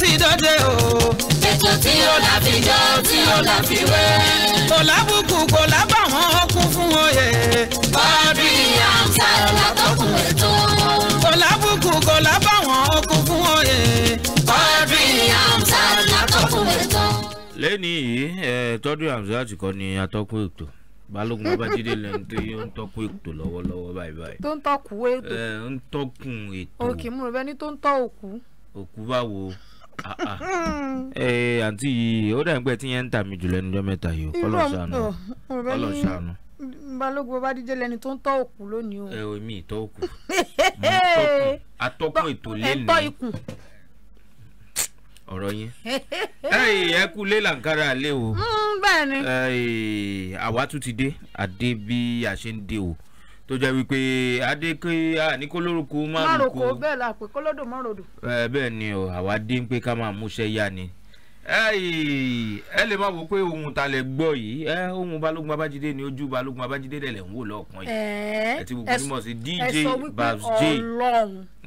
ti dòde o. ètò tí ó là fi jọ tí ó là fi wé. kò lábùkù kò lábàwọ́n kún fún oyè. bọ́ọ̀dù àmsà látọkùn ètò. kò lábùkù kò lábàwọ́n kún fún oyè. bọ́ọ̀dù àmsà látọkùn ètò. lẹ́ni yìí tọ́dún Hamzat kọ́ ni atọ́kùn ètò balógun babájídé lẹni tó yẹ ń tọkùn ètò lọ́wọ́lọ́wọ́ báyìí báyìí. tó ń tọkùn ètò. ẹ ń tọkùn ètò. òkè múlò bẹ́ẹ̀ ni tó ń tọ òkú. òkú báwo ee eh, eh, àǹtí yìí ó dà ń pẹ́ tí yẹn ń tà mí jù lẹ́nujọ́ mẹ́ta yìí ọlọ́ṣàánú oh, ọlọ́ṣàánú. balógun bá díjẹ́ lẹ́ni tó ń tọ́ òkú lónìí o. ẹ eh, o oh, mi ìtọ́ òkú atọ́kùn ètò lẹ́nu ẹ̀tọ́ ikùn. ọ̀rọ̀ ẹ kú lé làǹkàrà lé o. Mm, bẹ́ẹ̀ àwa tún ti dé àdé bí a ṣe ń dé o tó jẹ́ wípé adékè àníkólórúkú márùkú márùkú bẹ́ẹ̀ la pé kólódò márùdù. ẹ bẹ́ẹ̀ ni o àwa dé ń pé ká máa múṣẹ́ yá ni ẹ lè máa wò pé ohun ta lè gbọ́ yìí ohun balógun babájídé ni ojú balógun babájídé dẹ̀ lẹ̀ ń wò lọ́ọ̀kan yìí ẹ ti gbogbo mímọ̀ sí dj babs j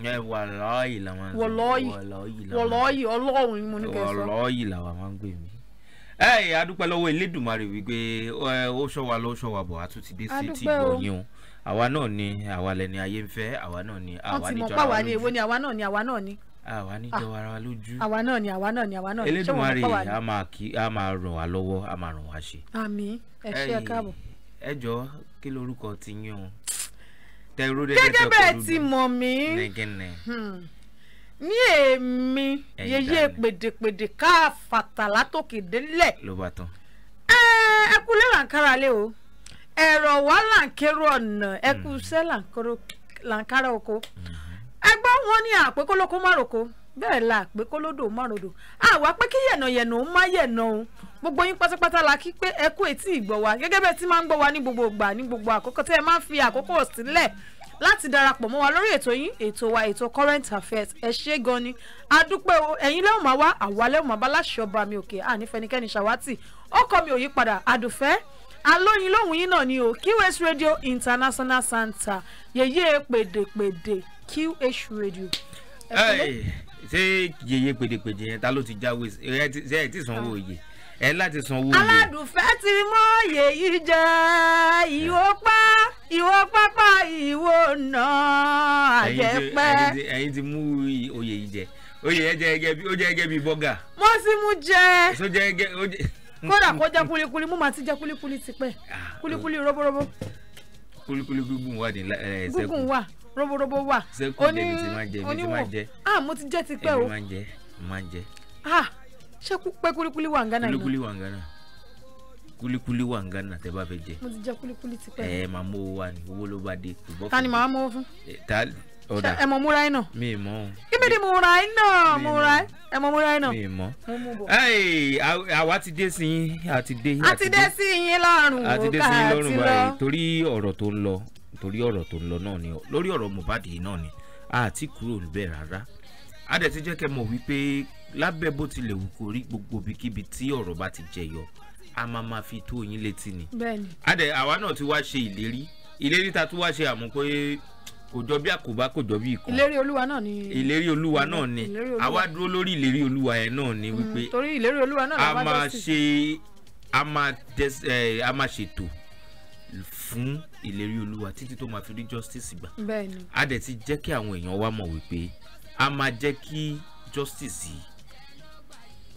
ẹ wà lọ́ọ̀yì làwọn wọ̀lọ́ọ̀yì wọ̀lọ́ọ̀yì ọlọ́ọ̀hún ni mo ní kẹsàn-án wọ̀lọ́ọ̀yì làwọn máa ń gbé mi. ẹ adúpẹ́ lọ́wọ́ elédùnmarè wípé ó ṣọ́ wa ló bọ̀ a dé sí ti ìgbọ̀nyìn o àwa náà ni àwa lẹni ayé ń fẹ́ àwa náà ni àwa níjọra lójú. wọ́n ti mọ̀ pàwá ni èwo ni àwa náà ni àwa náà ni. àwa níjọra ah, wa lójú. àwa náà ni àwa náà ni àwa náà ni. elédùnmarè a máa kí a máa ràn wá lọ́wọ́ a máa ràn wá ṣe. àmín ẹ ṣé ẹ káàbọ̀. ẹ jọ kí lorúkọ ti yín o. gẹ́gẹ́ bẹ́ẹ̀ ti mọ̀ mí. nẹ́gẹ́nẹ́ hmm. ní èmi yeye pèdèpèdè ká fàtàlá tòkè délẹ̀. ló bá tán. ẹ ẹ kúlẹ̀ ràǹkárà lé o ẹ̀rọ wá là ń kérò ọ̀nà ẹkú mm. iṣẹ́ là ń kára oko mm-hmm. ẹgbọ́n wọn ní àpékólókó márùkó bẹ́ẹ̀ la àpékólódò márùdò àwa pé kí yẹ̀nàyẹ̀nà ó má yẹ̀nà o gbogbo yín pátápátá la kí pé ẹ kú etí ìgbọ̀ wa gẹ́gẹ́ bẹ́ẹ̀ tí máa ń gbọ́ wa ní gbogbo ìgbà ní gbogbo àkókò tẹ́ ẹ máa ń fi àkókò sílẹ̀ láti darapọ̀ mọ́ wa lórí ètò yín ètò wa ètò current affairs ẹ ṣé gan ni adúpẹ́ o ẹ̀yin lẹ́hùn máa wá àwa lẹ́hùn máa bá láṣọ ọba mi òkè àní fẹnikẹ́ni ṣàwátì ọkọ mi ò yí padà àdùfẹ́ alóyin lóhùn yín náà ni o QS Radio International Center yèyé pèdèpèdè QS Radio. ṣé yèyé pèdèpèdè yẹn ta ló ti jáwé ṣe ẹ ti sanwó òye ah. ẹ láti sanwó òye. aládùúfẹ́ ti mọ yèyí jẹ ìwọ pa ìwọ pápá ìwọ náà àjẹpẹ́. ẹ̀yin ti mú oyè yìí jẹ oyè yẹn jẹ ẹgẹ bí bọ́gà. mo sì mú jẹ. so jẹ ẹgẹ kódà kó jẹ́ kulikuli mú màá ti jẹ́ kulikuli tipẹ́ ah, kulikuli roborobo. kulikuli gúngùn wà ní ẹ sẹ́kù gúngùn wà roborobo wà. Oni oni ti máa ah mo ti jẹ́ tipẹ́ o. èmi máa ń jẹ ah ṣé pé kulikuli wà ń gánà yìí. kulikuli wà ń gánà kulikuli wà ń gánà tẹ bá fẹ́ jẹ. mo ti jẹ kulikuli tipẹ́. ẹ eh, máa mú owó wa ni owó ló bá dé ẹ mọ múra iná. mi mọ. kíbi ni múra iná múra ẹ mọ múra iná. mi mọ. àwa ti dé sí yín àti dé. a ti dé sí yín lọ́rùn ká àti lọ. a ti dé sí yín lọ́rùn báyìí torí ọ̀rọ̀ tó ń lọ torí ọ̀rọ̀ tó ń lọ náà ni lórí ọ̀rọ̀ Mohbad yìí náà ni a ti kúrò níbẹ̀ rárá a dẹ̀ ti jẹ́ kẹ́ mọ̀ wípé lábẹ́ bó tilẹ̀ wù kó rí gbogbo ibikíbi tí ọ̀rọ̀ bá ti jẹyọ a máa ma fi tó yín létí ni. bẹ́ẹ̀ni. a dẹ̀ àwa náà ti wá ṣe ìlérí ìlérí ta tún wá ṣe àmú pé kò jọ bí àkóbá kò jọ bí ìkọ. ìlérí olúwa náà ni. ìlérí olúwa náà ni àwa dúró lórí ìlérí olúwa yẹn náà ni mm, wípé. torí ìlérí olúwa náà làwọn bá ṣe. a máa ṣe a máa ṣètò fún ìlérí olúwa títí tó máa fi rí justice gbà. bẹ́ẹ̀ni. a dẹ̀ ti jẹ́ kí àwọn èèyàn wa mọ̀ wípé a máa jẹ́ kí justice yìí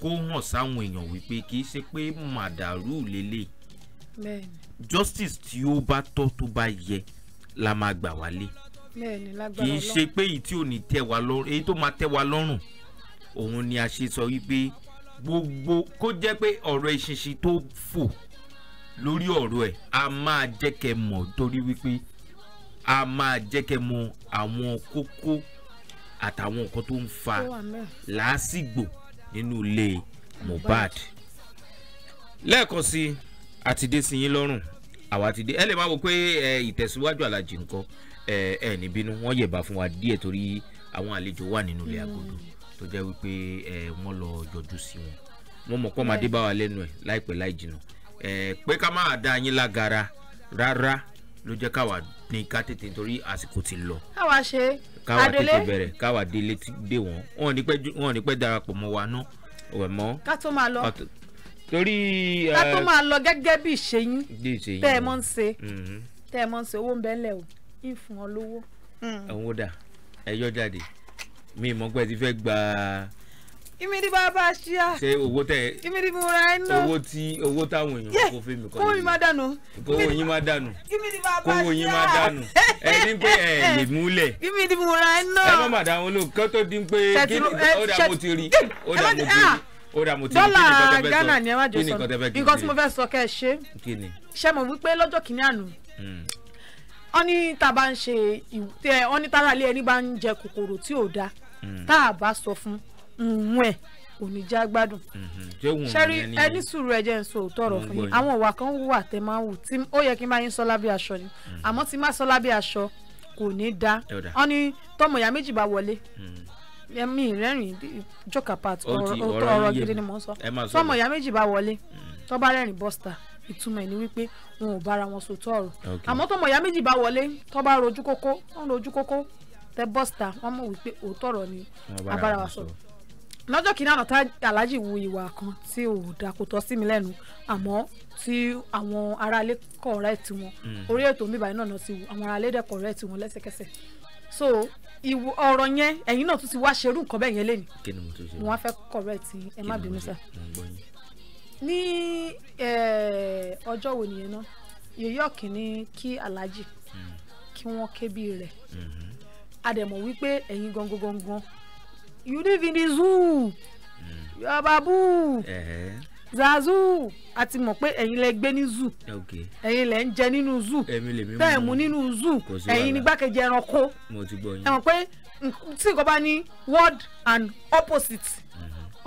kó hàn sáwọn èèyàn wípé kì í ṣe pé màdàrú lélẹ̀. bẹ́ẹ̀ni. justice tí ó bá tọ́ tó bá yẹ la máa gbà wálé kì í ṣe pé èyí tí ò ní tẹ́ wa lọ́rùn èyí tó máa tẹ́ wa lọ́rùn òun ni a ṣe sọ wípé gbogbo kó jẹ́ pé ọ̀rọ̀ ìṣinṣin tó fò lórí ọ̀rọ̀ ẹ̀ a máa jẹ́ kẹ́ mọ̀ torí wípé a máa jẹ́ kẹ́ mọ̀ àwọn kókó àtàwọn nǹkan tó ń fa làásìgbò nínú ilé Mohbad lẹ́ẹ̀kan sí i àti sí yín lọ́rùn àwa ti ẹ lè máa wò pé ìtẹ̀síwájú alájì nǹkan ẹ ẹ ní bínú wọn yẹ̀bà fún wa díẹ̀ torí àwọn àlejò wà nínú ilé hmm. agodo tó jẹ́ wípé ẹ wọ́n lọ jọjú sí wọn mo mọ̀ pé ọmọ adé hmm. bá wa lẹ́nu ẹ̀ láìpẹ́ láì jìnnà ẹ pé ká máa da yín lágara rárá ló jẹ́ káwa ní ká tètè nítorí àsìkò ti lọ. káwa ṣe adélé káwa tètè bẹ̀rẹ̀ káwa délé ti dé wọn wọn ò ní pẹ́ darapọ̀ mọ́ wa ná ọ̀wẹ̀ mọ́. ká tó máa lọ torí. ká tó máa lọ gẹ́gẹ́ bí ìṣe tẹ́ ẹ mọ́ ń ṣe hmm. tẹ́ ẹ mọ́ ń ṣe owó ń bẹ́ẹ̀ lẹ̀ ń fún ọ lówó. òun hmm. ó dà ẹ yọ jáde mi ìmọ̀gbẹ́ ti fẹ́ gba. ìmìdí bàbá ṣíà. ṣé owó tẹ. ìmìdí mi ra ẹ náà. owó tí owó táwọn èèyàn kó fún mi kọ́. kówó mi máa dànù. kówó yín máa dànù. ìmìdí bàbá ṣíà. kówó yín máa dànù. ẹ ní pé ẹ lè múlẹ̀. ìmìdí mi ra ẹ náà. ẹ má màdà àwọn olóò kí wọ́n tó dín pé kí ó ah. ó dà mo ti rí dọ́là Ghana ni ẹ má jọ sọ nǹkan tí mo fẹ́ sọ kẹ́ wọ́n ní tá a bá ń ṣe ìwé wọ́n ní tára ilé ẹni bá ń jẹ kòkòrò tí ò dáa mm. tá a bá sọ fún un ẹ̀ kò ní já gbádùn. ṣẹ́rí mm-hmm. ẹni sùúrù ẹ jẹ́ ń sọ òótọ́ ọ̀rọ̀ fún yín àwọn ìwà kan wà tẹ́ máa ń wù tí ó yẹ kí n bá yín sọ lábẹ́ aṣọ ni mm-hmm. àmọ́ tí má sọ lábẹ́ aṣọ kò ní dá wọ́n ní tọmọ ìyá méjì bá wọlé mm. mi ìrẹ́rìn jọ́kà part ọ̀rọ̀ gidi ni mò ń sọ tọmọ ìyá méjì bá wọlé mm. tó bá bọ́stà ìtumọ̀ ẹ̀ ni wípé wọn ò bára wọn sòtọ́ ọ̀rọ̀ àmọ́ tọmọ ìyá méjì bá wọlé tó bá rojú kókó wọn rojú kókó tẹ bọ́sítà wọn mọ̀ wípé òótọ́ ọ̀rọ̀ ni abára wa sọ̀rọ̀ lọ́jọ́ kìíní àná tá aláàjì wu ìwà kan tí ò dáa kò tọ́ sí mi lẹ́nu àmọ́ tí àwọn aráalé correct wọn hmm. orí ètò mi báyìí náà ti wù àwọn aráalé dẹ̀ correct wọn lẹ́sẹ̀kẹsẹ̀ so ìwọ ọ̀rọ̀ yẹn ẹ̀yin náà tún ti wá ṣerú nǹkan bẹ́ẹ̀ yẹn lẹ́nu mo wá fẹ́ correct ẹ má bínú sá ní ọjọ́ wo nìyẹn náà yòóyọ̀ kìíní kí aláàjì kí wọ́n kébí rẹ̀ àdẹ̀mọ̀ wípé ẹ̀yin gangan gangan you live in the zoo yababu zazu a ti mọ̀ pé ẹ̀yin lẹ gbé ní zoo ẹ̀yin lẹ ń jẹ nínú zoo bẹ́ẹ̀ mu nínú zoo ẹ̀yin ni gbákejì ẹranko ẹ mọ̀ pé tí nǹkan bá ní word and opposite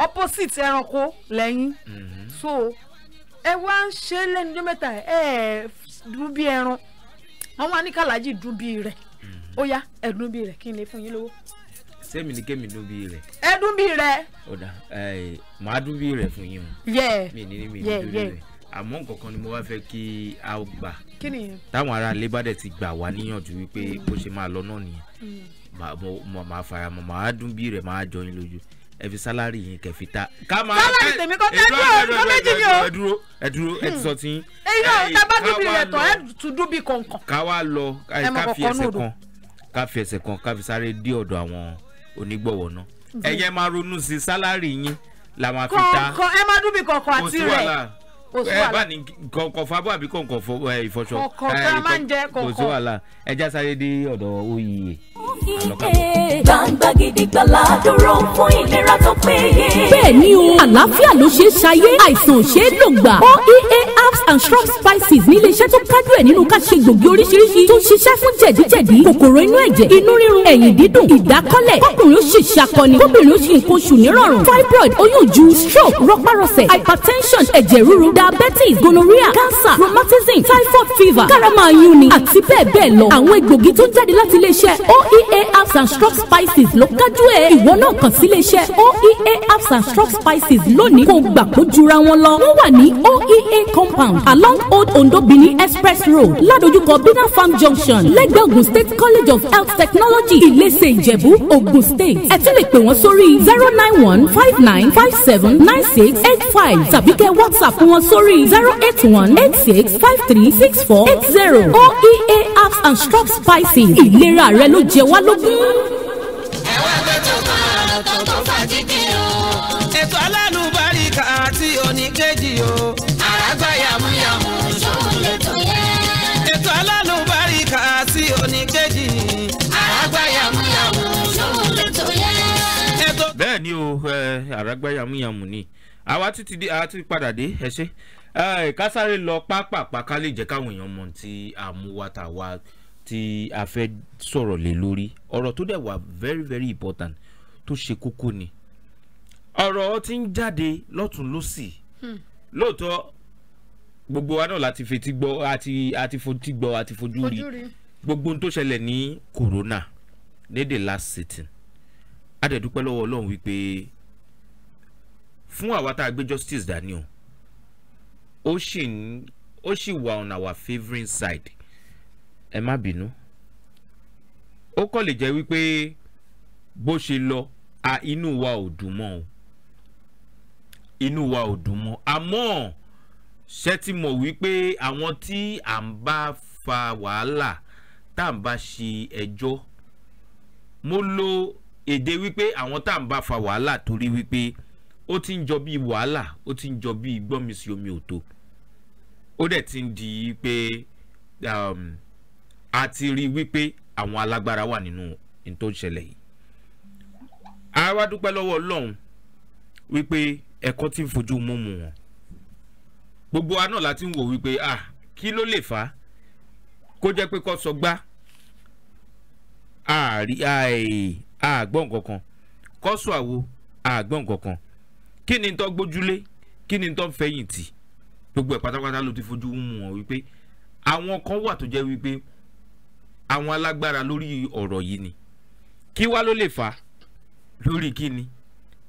opposite ẹranko lẹ́yìn mm-hmm. so ẹ wá ń ṣe lẹ́nudọ́ mẹ́ta ẹ dún bí ẹran àwọn aníkàlájì dún bí rẹ̀ mm-hmm. ó yá ẹ dún bí rẹ̀ kí n lè fún yín lówó. sẹ́mi ni kémi dún bí rẹ̀. ẹ dún bí rẹ̀. ọ̀dà màá dún bí rẹ̀ fún yín o. yẹ mi ní mi ní dún bí rẹ̀ àmọ́ nǹkan kan ni mo wá fẹ́ kí a gbà táwọn ará ilé bá dẹ̀ ti gbà wá níyànjú wípé mm. bó ṣe máa lọ náà nìyẹn mm. màá fara mọ́ màá dún bí rẹ̀ màá jọ yín lójú ẹ fi sálárì yín kẹ́ fi ta. kámá sálárì tèmi kọ́ tẹ́ dúró kọ́ méjì ni o. ẹ dúró ẹ dúró ẹ hmm. ti sọ ti. èyí náà tá a bá dúbí rẹ̀ tọ̀ ẹ tún dúbí kọ̀ọ̀kan. ká wá lọ ká fi ẹsẹ̀ kan ká fi ẹsẹ̀ kan ká fi sáré dé ọ̀dọ̀ àwọn onígbọ̀wọ̀ náà. ẹ̀yẹ́ hmm. máa ronú sí sálárì yín làwọn àfi ta. kọ̀ọ̀kan ẹ máa dúbí kọ̀ọ̀kan àti rẹ̀ ẹ bá ní kọ̀ọ̀kọ̀fọ́ abọ́ àbí kọ̀ọ̀kọ̀fọ́ ìfọṣọ kọ̀ọ̀kọ̀fọ́ máa ń jẹ kọ̀ọ̀kọ̀ kò sí wàhálà ẹja sáré dé ọ̀dọ̀ oyè. gbangba gidi gbala dúró fún ìlera tó péye. bẹ́ẹ̀ ni o àlàáfíà ló ṣe é ṣayé àìsàn ò ṣe é lò gbà. oea herbs and shrub spices ní iléeṣẹ́ tó kájú ẹ̀ nínú ká ṣe gbòógì oríṣiríṣi tó ń ṣiṣẹ́ fún jẹ̀díjẹ̀dí kòkòrò inú ẹ̀jẹ̀ inú rírun ẹ̀yìn dídùn ìdákọ́lẹ̀ kọ́kùnrin ó ṣe ṣàkọni kóbìnrin ó ṣe nǹkan oṣù nírọ̀rùn fibroid oyún ju stroke rọpárọsẹ̀ hypertension ẹ̀jẹ̀ ríru diabetes gonorrhea cancer rheumatism typhoid fever karamayuni àti bẹ́ẹ̀ bẹ́ẹ̀ lọ àwọn egbògi tó jáde láti iléeṣẹ́ oea apps and strong spices ló kájú ẹ̀ ìwọ náà kàn sí iléeṣẹ́ oea herbs and strong spices lónìí kò gbà kó jura wọn lọ wọ́n wà ní oea compound along old ondo benin express road ládojúkọ bina farm junction lẹ́gbẹ̀ẹ́ ogun state college of health technology ìlẹsẹ ìjẹ̀bú ogun state ẹ tún lè pè wọ́n sórí zero nine one five nine five seven nine six eight five tàbí kẹ́ whatsapp wọn sórí zero eight one eight six five three six four eight zero oea apps and shop spices ìlera rẹ ló jẹ wá lógún. ẹ wá tó máa tọ̀ tó fàjídì o. ètò alálùbáríkà àti oníkejì o. àràgbá yàmúyàmú ṣòwò lè tó yẹ. ètò alálùbáríkà àti oníkejì. àràgbá yàmúyàmú ṣòwò lè tó yẹ. bẹ́ẹ̀ ni o àràgbá yàmúyàmú ni àwa tún ti di àwa tún padà dé ẹ ṣe ká sáré lọ pápápá ká lè jẹ́ káwọn èèyàn mọ̀ ti àmúwátà wa tí a fẹ́ sọ̀rọ̀ lé lórí ọ̀rọ̀ tó dẹ̀ wà very very important tó ṣe kókó ni ọ̀rọ̀ ti ń jáde lọ́tún lọ́sì hmm. lóòótọ́ gbogbo wa náà láti fetí gbọ́ àti àti fojú gbọ́ àti fojú rí gbogbo tó ṣẹlẹ̀ ní corona lédè last sitting a dẹ̀ dúpẹ́ lọ́wọ́ ọlọ́run wípé fún àwa tá a gbé justice dání o ó sì ń ó sì wà on our favouring side ẹ má bínú ó kọ́ lè jẹ́ wípé bó ṣe lọ a inú wa ò dùn mọ́ o inú wa ò dùn mọ́ àmọ́ ṣe ti mọ̀ wípé àwọn tí à ń bá fa wàhálà tá à ń bá ṣe ẹjọ́ mo lo èdè wípé àwọn tá à ń bá fa wàhálà torí wípé ó ti ń jọ bíi wàhálà ó ti ń jọ bíi gbọ́nmisí omi òtó ó dẹ̀ ti ń di pé um, a ti rí wípé àwọn alágbára wà nínú ní tó ń ṣẹlẹ̀ yìí a dúpẹ́ lọ́wọ́ ọlọ́run wípé ẹ̀kọ́ ti ń fojú mú wọn gbogbo wa náà la ń wò wípé ah kí ló lè fà á kó jẹ́ pé kó sọ gbá àgbọ̀n kankan kó sọ àwo àgbọ̀n kankan kí ni tó gbójúlé kí ni tó fẹ̀yìntì gbogbo ẹ̀ pátápátá ló ti fojú mú wọn wípé àwọn kan wà tó jẹ́ wípé àwọn alágbára lórí ọ̀rọ̀ yìí ni kí wá ló lè fà á lórí kí ni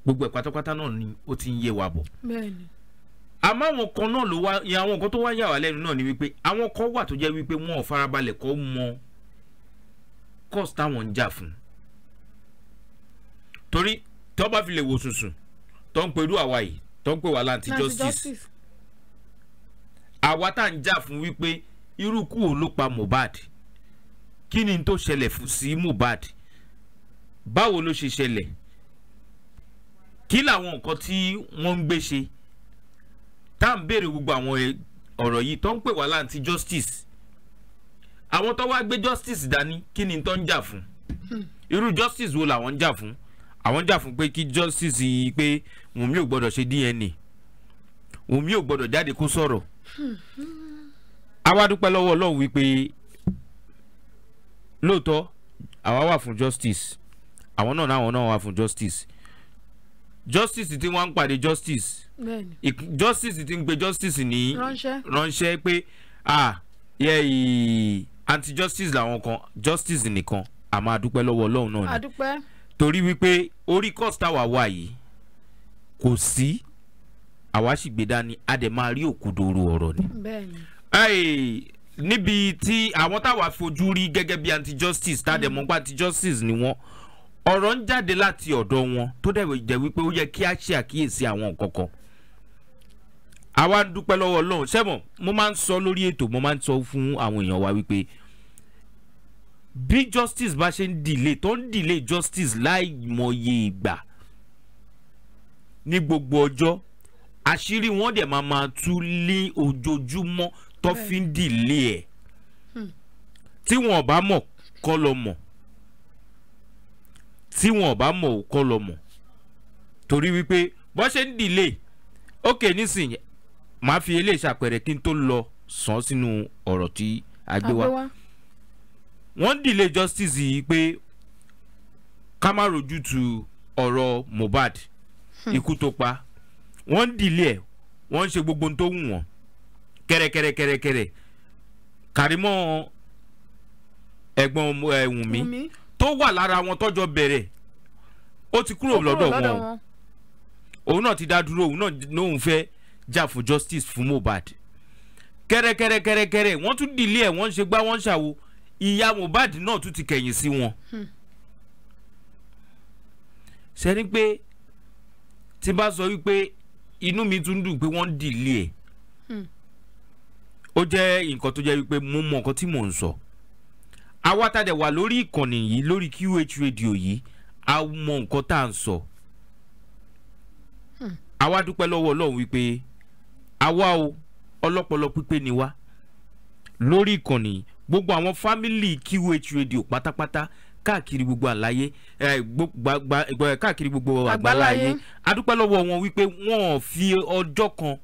gbogbo ẹ̀ pátápátá náà ni ó ti ń yé wa bọ̀. bẹ́ẹ̀ni àmọ́ àwọn kan náà ló wá àwọn nǹkan tó wá yà wá lẹ́nu náà ni wípé àwọn kan wà tó jẹ́ wípé wọn ò farabalẹ̀ kọ́ mọ cost táwọn ń jà fún. torí tó bá fi lè wò sùnsùn tó ń perú àwa yìí tó ń pè wá lanti justice àwa tá à ń jà fún wípé irú kú wo ló pa Mohbad kí ni tó ṣẹlẹ̀ sí Mohbad báwo ló ṣe ṣẹlẹ̀ kí làwọn nǹkan tí wọ́n ń gbé ṣe tá à ń béèrè gbogbo àwọn ọ̀rọ̀ yìí tó ń pè wá lanti justice àwọn tó wá gbé justice dání kí ni tó ń jà fún hmm. irú justice wo làwọn ń jà fún àwọn jà fún pé kí justice pé Wùnmí ò gbọdọ̀ ṣe DNA Wùnmí ò gbọdọ̀ jáde kó sọ̀rọ̀ àwa dúpẹ́ lọ́wọ́ Ọlọ́run wípé lóòótọ́ àwa wà fún justice àwọn náà náà náà wà fún justice justice tí wọ́n ń pàdé justice justice tí ń gbé justice ní ránṣẹ́ pé ah yẹ anti justice làwọn kan justice nìkan àmọ́ àdúpẹ́ lọ́wọ́ Ọlọ́run náà ni. àdúpẹ́ torí wípé orí course táwa wà yìí kò sí àwa sì gbé dání a dẹ̀ máa rí òkodoro ọ̀rọ̀ ni. níbi tí àwọn táwa fojú rí gẹ́gẹ́ bí anti justice tá a anti justice ni wọ́n ọ̀rọ̀ ń jáde láti ọ̀dọ̀ wọn tó dẹ̀ jẹ́ wípé ó yẹ kí a ṣe àkíyèsí àwọn nǹkan kan. àwa dúpẹ́ lọ́wọ́ ọlọ́run ṣẹ́mọ̀ mo máa ń sọ lórí ètò mo máa ń sọ fún àwọn èèyàn wa wípé bí justice bá ṣe ń delay tó ń delay justice láì mọye ìgbà ní gbogbo ọjọ́ àṣírí wọn dẹ̀ máa máa tú lé ojoojúmọ́ tó fi ń delay ẹ̀ hmm. tí wọn bá mọ̀ kọ́ lọ mọ̀ tí wọn bá mọ̀ kọ́ lọ mọ̀ torí wípé bó ṣe ń delay ok nísìnyí màá fi eléyìí ṣàpẹẹrẹ kí n tó lọ sàn sínú ọ̀rọ̀ tí a gbé wá wọ́n dìlé justice yìí pé ká má rojú tu ọ̀rọ̀ Mohbad hmm. ikú tó pa wọ́n dìlé ẹ̀ wọ́n ń ṣe gbogbo ohun tó wù wọ́n kẹ́rẹ́kẹ́rẹ́kẹ́rẹ́kẹ́rẹ́ Kàrímọ́ ẹ̀gbọ́n eh, Wùnmí tó wà lára wọn tọ́jọ́ bẹ̀rẹ̀ ó ti kúrò lọ́dọ̀ wọn òun náà ti dá dúró òun náà lóun fẹ́ jà fún justice fún Mohbad kẹ́rẹ́kẹ́rẹ́kẹ́rẹ́kẹ́rẹ́ wọ́n tún dìlé ẹ̀ wọ́n ń ṣe gbá wọ́n ń ìyá Mohbad náà tún ti kẹ̀yìn sí wọn. sẹ́ni hmm. pé tí bá sọ wípé inú mi tún dùn pé wọ́n ń dìlé ẹ̀ hmm. ó jẹ́ nǹkan tó jẹ́ wípé mo mọ nǹkan tí mò ń sọ àwa tá a dẹ̀ wà lórí ìkànnì yìí lórí QH radio yìí a mọ nǹkan tá à ń sọ hmm. àwa dúpẹ́ lọ́wọ́ Ọlọ́run wípé àwa o ọlọ́pọlọ pípé ni wá lórí ìkànnì gbogbo àwọn family QH radio pátápátá káàkiri gbogbo àlàyé káàkiri gbogbo àgbáláyé adúpẹ́ lọ́wọ́ wọn wípé wọn ò fi ọjọ́ kan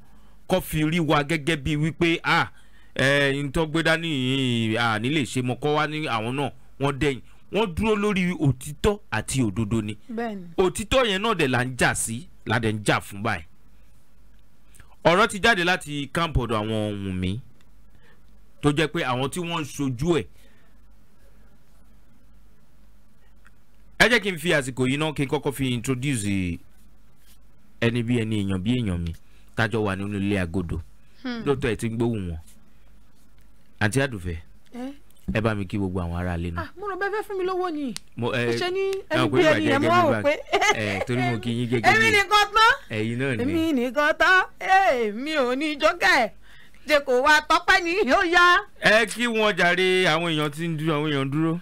kọ́ fi rí wa gẹ́gẹ́ bí wípé ah ntọ́gbẹ́dání àní lè ṣe mọ́ kọ́ wá ní àwọn náà wọ́n dẹ̀yìn wọ́n dúró lórí òtítọ́ àti òdodo ni òtítọ́ yẹn náà dẹ̀ là ń jà sí là dẹ̀ ń jà fún báyìí ọ̀rọ̀ ti jáde láti kámpọ̀dọ̀ àwọn Wùnmí tó jẹ́ pé àwọn tí wọ́n ń ṣojú ẹ̀ ẹ jẹ́ kí n fi àsìkò yìí náà kí n kọ́kọ́ fi introduce ẹni bí ẹni èèyàn bí èèyàn mi tájọ wà nínú ilé agodo hmm. lóòótọ́ ẹ̀ ti ń gbóhùn wọn àǹtí àdùfẹ́ ẹ bá mi kí gbogbo àwọn ará ilé náà. Ah, mo rò bẹ́ẹ̀ fẹ́ fún mi lówó ni. mo ẹ ṣe ní ẹni bí ẹni yẹn mo rò pé. ẹ torí mo kí yín gẹ́gẹ́ bí èmi nìkan tán èmi nìkan tán èmi ò ní jọ́gà ẹ̀ jẹ kò wá tọpẹ ní yóò yá. ẹ kí wọn jàre àwọn èèyàn tí ń dúró àwọn èèyàn dúró.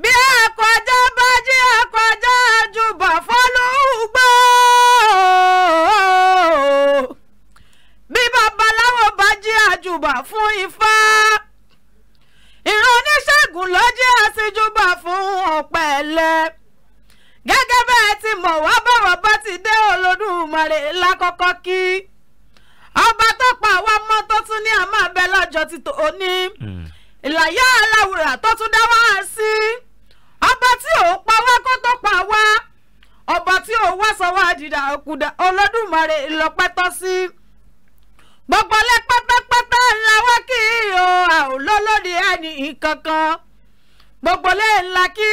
bí àkọjá bá jí àkọjá jùbọ̀ fọlùgbọ́ bí babaláwo bá jí àjùbà fún ifá ìran oníṣègùn ló jí àṣìjùbà fún ọ̀pẹ̀lẹ̀ gẹ́gẹ́ bẹ́ẹ̀ ti mọ̀ wá bọ̀rọ̀ bá ti dé Olódùmarè lákọ́kọ́ kí ọba tó pa àwọn ọmọ tó tún ní àmọ́ abẹ lọ́jọ́ ti tò ó ní hmm. ìlàyà aláwùrà tó tún dá wá sí ọba tí òun pa wá kó tó pa wá ọba tí òun wá sọ wá dìdà òkùdà olódùmarè ìlọpẹ́ sí gbogbo lẹ ńlá wá kí o a ò lọ́lọ́dẹ ẹni kankan gbogbo lẹ ńlá kí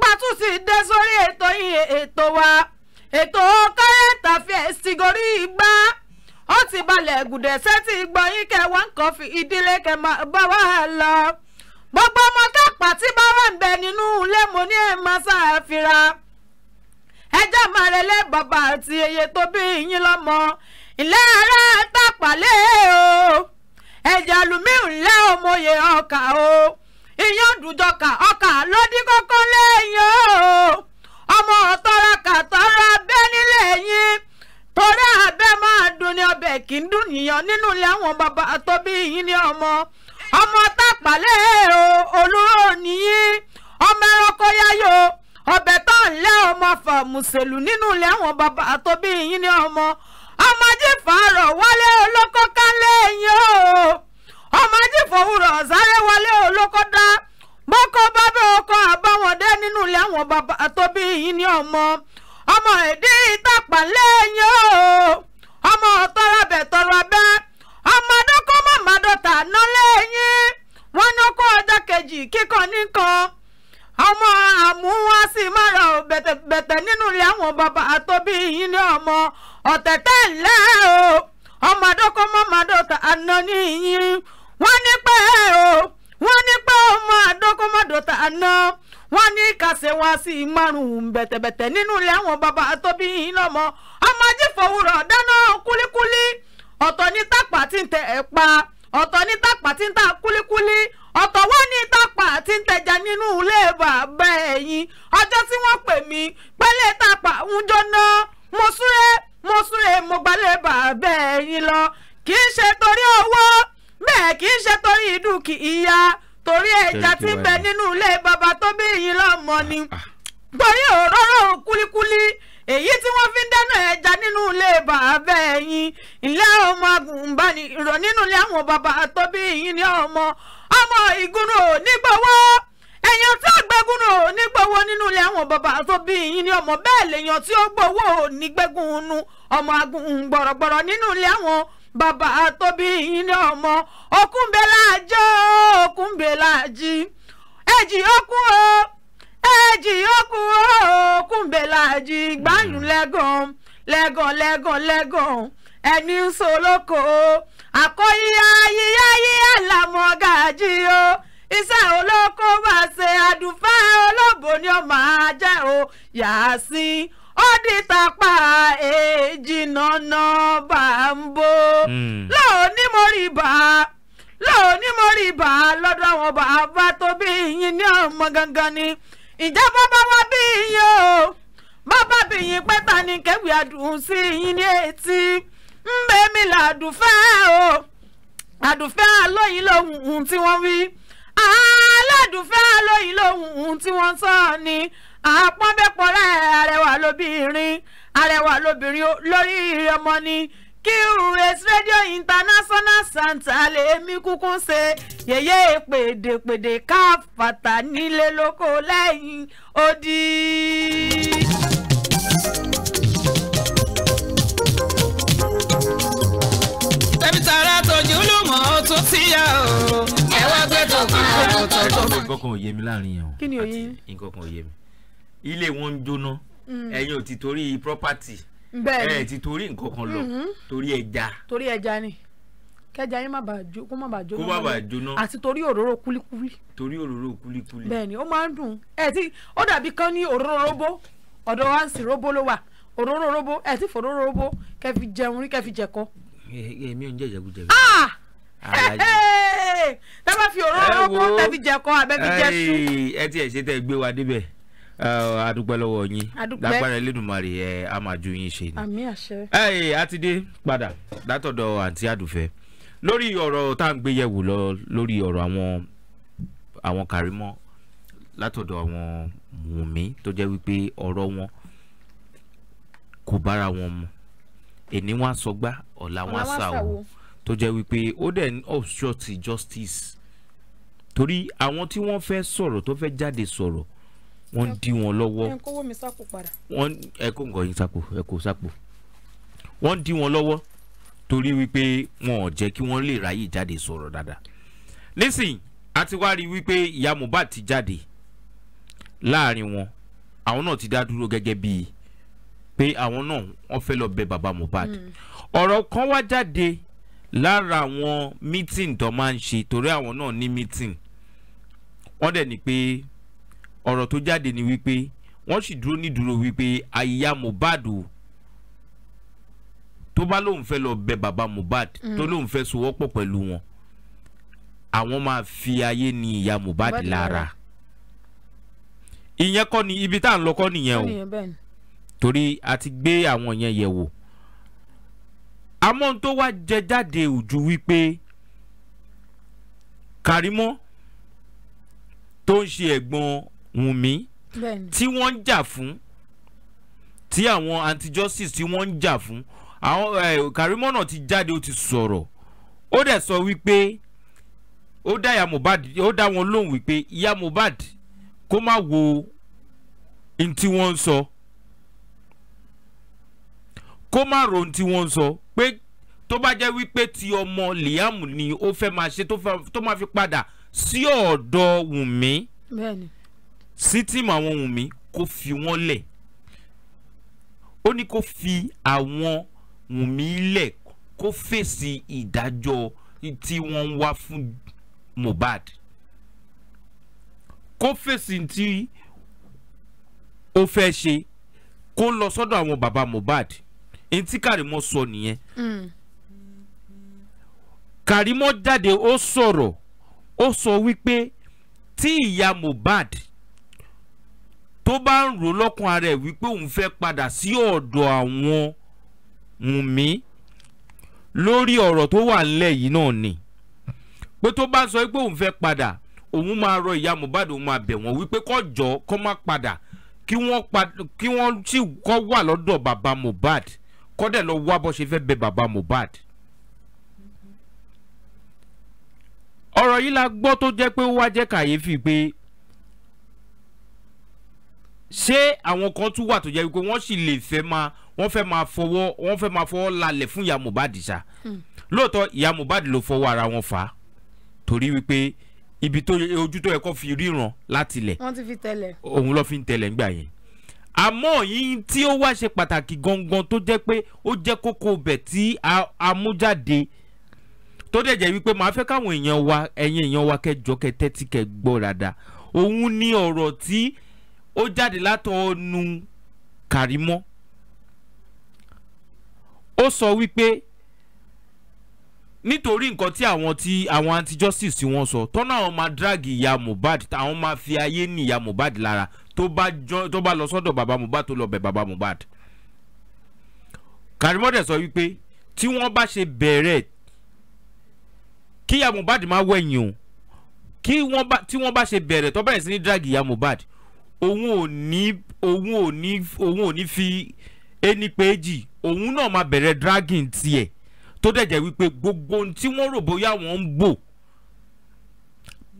pátú sì dé sórí ètò yìí ètò wa ètò kọ́rẹ́ǹtà fi ẹ̀sìn gorí igbá. ọ ti balẹ̀ gùdẹ̀ sẹ́tì gbọ́yìn kẹwàá nǹkan fi ìdílé kẹ bá wà lọ. gbogbo ọmọ tápà tí bá wà ń bẹ nínú ilé mo ní ẹ̀ máa ṣàfihàn. ẹjọ́ máa relé bàbá àti iye tó bí yín lọ́mọ. ilé ara tápà lé o. ẹ̀jẹ̀ ọkà o. iyán dùjọkà ọkà kọ́kọ́ ọmọ ọ̀tọ́ra kàtọ́ra bẹ́ẹ̀ nílẹ̀ yín. torí àbẹ́ máa dùn ní ọbẹ̀ kì í dùn yíyan nínú ilé àwọn bàbá tó bí yín ní ọmọ ọmọ tápàlẹ́ o olóró nìyí ọmọ ẹranko yáyò ọbẹ̀ tó ń lé ọmọ fàmùsèlú nínú ilé àwọn bàbá tó bí yín ní ọmọ ọmọ jífàárọ̀ wálé olóko kálẹ̀ yín o ọmọ jífòwúrọ̀ sáré wálé olóko dá bọ́kọ bábẹ́ ọkọ àbáwọ̀dé nínú ilé àwọn bàbá tó bí yín ní ọmọ. ọmọ ìdí ìtàpá lẹ́yìn o ọmọ tọrọ bẹ̀ tọrọ bẹ́ ọmọ dọ́kọ́ mọ̀mọ́ dọ́ta ná lẹ́yìn wọn ná kó ọjọ́ kejì kíkan nìkan ọmọ àmúwá sì máa rọ bẹ̀tẹ̀ nínú ilé àwọn bàbá àtọ́bí yìí ní ọmọ ọ̀tẹ̀tẹ̀ ńlẹ́ o ọmọ dọ́kọ́ mọ̀mọ́ ná níyìn wọ́n ní pẹ́ o wọ́n ní pẹ́ ọmọ àdókòmọ́dọ́ta ná. wọ́n ní kàṣẹ wá sí márùn-ún bẹ̀tẹ̀bẹ̀tẹ̀ nínú ilé àwọn baba tó bí yín lọ́mọ ọmọ ajífowórọ̀ dáná kúlíkúlí ọtọ ní tàpá tí ń tẹ ọ̀tọ̀ ní tápà tí ń ta kúlíkúlí ọ̀tọ̀ wọ́n ní tí ń tẹja nínú ilé bàbá wọ́n pè lọ kì í ṣe torí owó kì í torí ẹja tí ń bẹ nínú ilé bàbá tó bí yín lọ́mọ ni torí ah, ah. òróró kúlíkúlí èyí tí wọn fi ń dáná ẹja nínú ilé bàbá ẹ̀yìn ilé ọmọ agùnbánirọ̀ nínú ilé àwọn bàbá tó bí yín ní ọmọ ọmọ ìgúnrò nígbàwọ́ èèyàn tí àgbẹ̀gùn nù nígbàwọ́ nínú ilé àwọn bàbá tó bí yín ní ọmọ bẹ́ẹ̀ lèèyàn tí ó gbowó nígbẹ́gùn nù ọmọ agùn gbọ̀rọ̀gbọ̀rọ̀ nínú ilé àwọn bàbá tó bí yín ní ọmọ òkúńbélà jọ òkúńbélà jí èjì òkú o èjì òkú o òkúńbélà jí gbáyùn hmm. lẹ́gàn lẹ́gàn lẹ́gàn lẹ́gàn ẹni ń so lóko àkóyíyá yíyá yíyá làmọ́ gàjí o iṣẹ́ olóko bá ṣe àdùfẹ́ olóbò ni ó máa o yàá sí i ọ́dítàpá èjì nànà bá ń bó hmm. lóòní mo rí bá lóòní mo rí bá lọ́dọ̀ àwọn bàbá tó bí yín ní ọmọ gangan ni ìjà bàbá wa bí yín o bàbá bí yín pẹ́ta ni kẹ́wì àdùn sí yín ní etí ń bẹ́ mi làdùfẹ́ o àdùfẹ́ àlóyìn lòun tí wọ́n wí aládùfẹ́ àlóyìn lòun tí wọ́n sọ ni àpọ́nbẹ́pọ̀lá arẹwà lóbìnrin arẹwà lóbìnrin lórí ọmọ ni QH Radio International Center lèmi kúkú ṣe yẹyẹ pèdèpèdè káfàtà nílé lóko lẹ́yìn odi. tẹ̀mí tààrà tọ́jú lùmọ̀ ó tún síyà o. ẹ wá gbé tó kún un. nǹkan kan ò yé mi láàrin yẹn o. kí nǹkan kan ò yé mi ilé wọn ń jóná mm. ẹ̀yin ò ti torí property ẹ ti torí nǹkan kan lọ mm-hmm. torí ẹja. torí ẹja ni kẹja yín má bàa jó kó má bàa jóná. kó má bàa jóná. àti torí òróró kúlíkúlí. torí òróró kúlíkúlí. bẹ́ẹ̀ni ó máa ń dùn ẹ ti ó dàbí kan ní òróró róbó ọ̀dọ̀ wa ń sì róbó ló wà òróró róbó ẹ ti fòróró róbó kẹ fi jẹun rí kẹ fi jẹkọ. èmi ò ń jẹ ìjẹkújẹ. Ah! tẹ́ bá fi òróró róbó tẹ́ fi jẹkọ abẹ́ fi jẹ sùn. ẹ ti ẹ̀ ṣe tẹ́ gbé wa débẹ̀ adúpẹ́ lọ́wọ́ yín lágbára Elédùmarè ẹ a máa ju yín ṣe ni. àmì àṣẹ. ẹ àtidé padà látọ̀dọ̀ àǹtí àdùfẹ́ lórí ọ̀rọ̀ tá à ń gbé yẹ̀wò lọ lórí ọ̀rọ̀ àwọn àwọn kàrímọ́ látọ̀dọ̀ àwọn wùmí tó jẹ́ wípé ọ̀rọ̀ wọn kò bára wọn mu èní wọn á sọgbá ọ̀la wọn á sàwò tó jẹ́ wípé ó dẹ̀ ń obstruct justice torí àwọn tí wọ́n fẹ́ sọ̀rọ̀ tó fẹ́ jáde sọ̀rọ̀ wọ́n ń dí wọn lọ́wọ́ wọ́n ẹ kó nǹkan yín sápò ẹ kó sápò wọ́n ń dí wọn lọ́wọ́ torí wípé wọn ò jẹ́ kí wọ́n lè ráyè jáde sọ̀rọ̀ dáadáa nísìnyí a ti wá rí wípé ìyá Mohbad ti jáde láàrin wọn àwọn náà ti dá dúró gẹ́gẹ́ bíi pé àwọn náà wọ́n fẹ́ lọ bẹ̀ bàbá Mohbad hmm. ọ̀rọ̀ mm. kan wá jáde lára àwọn mítìn tó máa ń ṣe torí àwọn náà ní mítìn wọ́n dẹ̀ ní pé ọ̀rọ̀ tó jáde ni wípé wọ́n sì dúró nídúró wípé àyà Mohbad o tó bá lóun fẹ́ lọ bẹ bàbá Mohbad mm. tó lóun fẹ́ sowọ́pọ̀ pẹ̀lú wọn àwọn máa fi ayé ni ìyá Mohbad lára ìyẹn kọ́ ni ibi tá à ń lọ kọ́ nìyẹn o torí a ti gbé àwọn yẹn yẹ̀ wò àmọ́ tó wá jẹ jáde ojú wípé Kàrímọ́ tó ń ṣe ẹ̀gbọ́n Wùnmí tí wọ́n ń jà fún tí àwọn anti-justice tí wọ́n ń jà fún àwọn eh, Karimona ti jáde ó ti sọ̀rọ̀ ó dẹ̀ sọ wípé ó dá ya Mohbad ó dá wọn lóhùn wípé ìyá Mohbad kó má wo ohun tí wọ́n ń sọ kó má ro ohun tí wọ́n ń sọ pé tó bá jẹ́ wípé ti ọmọ Liam ni ó fẹ́ máa ṣe tó máa fi padà sí ọ̀dọ̀ Wùnmí. bẹ́ẹ̀ni sítìmù àwọn ohun mi kó fi wọ́n lẹ̀ ó ní kó fi àwọn ohun mi lẹ̀ kó fèsì ìdájọ́ tí wọ́n ń wá fún Mohbad kó fèsì tí ó fẹ́ ṣe kó lọ sọ́dọ̀ àwọn bàbá Mohbad èyí tí Kàrímọ́ sọ nìyẹn hmm. Kàrímọ́ jáde ó sọ̀rọ̀ ó sọ wípé tí ìyá Mohbad tó bá ń rò lọ́kàn ara ẹ̀ wípé òun fẹ́ padà sí ọ̀dọ̀ àwọn Wùnmí lórí ọ̀rọ̀ tó wà ńlẹ̀ yìí náà ni pé tó bá sọ pé òun fẹ́ padà òun máa rọ ìyá Mohbad òun máa bẹ̀ wọ́n wípé kó jọ kó má padà kí wọ́n sì kó wà lọ́dọ̀ bàbá Mohbad kó lọ wá bó ṣe fẹ́ bẹ bàbá Mohbad. ọ̀rọ̀ yìí la gbọ́ tó jẹ́ pé ó wá jẹ́ kàyéfì pé ṣé àwọn kan tún wà tó jẹ́ wípé wọ́n sì lè fẹ́ máa wọ́n fẹ́ máa fọwọ́ wọ́n fẹ́ máa fọwọ́ lálẹ̀ fún ìyá Mohbad ṣá hmm. lóòótọ́ ìyá Mohbad ló fọwọ́ ara wọn fà á torí wípé ibi tó ojú tó yẹ kó fi ríran láti lẹ̀ wọ́n ti fi tẹ̀lẹ̀ òun ló fi ń tẹ̀lẹ̀ ńgbà yẹn àmọ́ yìí tí ó wá ṣe pàtàkì gangan tó jẹ́ pé ó jẹ́ kókó ọbẹ̀ tí a tó dẹ̀ jẹ́ wípé màá fẹ́ káwọn èèyàn wa ẹ̀yin èèyàn wa kẹjọ kẹ tẹ́tí kẹ òun ni ọ̀rọ̀ tí ó jáde látọ̀ọ́nu Kàrímọ́ ó sọ wípé nítorí nǹkan tí àwọn tí àwọn anti-justice tí wọ́n sọ tọ́nà àwọn máa drag ìyá Mohbad táwọn máa fi ayé ní ìyá Mohbad lára tó bá jọ tó bá lọ sọ́dọ̀ bàbá Mohbad tó lọ bẹ̀ bàbá Mohbad Karimọ dẹ̀ sọ wípé tí wọ́n bá ṣe bẹ̀rẹ̀ kí ìyá Mohbad má wẹ̀yìn o kí wọ́n bá tí wọ́n bá ṣe bẹ̀rẹ̀ tó bẹ̀rẹ̀ sí ní drag ìyá Mohbad òun ò ní òun ò ní òun ò ní fi ẹni péjì òun náà máa bẹ̀rẹ̀ dragging tiẹ̀ tó dẹ̀ jẹ́ wípé gbogbo ohun tí wọ́n rò bóyá wọ́n ń bò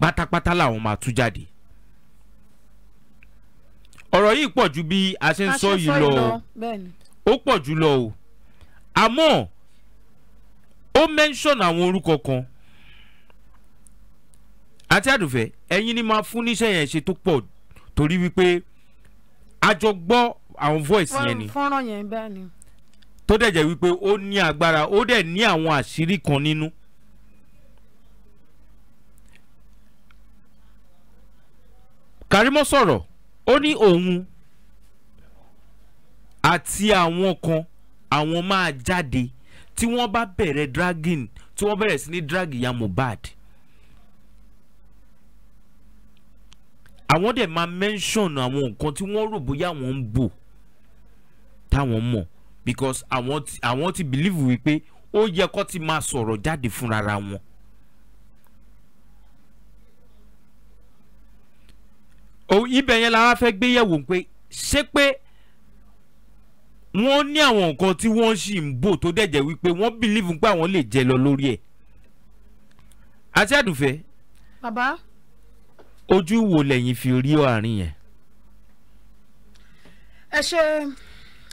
pátápátá làwọn máa tú jáde ọ̀rọ̀ yìí pọ̀ ju bí a ṣe ń sọ yìí lọ ó pọ̀ jù lọ o àmọ́ ó mention àwọn orúkọ kan àti àdùfẹ́ ẹ̀yin ni máa fún níṣẹ́ yẹn ṣe tó pọ̀ jù torí wípé a jọ gbọ́ àwọn voice yẹn ni fọ́nrán yẹn ni tó dẹ̀ jẹ́ wípé ó ní agbára ó dẹ̀ ní àwọn àṣírí kan nínú. Karimọ sọ̀rọ̀ ó ní òun àti àwọn kan àwọn máa jáde tí wọ́n bá bẹ̀rẹ̀ dragging tí wọ́n bẹ̀rẹ̀ sí ní drag ya Mohbad àwọn dẹ̀ máa mention àwọn nǹkan tí wọ́n rò bóyá àwọn ń bò táwọn mọ̀ because àwọn ti àwọn ti believe wípé ó yẹ kó ti máa sọ̀rọ̀ jáde fúnra wọn. ibẹ̀ yẹn la wá fẹ́ gbé yẹ̀wò pé ṣé pé wọ́n ní àwọn nǹkan tí wọ́n sì ń bò tó dẹ̀ jẹ́ wípé wọ́n believe pé àwọn lè jẹ lọ lórí ẹ̀ àti àdùfẹ́. bàbá ojú wo lẹ́yìn fi rí àárín yẹn. ẹ ṣe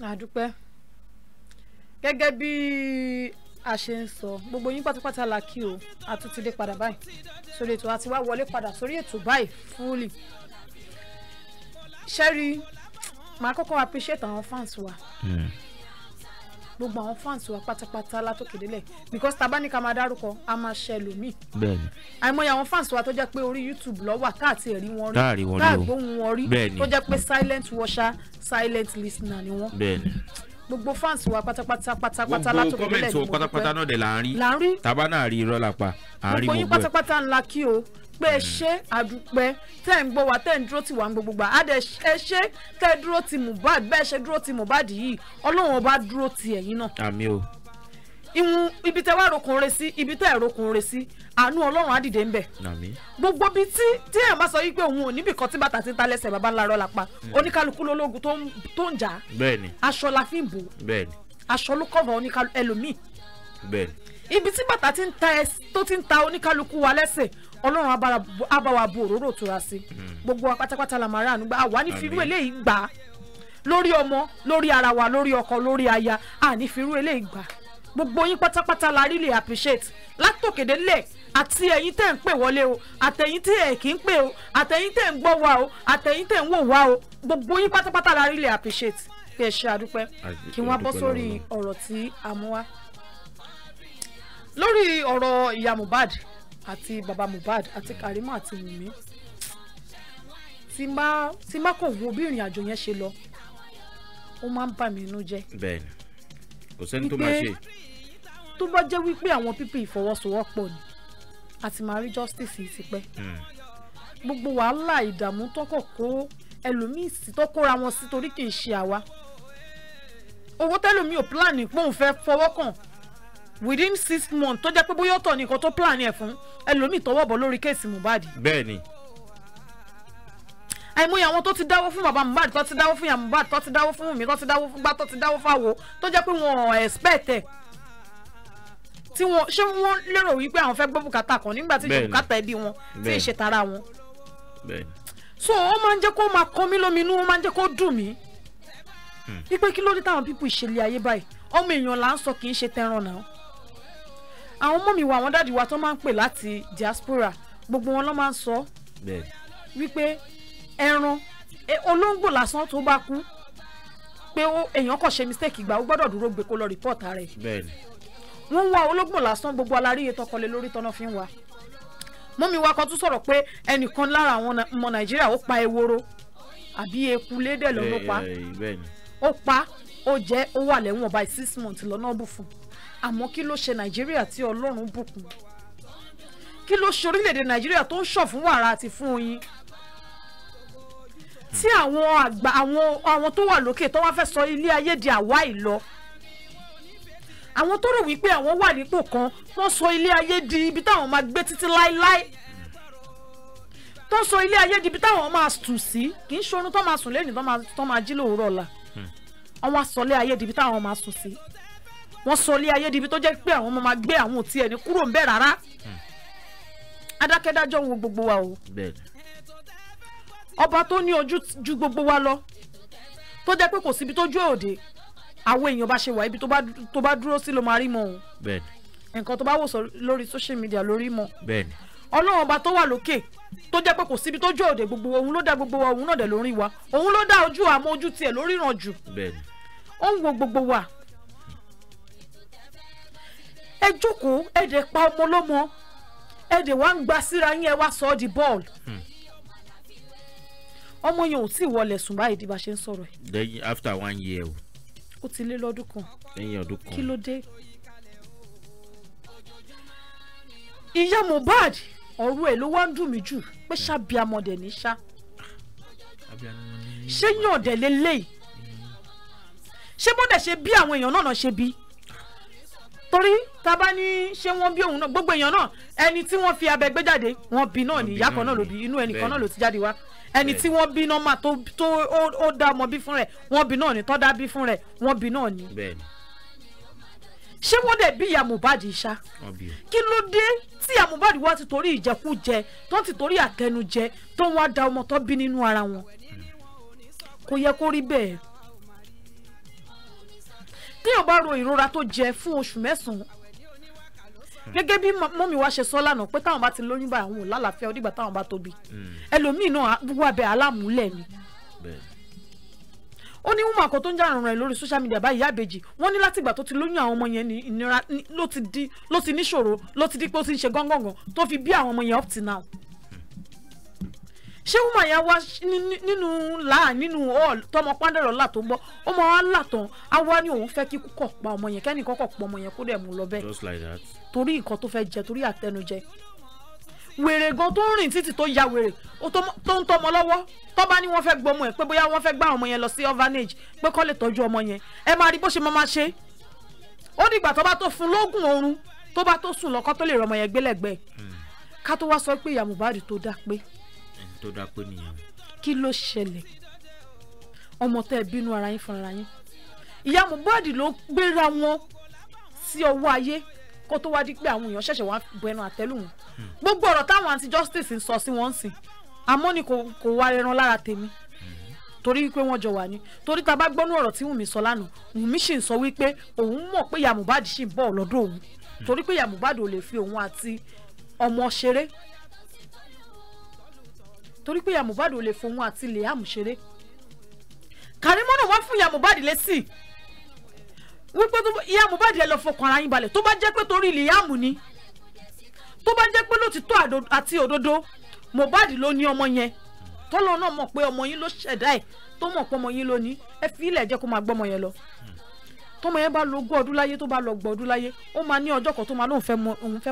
àdúpẹ́ gẹ́gẹ́ bí a ṣe ń sọ gbogbo yín pátápátá la kí o a tún ti dé padà báyìí sórí ètò àti wá wọlé padà sórí ètò báyìí fúlì ṣẹ́rí màá kọ́kọ́ appreciate àwọn fans wa. Mm gbogbo àwọn fans wa pátápátá látòkè délẹ̀ because tá a bá ní ká máa dárúkọ a máa ṣe ẹlòmíì. bẹ́ẹ̀ni. àìmọye àwọn fans wa tó jẹ́ pé orí youtube ló wà káàtì ẹ̀rí wọn rí káàrí wọn rí o káàrí gbóhùn wọn rí bẹ́ẹ̀ni tó jẹ́ pé silent washer, silent listener ni wọ́n. bẹ́ẹ̀ni gbogbo fans wa pátápátá pátápátá látòkè délẹ̀ gbogbo kọ́mẹ̀ntì wa pátápátá náà dẹ̀ là ń rí tàbá náà rí irọ́ lápá à ń rí gbogbo ẹ̀. gbogbo yín pátápátá ńlá kí o pé ẹ ṣe àdúpẹ́ tẹ́ ń gbọ́ wa tẹ́ ń dúró tì wá ń gbogbo gbà á dẹ̀ ẹ ṣe tẹ́ ẹ dúró ti Mohbad bẹ́ẹ̀ ṣe dúró ti Mohbad yìí ọlọ́run ọba dúró ti ẹ̀yin náà. àmì o. ìwọ̀n ibi tẹ́ wá rokun re sí ibi tẹ́ rokun re sí àánú ọlọ́run á dìde ńbẹ̀. àmì. gbogbo bíi tí tí ẹ̀ má sọ yí pé òun ò níbì kan tí bàtà ti ta lẹ́sẹ̀ bàbá ńlá rọ́ la hmm. oníkálukú lológun tó ń jà. ibi tí bàtà ti ń ta ẹ tó ti ń ta oníkálukú wa lẹ́sẹ̀ ọlọ́run abáwa bu òróró òtura sí hmm. gbogbo wa pátápátá la máa ránu gbà àwa ní firú eléyìí gbà lórí ọmọ lórí ara wa lórí ọkọ lórí aya àní firú eléyìí gbà gbogbo yín pátápátá la rí lè appreciate látòkèdè lẹ̀ àti ẹ̀yin tẹ̀ ń pè wọlé o àtẹ̀yin tẹ̀ ẹ̀ kì í pè o àtẹ̀yin tẹ̀ ń gbọ́ wa o àtẹ̀yin tẹ̀ ń wò wá o gbogbo yín pátápátá la rí lè appreciate pé ẹ ṣe àdúpẹ́ kí wọ́n bọ́ sórí ọ̀rọ̀ tí a mú wá lórí ọ̀rọ̀ ìyá Mohbad àti baba Mohbad àti Karima, àti Wunmi tí má kò wo bí ìrìn àjò yẹn ṣe lọ ó máa ń bà mí inú jẹ́. bẹ́ẹ̀ni kò sẹ́ni tó máa ṣe. tó bá jẹ́ wípé àwọn pípé ìfọwọ́sowọ́pọ̀ ni àti máa rí justice yìí ti pẹ́. Hmm. gbogbo wàhálà ìdààmú tọkọ kó ẹlòmíì sí tó kóra wọn sí torí kì í ṣe àwa owó tẹlòmíì ò plan ní fẹ́ fọwọ́ kàn within six months tó jẹ́ pé bóyá ọ̀tọ̀ ni nǹkan tó plan ẹ̀ fún ẹlòmíì tọwọ́ bọ̀ lórí kéèsì Mohbad. bẹ́ẹ̀ni. àìmọye àwọn tó ti dáwọ́ fún bàbá Mohbad tó ti dáwọ́ fún ìyá Mohbad tó ti dáwọ́ fún mi tó ti dáwọ́ fún gbá tó ti dáwọ́ fáwo tó jẹ́ pé wọn expect ẹ̀ tí wọn ṣé wọn lérò wípé àwọn fẹ́ gbọ́ bùkátà kan nígbà tí ìṣe bùkátà ẹbí wọn tí ìṣe tara wọn. so ó máa ń jẹ́ kó máa kọ́ mí lóminú ó máa ń jẹ́ kó dùn mí. Hmm. wípé kí ló dé táwọn pípọ̀ ìṣẹ̀lẹ̀ ayé báyìí ọmọ èèyàn là ń sọ kì í ṣe tẹran náà àwọn ọmọ mi wa àwọn dáàdi wa tó máa ń pè láti diaspora gbogbo wọn ló máa ń sọ wípé ẹran e, olóńgbò lásán tó bá kú pé èèyàn kàn ṣe mistake ìgbà ó gbọ́dọ̀ dúró gbé kó lọ rìpọ́ọ̀tà rẹ̀ wọ́n ń wá olóńgbò lásán gbogbo aláríyé tọkọlẹ̀ lórí tọ́nà fi ń wa mọ́mi wa kan tún sọ̀rọ̀ pé ẹnìkan lára àwọn ọmọ nàìjíríà ó pa eworo àbí eku lédè lọ́nà pa ó pa ó jẹ́ ó wà lẹ́wọ̀n by six months lọ́nà bù fún un àmọ́ kí ló ṣe nàìjíríà tí ọlọ́run bùkún kí ló ṣe orílẹ̀-èdè nàìjíríà tó ń ṣàn fún wàrà àti fún oyin tí àwọn àgbà àwọn àwọn tó wà lókè tó wá fẹ́ sọ ilé ayé di àwa ìlọ àwọn tó rò wípé àwọn wà nípò kan wọ́n sọ ilé ayé di ibi táwọn máa gbé títí láéláé tó sọ ilé ayé di ibi táwọn máa sùn sí kì í ṣorun tó máa sùn lẹ́yìn tó máa jí lóòrọ̀ ọ̀la àwọn hmm. asọ̀lé ayé di ibi táwọn máa sùn sí. Si wọ́n sọ ilé ayé dibi tó jẹ́ pé àwọn ọmọ máa gbé àwọn òtí ẹni kúrò ńbẹ̀ rárá hmm. adákẹ́dájọ́ wo gbogbo wa o ọba tó ní ojú ju gbogbo wa lọ tó jẹ́ pé kò síbi tó jó òde àwọn èèyàn bá ṣe wà ibi tó bá dúró sí ló máa rí mọ́ o nǹkan tó bá wò sọ lórí social media lórí mọ́ ọlọ́run ọba tó wà lókè tó jẹ́ pé kò síbi tó jó òde gbogbo òun ló dá gbogbo wa òun náà dẹ̀ lórí wa òun ló dá ojú àmọ́ ojú tiẹ̀ lórí ràn jù ó ń wo gbogbo wa ẹ jókòó ẹ dẹ̀ pa ọmọ lọ́mọ ẹ dẹ̀ wá ń gba síra yín ẹ wá sọ ọ́ di bọ́ọ̀lù ọmọ yẹn ò tí ì wọlé sùn báyìí di bá ṣe ń sọ̀rọ̀ ẹ̀. lẹ́yìn after one year o. ó ti lé lọ́dún kan. lẹ́yìn ọdún kan. kí ló dé. ìyá Mohbad ọ̀rọ̀ ẹ̀ ló wá ń dùn mí jù pé ṣàbíamọ̀dẹ̀ ní ṣá. ṣé yàn ọ̀dẹ̀ lélẹ́yìí ṣé bọ́dẹ̀ ṣe bí àwọn èèyàn náà ṣe bí torí tábà ní ṣé wọ́n bí òun náà gbogbo èèyàn náà ẹni tí wọ́n fi abẹ gbé jáde wọ́n bí náà ní ìyá kan náà ló bí inú ẹnìkan náà ló ti jáde wá ẹni tí wọ́n bí nọ́mà tó tó ó dá ọmọ bí fún rẹ̀ wọ́n bí náà ní tọ́dá bí fún rẹ̀ wọ́n bí náà ní. ṣé wọ́n dẹ̀ bí ìyá Mohbad ṣá kí ló dé tí ìyá Mohbad wá ti torí ìjẹkújẹ tó ti torí àtẹnujẹ tó wá da ọmọ tó bí nínú ara wọn hmm. kò yẹ kó rí bẹ́ẹ̀ téèyàn bá ro ìrora tó jẹ fún oṣù mẹ́sàn-án gẹ́gẹ́ bí mọ́mí wa ṣe sọ lánàá pé táwọn bá ti lóyún báyìí àwọn ò lálàáfíà ó dìgbà táwọn bá tóbi hmm. ẹlòmíì náà wà bẹ́ẹ̀ aláàmúlẹ̀ ni ó ní wúmọ̀ àkọ́ tó ń jàrùn rẹ̀ lórí social media báyìí àbèjì wọ́n ní látìgbà tó ti lóyún àwọn ọmọ yẹn ní ló ti níṣòro ló ti di pé ó ti ń ṣe gángangàn tó fi bí àwọn ọmọ yẹn up to now ṣé woman yẹn wá nínú là nínú tọmọ pandẹ̀rọ̀ là tó gbọ́ ọmọ wa là tán á wá ní òun fẹ́ kí kúkọ̀ pa ọmọ yẹn kẹ́nìkan kọ̀ pọ̀ ọmọ yẹn kó dẹ̀ mú lọ bẹ́ẹ̀ just like that torí nǹkan tó fẹ́ jẹ torí àtẹnujẹ wèrè gan tó ń rìn títì tó ya wèrè tó ń tọmọ lọ́wọ́ tó bá ní wọ́n fẹ́ gbọmọ ẹ̀ pé bóyá wọ́n fẹ́ gbá ọmọ yẹn lọ sí orphanage pé kó lè tọ́jú ọmọ yẹn ẹ máa rí bó ṣe máa máa ṣe ó dìgbà tó bá tó fún lóògùn oorun tó bá tó sùn lọ́kọ́ tó lè rọmọ yẹn gbélẹ̀gbẹ́ hmm. ká tó wá sọ pé ìyá Mohbad tó dá pé tó dáa pé nìyẹn. kí ló ṣẹlẹ̀ ọmọ tẹ́ ẹ bínú ara yín fúnra yín ìyá Mohbad ló gbéra wọn sí ọwọ́ ayé kó tó wá di pé àwọn èèyàn ṣẹ̀ṣẹ̀ wá bu ẹnu àtẹ́lù wọn hmm. gbogbo ọ̀rọ̀ táwọn anti justice ń sọ sí wọn sìn àmọ́ ni kò wá ẹran lára tèmi hmm. torí pé wọ́n jọ wà ní torí tá a bá gbọ́nú ọ̀rọ̀ tí Wùnmí sọ lánàá Wùnmí sì ń sọ wípé òun mọ̀ pé ìyá Mohbad sì ń bọ̀ lọ́dọ̀ òun hmm. torí pé ìyá Mohbad ò lè fi òun àti ọmọ ṣeré torí pé ìyá Mohbad ò lè fohun àti Liam ṣeré Karimo náà wá fún ìyá Mohbad lésì wípé ìyá Mohbad ẹ lọ fọkàn ara yín balẹ̀ tó bá jẹ́ pé torí Liam ni tó bá jẹ́ pé lótìtọ́ àti òdodo Mohbad ló ní ọmọ yẹn tọ́lọ́ náà mọ̀ pé ọmọ yín ló ṣẹ̀dá ẹ̀ tó mọ̀ pé ọmọ yín ló ní ẹ fi ilẹ̀ jẹ́ kó máa gbọ́mọ yẹn lọ tọmọ yẹn bá lo ogún ọdún láyé tó bá lọ gbọ ọdún láyé ó máa ní ọjọ́ kan tó máa lóun fẹ́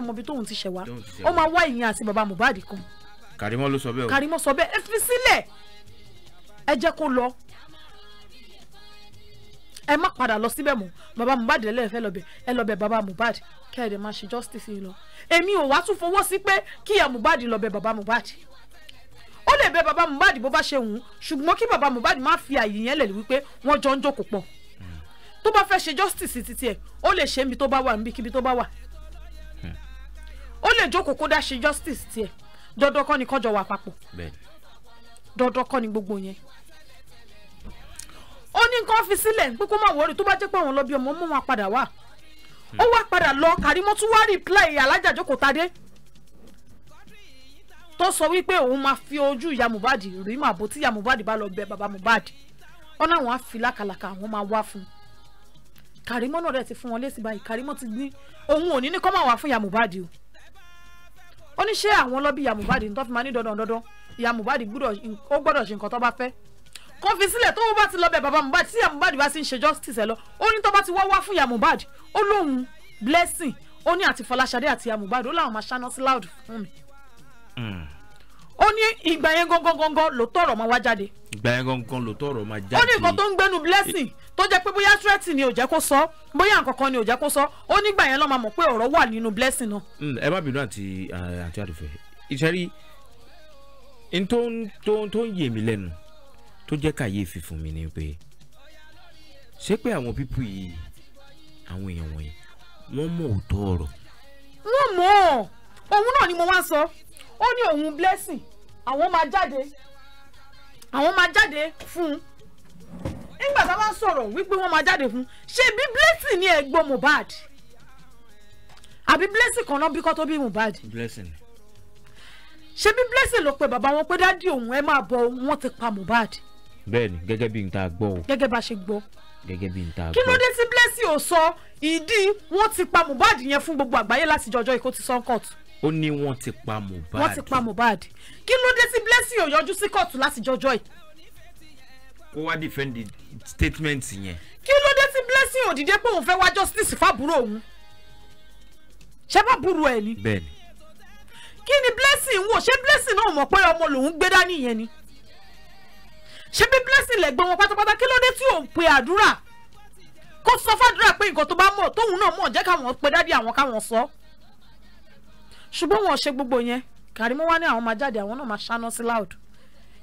mọ ibi tóun ti ṣẹ̀ wá ó máa wá ìyẹn àti bàbá Mohbad kan. Karimọ ló sọ bẹ́ẹ̀ o Karimọ sọ bẹ́ẹ̀ ẹ fi sílẹ̀ ẹ jẹ́ kó lọ ẹ má padà lọ síbẹ̀ mọ́ bàbá Mohbad ẹ lẹ́ẹ̀fẹ́ lọ́bẹ̀ ẹ lọ́bẹ̀ bàbá Mohbad kẹ́ẹ̀dẹ̀ máa ṣe justice yìí lọ èmi ò wá tún fọwọ́ sí pé kíyà Mohbad lọ́bẹ̀ bàbá Mohbad ó lè bẹ baba Mohbad bó bá ṣe wù ú ṣùgbọ́n kí bàbá Mohbad má fi àyè yẹn lẹ̀ wípé wọ́n jọ ń jókòó pọ̀ hmm. tó bá fẹ́ ṣe justice títí ẹ̀ ó lè ṣe níbi tó bá wà níbikíbi tó bá wà hmm. ó lè jókòó kó dá ṣe justice tiẹ̀ dandan kọ́ ni kọ́jọ wà papọ̀ dandan kọ́ ni gbogbo yẹn ó ní nǹkan fi sílẹ̀ pé kó má wọrí tó bá jẹ́ pé àwọn lọ bí ọmọ mú wọn padà wá ó wá padà lọ Karimo tún wá reply Alájà Jókòtadé tó sọ wípé òun máa fi ojú ìyá Mohbad rí màbó tí ìyá Mohbad bá lọ bẹ bàbá Mohbad ọ̀nà àwọn afilákàlàkà àwọn máa wá fún un Karimo náà rẹ̀ ti fún wọn lésì báyìí Karimo ti ní òun ò ní ní kọ́ máa wá fún ìyá Mohbad o ó ní ṣé àwọn lọ́bí ìyá Mohbad ní tó fi máa ní dandan dandan ìyá Mohbad ó gbọ́dọ̀ ṣe nǹkan tó bá fẹ́ kò fi sílẹ̀ tó bá ti lọ bẹ̀ bàbá Mohbad tí ìyá Mohbad bá ti ń ṣe justice ẹ̀ lọ ó ní tó bá ti wá wá fún ìyá Mohbad ó lóun blessing ó ní àti Fọláṣadé àti ìyá Mohbad ó láwọn máa ṣáná sí loud fún mi. Hmm ó ní ìgbà yẹn gangan gangan ló tọrọ máa wá jáde. ìgbà yẹn gangan ló tọrọ máa jáde. ó ní nǹkan tó ń gbẹnu blessing tó jẹ́ pé bóyá threat ni ò jẹ́ kó sọ bóyá nǹkan kan ni ò jẹ́ kó sọ ó nígbà yẹn ló máa mọ̀ pé ọ̀rọ̀ wà nínú blessing náà. Mm, ẹ má bínú àti eh, àti àdùfẹ́ ìṣẹ́rí n tó ń tó ń tó ń yè mí lẹ́nu tó jẹ́ kàyéfì fún mi ni pé ṣé pé àwọn pípù yìí àwọn èèyàn wọ̀nyí wọ́n mọ̀ òótọ́ ọ̀rọ̀. wọ́n mọ̀ ọ́ òun náà ni mo wá sọ. So ó ní òun blessing àwọn máa jáde àwọn máa jáde fún un nígbà tá a bá ń sọ̀rọ̀ wípé wọ́n máa jáde fún un ṣé bí blessing ni ẹ̀gbọ́n Mohbad àbí blessing kan náà bí kọ́ tó bí Mohbad ṣé bí blessing ló pe bàbá wọn pé dádì òun ẹ máa bọ wọn ti pa Mohbad. bẹ́ẹ̀ni gẹ́gẹ́ bí n ta gbọ́ o. gẹ́gẹ́ bá a ṣe gbọ́ gẹ́gẹ́ bí n ta gbọ́. kí ló dé tí blessing ò sọ ìdí wọn ti pa Mohbad yẹn fún gbogbo àgbáyé láti jọjọ ikó ti sọ ó ní wọ́n ti pa Mohbad. wọ́n ti pa Mohbad kí ló dé tí Blessing ò yọjú sí kóòtù láti jọjọ́ yìí. kó wá defend the statement yẹn. kí ló dé tí Blessing ò dìde pé òun fẹ́ wá justice fábúrò òun ṣé bá burú ẹ ni. bẹ́ẹ̀ni. kí ni Blessing wò ṣé Blessing náà mọ̀ pé ọmọ lòun gbé dání yẹn ni ṣé bí Blessing lẹ̀gbọ́n wọn pátápátá kí ló dé tí òun pe àdúrà kó sọ fàdúrà pé nǹkan tó bá mọ̀ tóun náà mọ̀ jẹ́ káwọn pe dádì àwọn káwọn sọ. So ṣùgbọ́n wọn ṣe gbogbo yẹn Karimo wá ní àwọn máa jáde àwọn náà máa ṣáná sí loud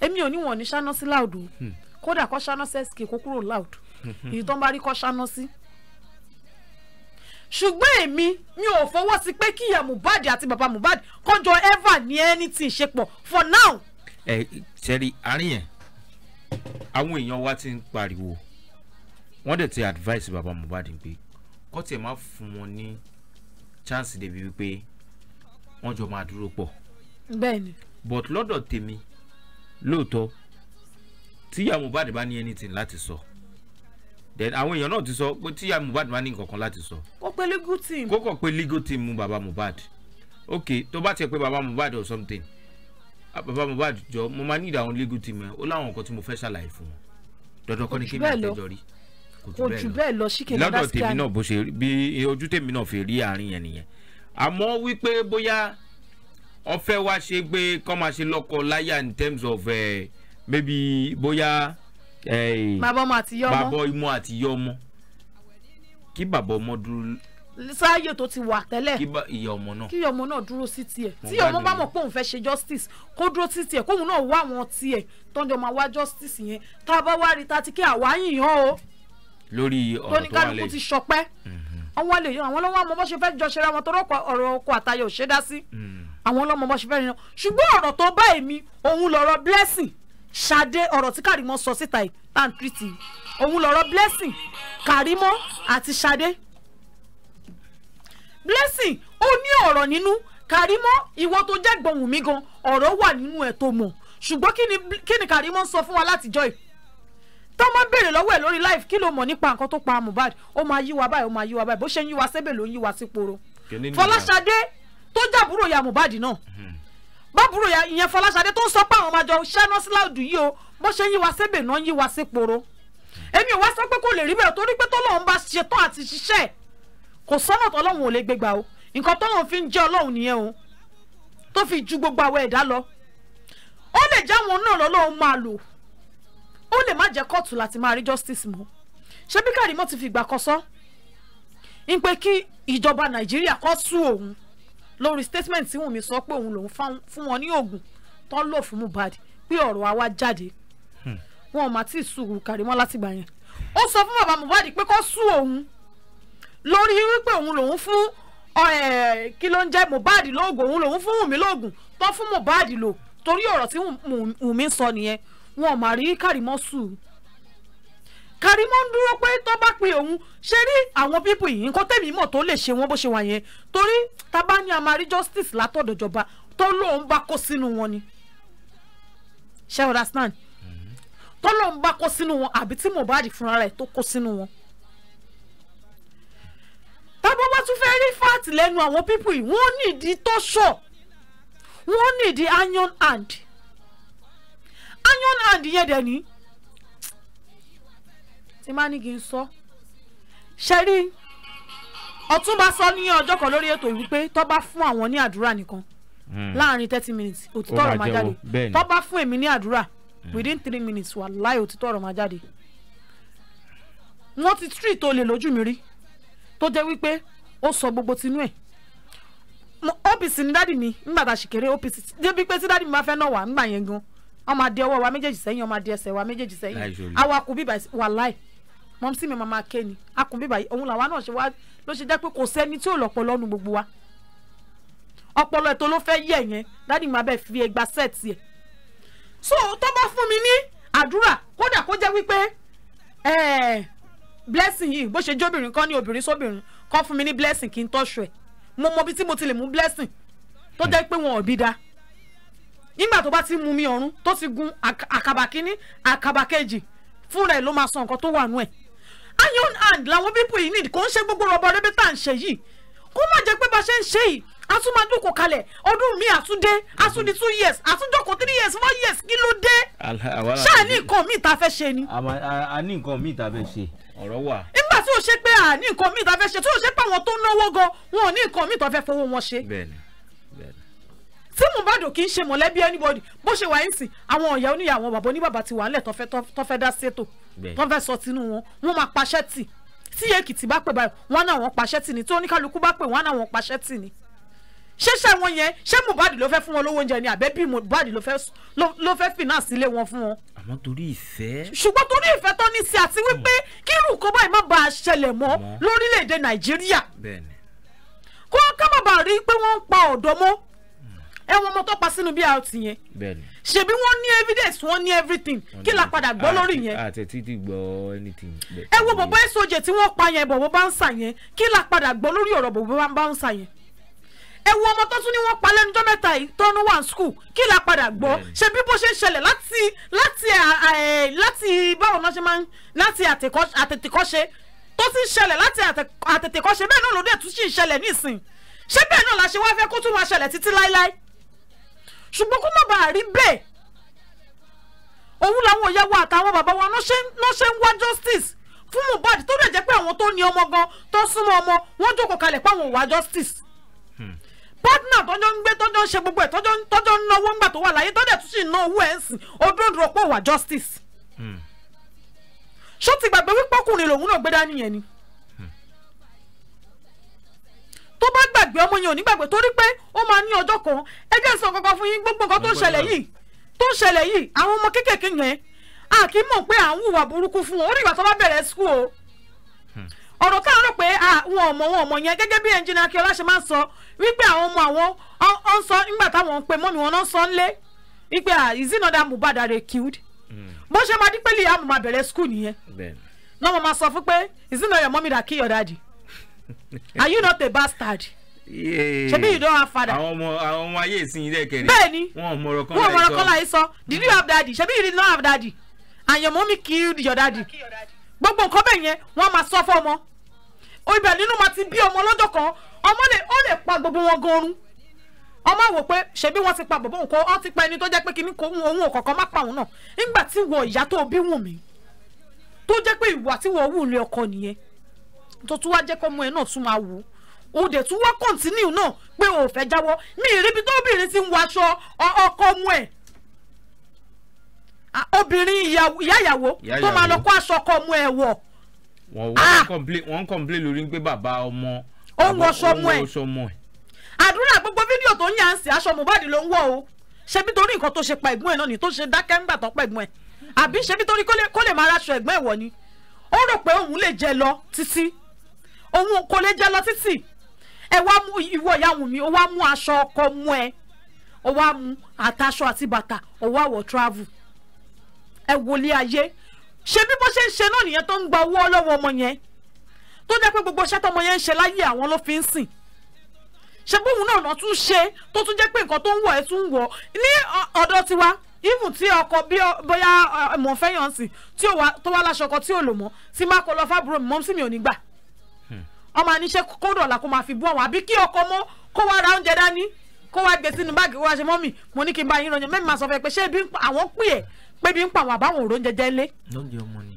èmi ò ní wọn ò ní ṣáná sí loud o hmm. kódà kọ́ ṣáná sẹ́sìkì kó kúrò loud hmm. èyí tó ń bá rí kọ́ ṣáná sí. ṣùgbọ́n èmi mi ò fọwọ́ sí pé kíyà Mohbad àti bàbá Mohbad kọjọ ever ní anything ṣe pọ̀ for now. ẹ sẹ́rí àárín yẹn àwọn èèyàn wa ti ń pariwo wọ́n dẹ̀ ti advice bàbá Mohbad pé kó tiẹ̀ má fún wọn ní chance débi wípé wọ́n jọ máa dúró pọ̀. bẹ́ẹ̀ni. but lọ́dọ̀ tèmi lóòótọ́ tíyá Mohbad bá ní anything láti sọ then àwọn èèyàn náà ti sọ pé tíyá Mohbad bá ní nǹkankan láti sọ. kó pe legal team. kó kàn pe legal team mú baba Mohbad ok tó bá tiẹ̀ pé baba Mohbad or something baba Mohbad jọ mo máa ní ìdáhùn legal team ẹ ó láwọn nǹkan tí mo fẹ́ ṣàlàyé fún wọn dandan kọ́ ni kí n bá tẹjọ rí kò jù bẹ́ẹ̀ lọ lọ́dọ̀ tèmi náà bó ṣe bí ojú tèmi náà fi rí àárín yẹn nìyẹn àmọ́ wípé bóyá ọ̀fẹ́ wa ṣe gbé kọ́ máa ṣe lọ́kọ láyà in terms of uh, maybe bóyá. Eh, bàbá ọmọ àti yọmọ bàbá ọmọ àti yọmọ kí bàbá ọmọ dúró sáyè tó ti wà tẹ́lẹ̀ kí ìyá ọmọ náà kí ọmọ náà dúró sí tiẹ̀ tí ọmọ bá mọ̀ pé òun fẹ́ ṣe justice kó dúró sí tiẹ̀ kóun náà wá àwọn tiẹ̀ tọ́jọ́ máa wá justice yẹn tá a bá wá rí ta ti kí àwa yìnyín o lórí ọ̀rọ̀ tó wà lẹ́yìn tóníkàlùkù ti ṣọpẹ́ mhm àwọn olè yìí àwọn ọlọ́wọ́ ọmọ bó ṣe fẹ́ jọ ṣe ra wọn torí ọ̀rọ̀ ọkọ àtayọ ò ṣe dá sí hmm. àwọn ọlọ́mọ bó ṣe fẹ́ rìn ṣùgbọ́n ọ̀rọ̀ tó bá èmi òun lọ̀rọ̀ blessing ṣadé ọ̀rọ̀ tí kàrímọ́ sọ síta yìí tan treaty òun lọ̀rọ̀ blessing kàrímọ́ àti ṣadé blessing ó ní ọ̀rọ̀ nínú kàrímọ́ ìwọ tó jẹ́ gbọ̀hùn mi gan ọ̀rọ̀ wà nínú ẹ̀ tó mọ̀ ṣùgbọ́n kí ni kàrímọ́ sọ fún wa látijọ́ yìí tó máa ń béèrè lọ́wọ́ ẹ̀ lórí life kí ló mọ̀ nípa nǹkan tó pa Mohbad ó máa yí wa báyìí ó máa yí wa báyìí bó ṣe ń yí wa sébè ló ń yí wa sí poro Fọláṣadé tó jàbúrò ya Mohbad náà hmm. bábúrò ya ìyẹn Fọláṣadé tó ń sọ pé àwọn ọmọ àjọ ṣẹ́ná síláàdù yìí o bó ṣe ń yí wa sébè náà ń yí wa sí poro èmi ò wá sọ pé kò lè rí bẹ́ẹ̀ torí pé tọ́lọ́run bá ṣetán àti ṣiṣẹ́ kò sọ́nà tọ́lọ́run ò o nǹkan tọ́lọ́run fi ń jẹ́ ọlọ́run nìyẹn o tó fi ju gbogbo àwọn ẹ̀dá lọ ó lè jáwọn ó lè má jẹ́ kóòtù láti máa rí justice mọ́ ṣé bí Karimo ti fìgbà kan sọ ń pé kí ìjọba Nàìjíríà kó sú òun lórí statement tí Wùnmí sọ pé òun lòun fún wọn ní oògùn tó ń lò fún Mohbad pé ọ̀rọ̀ àwa jáde hmm. wọn ò má tí ì sú Karimo látìgbà yẹn ó sọ fún bàbá Mohbad pé kó sú òun lórí wípé òun lòun fún kí ló ń jẹ́ Mohbad lóògùn òun lòun fún Wùnmí lóògùn tó fún Mohbad lò torí ọ̀rọ̀ tí Wùnmí sọ nìyẹn wọn ò mà rí kàrímọ́ sùn kàrímọ́ ń dúró pé tó bá pe òun ṣe rí àwọn pípù yìí nǹkan tẹ̀mí mọ̀ tó lè ṣe wọ́n bó ṣe wà yẹn torí ta bá ní a máa rí justice látọ̀dọ̀ ìjọba tó lóun bá kó sínú wọn ni ṣe understand mm-hmm. tó lóun bá kó sínú wọn àbí tí Mohbad fúnra rẹ̀ tó kó sínú wọn. tábọ́ bá tún fẹ́ rí fáàtì lẹ́nu àwọn pípù yìí wọ́n nídìí tó ṣọ̀ wọ́n nídìí iron hand anyone hand yẹn dẹ̀ ní tí má ní kí n sọ ṣe rí ọ̀túnba sọ ní ọjọ́ kan lórí ètò wípé tó bá fún àwọn ní àdúrà nìkan hmm. láàrin thirty minutes òtítọ́ ọ̀rọ̀ máa jáde tó bá fún èmi ní àdúrà hmm. within three minutes wàláì òtítọ́ ọ̀rọ̀ máa jáde wọ́n ti street olè lójú mi rí tó jẹ́ wípé ó sọ gbogbo tinú ẹ̀ OPC ní dádì mi ńgbà OPC débi pé tí dádì mi máa fẹ́ náà wà ńgbà yẹn gan-an ọmọ adé ọwọ́ wa méjèèjì sẹ́yìn ọmọ adé ẹsẹ̀ wa méjèèjì sẹ́yìn awakùn bíbà wà láì mọ̀mísí mi màmá ké ni akùn bíbà òun làwa náà ṣe wá ló ṣe jẹ́ pé kò sẹ́ni tí ò lọ́pọ̀ lọ́nu gbogbo wa ọpọlọ ètò ló fẹ́ yẹ̀ yẹn dádì máa bẹ̀ fi ẹgbà sẹ́ẹ̀tì ẹ̀ so tó bá fún mi ní àdúrà kódà kó jẹ́ wípé eh, blessing yìí bó ṣe jóbìnrin kan ní obìnrin sóbìnrin kan fún mi ní blessing kí n tọ́ṣù ẹ̀ mo mọ ibi tí mo ti lè mú blessing tó jẹ́ pé wọn ò bí da nígbà tó bá ti mu mi ọ̀run tó ti gun àkàbà kínní àkàbà kejì fúnra ẹ̀ ló máa san nǹkan tó wà nú ẹ̀ iron hand làwọn pípọ̀ yìí nìdí kò ń ṣe gbogbo rọ̀bọ̀ rẹ́bẹ́ tá à ń ṣe yìí kó má jẹ́ pé bá ṣe ń ṣe yìí atúmọ̀dúnkù kalẹ̀ ọdún mi àtúndé àtúndé two years àtúndókò three years four years kí ló dé a ní nǹkan míì tá a fẹ́ ṣe ni. a ní nǹkan míì tá a fẹ́ ṣe ọ̀rọ̀ wà. nígbà tí o ṣe pé a ní nǹkan míì tá a fẹ́ ṣe tí o ṣe pé àwọn tó ń náwó gan wọn ò ní nǹkan míì tó fẹ́ fowó wọn ṣe. bẹ́ẹ̀ni tí Mohbad kì í ṣe mọ̀lẹ́bí anybody bó ṣe wà nísìn àwọn ọ̀yà oníyàwó bàbá oníbàbà ti wà ńlẹ̀ tọ́fẹ́ dá sétò tọ́fẹ́ sọ tinú wọn wọn máa paṣẹ́ tì tí Èkìtì bá pè báyìí wọn náà wọn paṣẹ́ tì ní tí oníkálukú bá pè wọn náà wọn paṣẹ́ tì ní ṣẹṣẹ wọn yẹn ṣé Mohbad ló fẹ́ fún wọn lówó oúnjẹ ni àbẹ́bí Mohbad ló fẹ́ finance ilé wọn fún wọn. àmọ́ torí ìfẹ́. ṣùgbọ́n torí ìfẹ́ tó ní sí àti wípé hmm. kí irú nǹkan báyìí má bàa ṣẹlẹ̀ mọ́ lórílẹ̀‐èdè Nàìjíríà. kó ká rí i pé wọ́n ń pa ọ̀dọ́ mọ́ ẹ wọn ọmọ tó pa sínú bí out yẹn ṣebí wọn ní evidence wọn ní everything kí la padà gbọ́ lórí yẹn. àti títí gbọ́ anything. ẹ wo bọ̀bọ̀ èsòjè tí wọ́n pa yẹn bọ̀bọ̀ bá ń sà yẹn kí la padà gbọ́ lórí ọ̀rọ̀ bọ̀bọ̀ bá ń sà yẹn. ẹ wo ọmọ tó tún ní wọ́n pa lẹ́nujọ́ mẹ́ta yìí tọ́nu wà school kí la padà gbọ́ ṣe bí bó ṣe ń ṣẹlẹ̀ láti láti láti báwo náà ṣe máa ń láti àtètèkọ́ṣe tó ti ń ṣẹlẹ̀ láti àtètèkọ́ṣe bẹ́ẹ̀ náà lòdì ẹ̀ tún ṣì ń ṣẹlẹ̀ nísìn ṣé bẹ́ẹ̀ náà la ṣe wá fẹ́ kó tún máa ṣẹlẹ̀ títí láéláé ṣùgbọ́n kó má bàa rí bẹ́ẹ̀ òun làwọn ìyàwó àtàwọn bàbá wa náà ṣe ń wá justice fún Mohbad tó dẹ̀ jẹ́ pé àwọn tó ní ọmọ gan tó súnmọ́ ọmọ wọ́n jókòó kalẹ̀ pé àwọn ò wá justice hmm. partner tọ́jọ́ ń gbé tọ́jọ́ ń ṣe gbogbo ẹ̀ tọ́jọ́ ń náwó ńgbà tó wà láyé tọ́jọ́ tún sì ná owó ẹ̀ ń sìn odòdó pọ̀ wà justice hmm. ṣó ti gbàgbé wípé ọkùnrin lòun náà gbé dání yẹn ni. Hmm tó bá gbàgbé ọmọ yẹn ò ní gbàgbé torí pé ó máa ní ọjọ́ kan ẹ jẹ́ sọ kankan fún yín gbogbo nǹkan tó ń ṣẹlẹ̀ yìí tó ń ṣẹlẹ̀ yìí àwọn ọmọ kéékèèké yẹn a kì í mọ̀ pé à ń hùwà burúkú fún wọn ó dìgbà tó bá bẹ̀rẹ̀ skul o hmm. ọ̀rọ̀ káà rò pé àwọn ọmọ wọn ọmọ yẹn gẹ́gẹ́ bí ẹnjìnà akíọ́lá ṣe máa ń sọ wípé àwọn ọmọ àwọn ọ ń sọ nígbà táwọn ń pe mọ́mí wọn náà sọ ń lé wípé ìzínàdà Mohbad are killed hmm. bó ṣe máa dípẹ́ lè àmọ̀ máa bẹ̀rẹ̀ skul nìyẹn náà wọ́n máa sọ fún pé ìzínàdà mọ́mí dà kí your daddy are you not a bastard ṣebí you don't have father. àwọn ọmọ àwọn ọmọ ayé ìsinyìí dẹ kẹrin. bẹ́ẹ̀ni wọn mọ̀rọ̀ kọ́lá yìí sọ wọn mọ̀rọ̀ kọ́lá yìí sọ did you have daddy ṣebí you did not have daddy and your mommy killed your daddy gbogbo nǹkan bẹ́ẹ̀ yẹn wọ́n máa sọ fọ́mọ ibẹ̀ nínú ma ti bí ọmọ lọ́jọ́ kan ọmọ lè ó lè pa gbogbo wọn gan-an ọmọ wò pé ṣebí wọ́n ti pa bàbá òun kọ ọ ti pa ẹni tó jẹ́ pé kíní kò òun ọ̀kọ̀ọ̀kan má pa òun náà nígbà tí wọ ìyá tó bí wù mí tó jẹ́ pé ìwà tí wọ́n wù lé ọkọ nìyẹn tó tún wá jẹ́ kọ́mọ ẹ̀ náà tún máa wù ó dẹ̀ tún wá kọ́ntínú náà pé ò fẹ́ jáwọ́ mi ìríbi tó obìnrin ti ń waṣọ ọkọ ọmọ ẹ̀ obìnrin ìyá ìyàwó tó máa lọ kó aṣọ ọkọ ọmọ ẹ̀ wọ̀. wọ́n ń kọ́ńplé ah! lórí pé bàbá ọmọ ó ń wọṣọ ọmọ ẹ̀ àdúrà gbogbo fídíò tó ń yà ń sè aṣọ Mohbad ló ń wọ̀ o ṣebí torí nǹkan tó ṣe pa ẹ̀gbọ́n ẹ̀ náà ni tó ṣe dákẹ́ ńgbà tó pa ẹ̀gbọ́n ẹ̀ àbí ṣebí torí kó lè máa raṣọ ẹ̀gbọ́n ẹ̀ wọ̀ ni ó rò pé òun lè jẹ lọ títí òun kò lè jẹ lọ títì ẹ wá mú ìwọ ìyá Wùnmí ó wá mú aṣọ ọkọ mú ẹ ó wá mú àtàṣọ àti bàtà ó wá wọ travel ẹ wọlé ayé ṣe bí bó ṣe ń ṣe náà nìyẹn tó ń gba owó ọlọ́wọ́ ọmọ yẹn tó jẹ́ pé gbogbo iṣẹ́ tọmọ yẹn ń ṣe láyé àwọn ló fi ń sìn ṣe bóun náà náà tún ṣe tó tún jẹ́ pé nǹkan tó ń wọ̀ ẹ́ tún ń wọ̀ ní ọ̀dọ̀ tiwa even tí ọkọ bí bóyá mọ̀fẹ́yàn sìn tí ó tó wá láṣọ ọkọ tí ò lò mọ́ tí má kọ lọ fábùrò mi mọ́ sí mi ò ní gbà ọmọ àníṣe kó dọ̀là kó máa fi bú àwọn àbí kí ọkọ mọ́ kó wá ra oúnjẹ dání kó wá gbé sínú báàgì kó wá ṣe mọ́mì mo ní kí n bá yín rànjẹ mẹ́mi máa sọ fẹ́ pé ṣé ibi ń pa àwọn pè ẹ́ pé ibi ń pa àwọn àbáwọn òró oúnjẹ jẹ́ lé. lóúnjẹ ọmọ ni.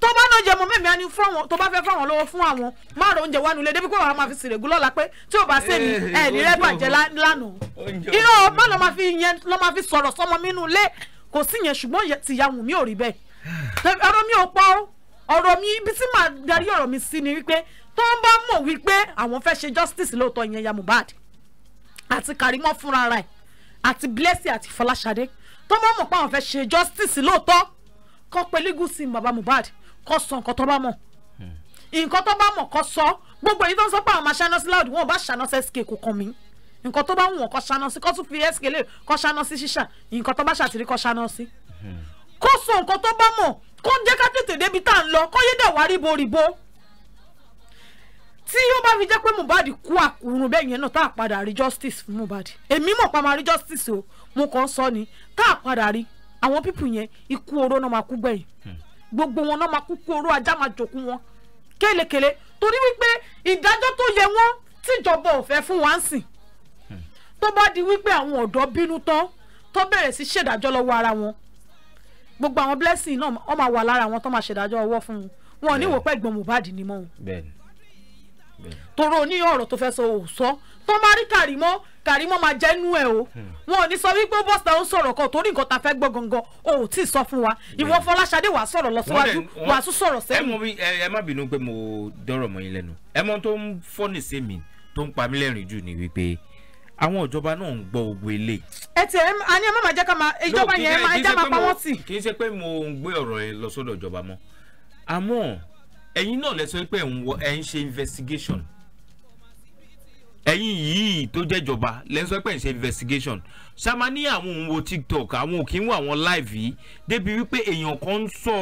tó bá lóúnjẹ ọmọ mẹ́mi á ní fún àwọn tó bá fẹ́ fún àwọn lọ́wọ́ fún àwọn má ro oúnjẹ wánu ilé débi pé wàá máa fi sèrègùn lọ́la pé tí ò bá sẹ́ni eh, ẹ̀ ní rẹ́gbà jẹ́ lánàá. irọ́ má lọ́ ni wípé tó ń bá mọ̀ wípé àwọn fẹ́ ṣe justice lóòótọ́ ìyẹn ya Mohbad àti Karimọ fúnra rẹ̀ àti Blessing àti Fọláṣadé tó bá mọ̀ pé àwọn fẹ́ ṣe justice lóòótọ́ kọ́ Peliguisi bàbá Mohbad kọ́ sọ nǹkan tó bá mọ̀ hmm. nǹkan tó bá mọ̀ kọ́ sọ gbogbo èyí tó ń sọ pé àwọn máa ṣáná sí láòdì wọn ò bá ṣáná sí SK kò kàn mí nǹkan tó bá wù wọn kọ́ ṣáná sí kọ́ tún fi SK lè kọ́ ṣáná sí ṣíṣà nǹkan tó bá ṣàtìrí kọ́ ṣáná sí hmm. kó sọ nǹkan tó bá mọ̀ kó jẹ́ ká tètè débi tá à ń lọ kó yé dẹ̀ wá ríbo ríbo tí ó bá fi jẹ́ pé Mohbad kú àkùrùn bẹ́ẹ̀ yẹn náà tá a padà rí justice fún Mohbad èmi mọ̀ pa máa rí justice o mo kàn sọ ni tá a padà rí àwọn pípù yẹn ikú oró náà máa kú gbẹ̀yìn hmm. gbogbo wọn náà máa kú kú oró ajá máa jòkú wọn kélekèle torí wípé ìdájọ́ tó yẹ wọ́n tíjọba ò fẹ́ fún wa ń sìn hmm. tó bá di wípé àwọn ọ̀dọ́ bínú tán tó bẹ̀rẹ̀ sí ṣèdájọ́ lọ́wọ́ ara wọn gbogbo àwọn blessing náà wọ́n máa wà lára àwọn tó máa ṣèdájọ́ ọwọ́ fún wọn wọn ò ní wò pẹ́ gbọ́n Mohbad ni mọ́ wọn. bẹ́ẹ̀ni toro ní ọ̀rọ̀ tó fẹ́ sọ ò sọ tó má rí kàrímọ́ kàrímọ́ máa jẹ́ inú ẹ̀ o wọn ò ní sọ wípé bọ́sà ó sọ̀rọ̀ kan torí nǹkan ta fẹ́ gbọ́ gangan o ò tí ì sọ fún wa ìwọ Fọláṣadé wàá sọ̀rọ̀ lọ síwájú wàá tún sọ̀rọ̀ sẹ́yìn. ẹ ẹ má bínú pé mo dọ̀rọ̀ mọ́ yín lẹ́nu ẹ mọ tó ń fọ́nì sí mi tó ń pa mí lẹ́rìn jù ni wípé àwọn ìjọba náà ń gbọ́ ogun ilé. ẹ tẹ ẹ a ní ẹ má máa jẹ́ ká máa ìjọba yẹn máa já máa pamọ́ sí. kì í ṣe pé mo ń gbé ọ̀rọ̀ yẹn lọ sọ́dọ̀ ìjọba mọ́ àmọ́ ẹ̀yin náà lẹ sọ pé ẹ̀ ń ṣe investigation ẹ̀yin yìí tó jẹ́jọba lẹ́sọ̀ pẹ̀ ń ṣe investigation ṣàmà ní àwọn òun wo tiktok àwọn òkè ń wo àwọn live yìí débi wípé èèyàn kan ń sọ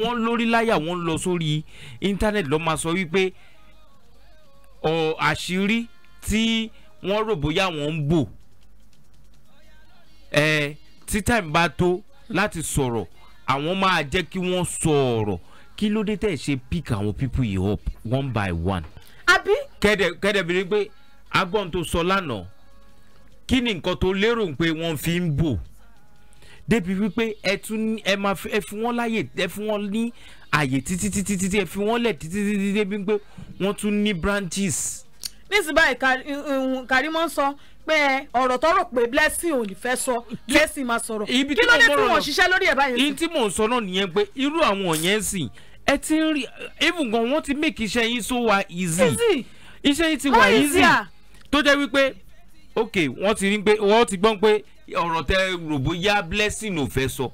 wọ́n lórí láyà wọ́n lọ sórí internet lọ́ máa sọ wípé àṣírí tí wọ́n rò bóyá wọ́n ń bò ẹ̀ tí time bá tó láti sọ̀rọ̀ àwọn máa jẹ́ kí wọ́n sọ ọ̀rọ̀ kí ló dé tẹ̀ ṣe pick àwọn people yìí up one by one. Abi kẹ́dẹ̀ kẹ́dẹ̀ bèrè pé agbọ́n tó sọ lánàá kí ni nǹkan tó lérò pé wọ́n fi ń bò débi wípé ẹ tún ẹ máa ẹ fún wọn láàyè ẹ fún wọn ní àyè títí títí títí ẹ fi wọn lẹ títí títí débi pé wọ́n tún ní branches. nísìnyí báyìí Karimo sọ pé ọ̀rọ̀ tó rò pé blessing ò ní fẹ́ sọ blessing máa sọ̀rọ̀ kí ló dé tí wọ́n ṣiṣẹ́ lórí ẹ̀ báyìí. ibi tí mò ń sọ náà nìyẹn pé irú àwọn yẹn sìn ẹ ti ń rí even gan wọ́n ti make iṣẹ́ yín so wa easy iṣẹ́ yín ti wà easy tó jẹ́ wípé ok wọ́n ti rí pé wọ́n ti gbọ́n pé ọ̀rọ̀ tẹ rògbò yá blessing ò fẹ́ sọ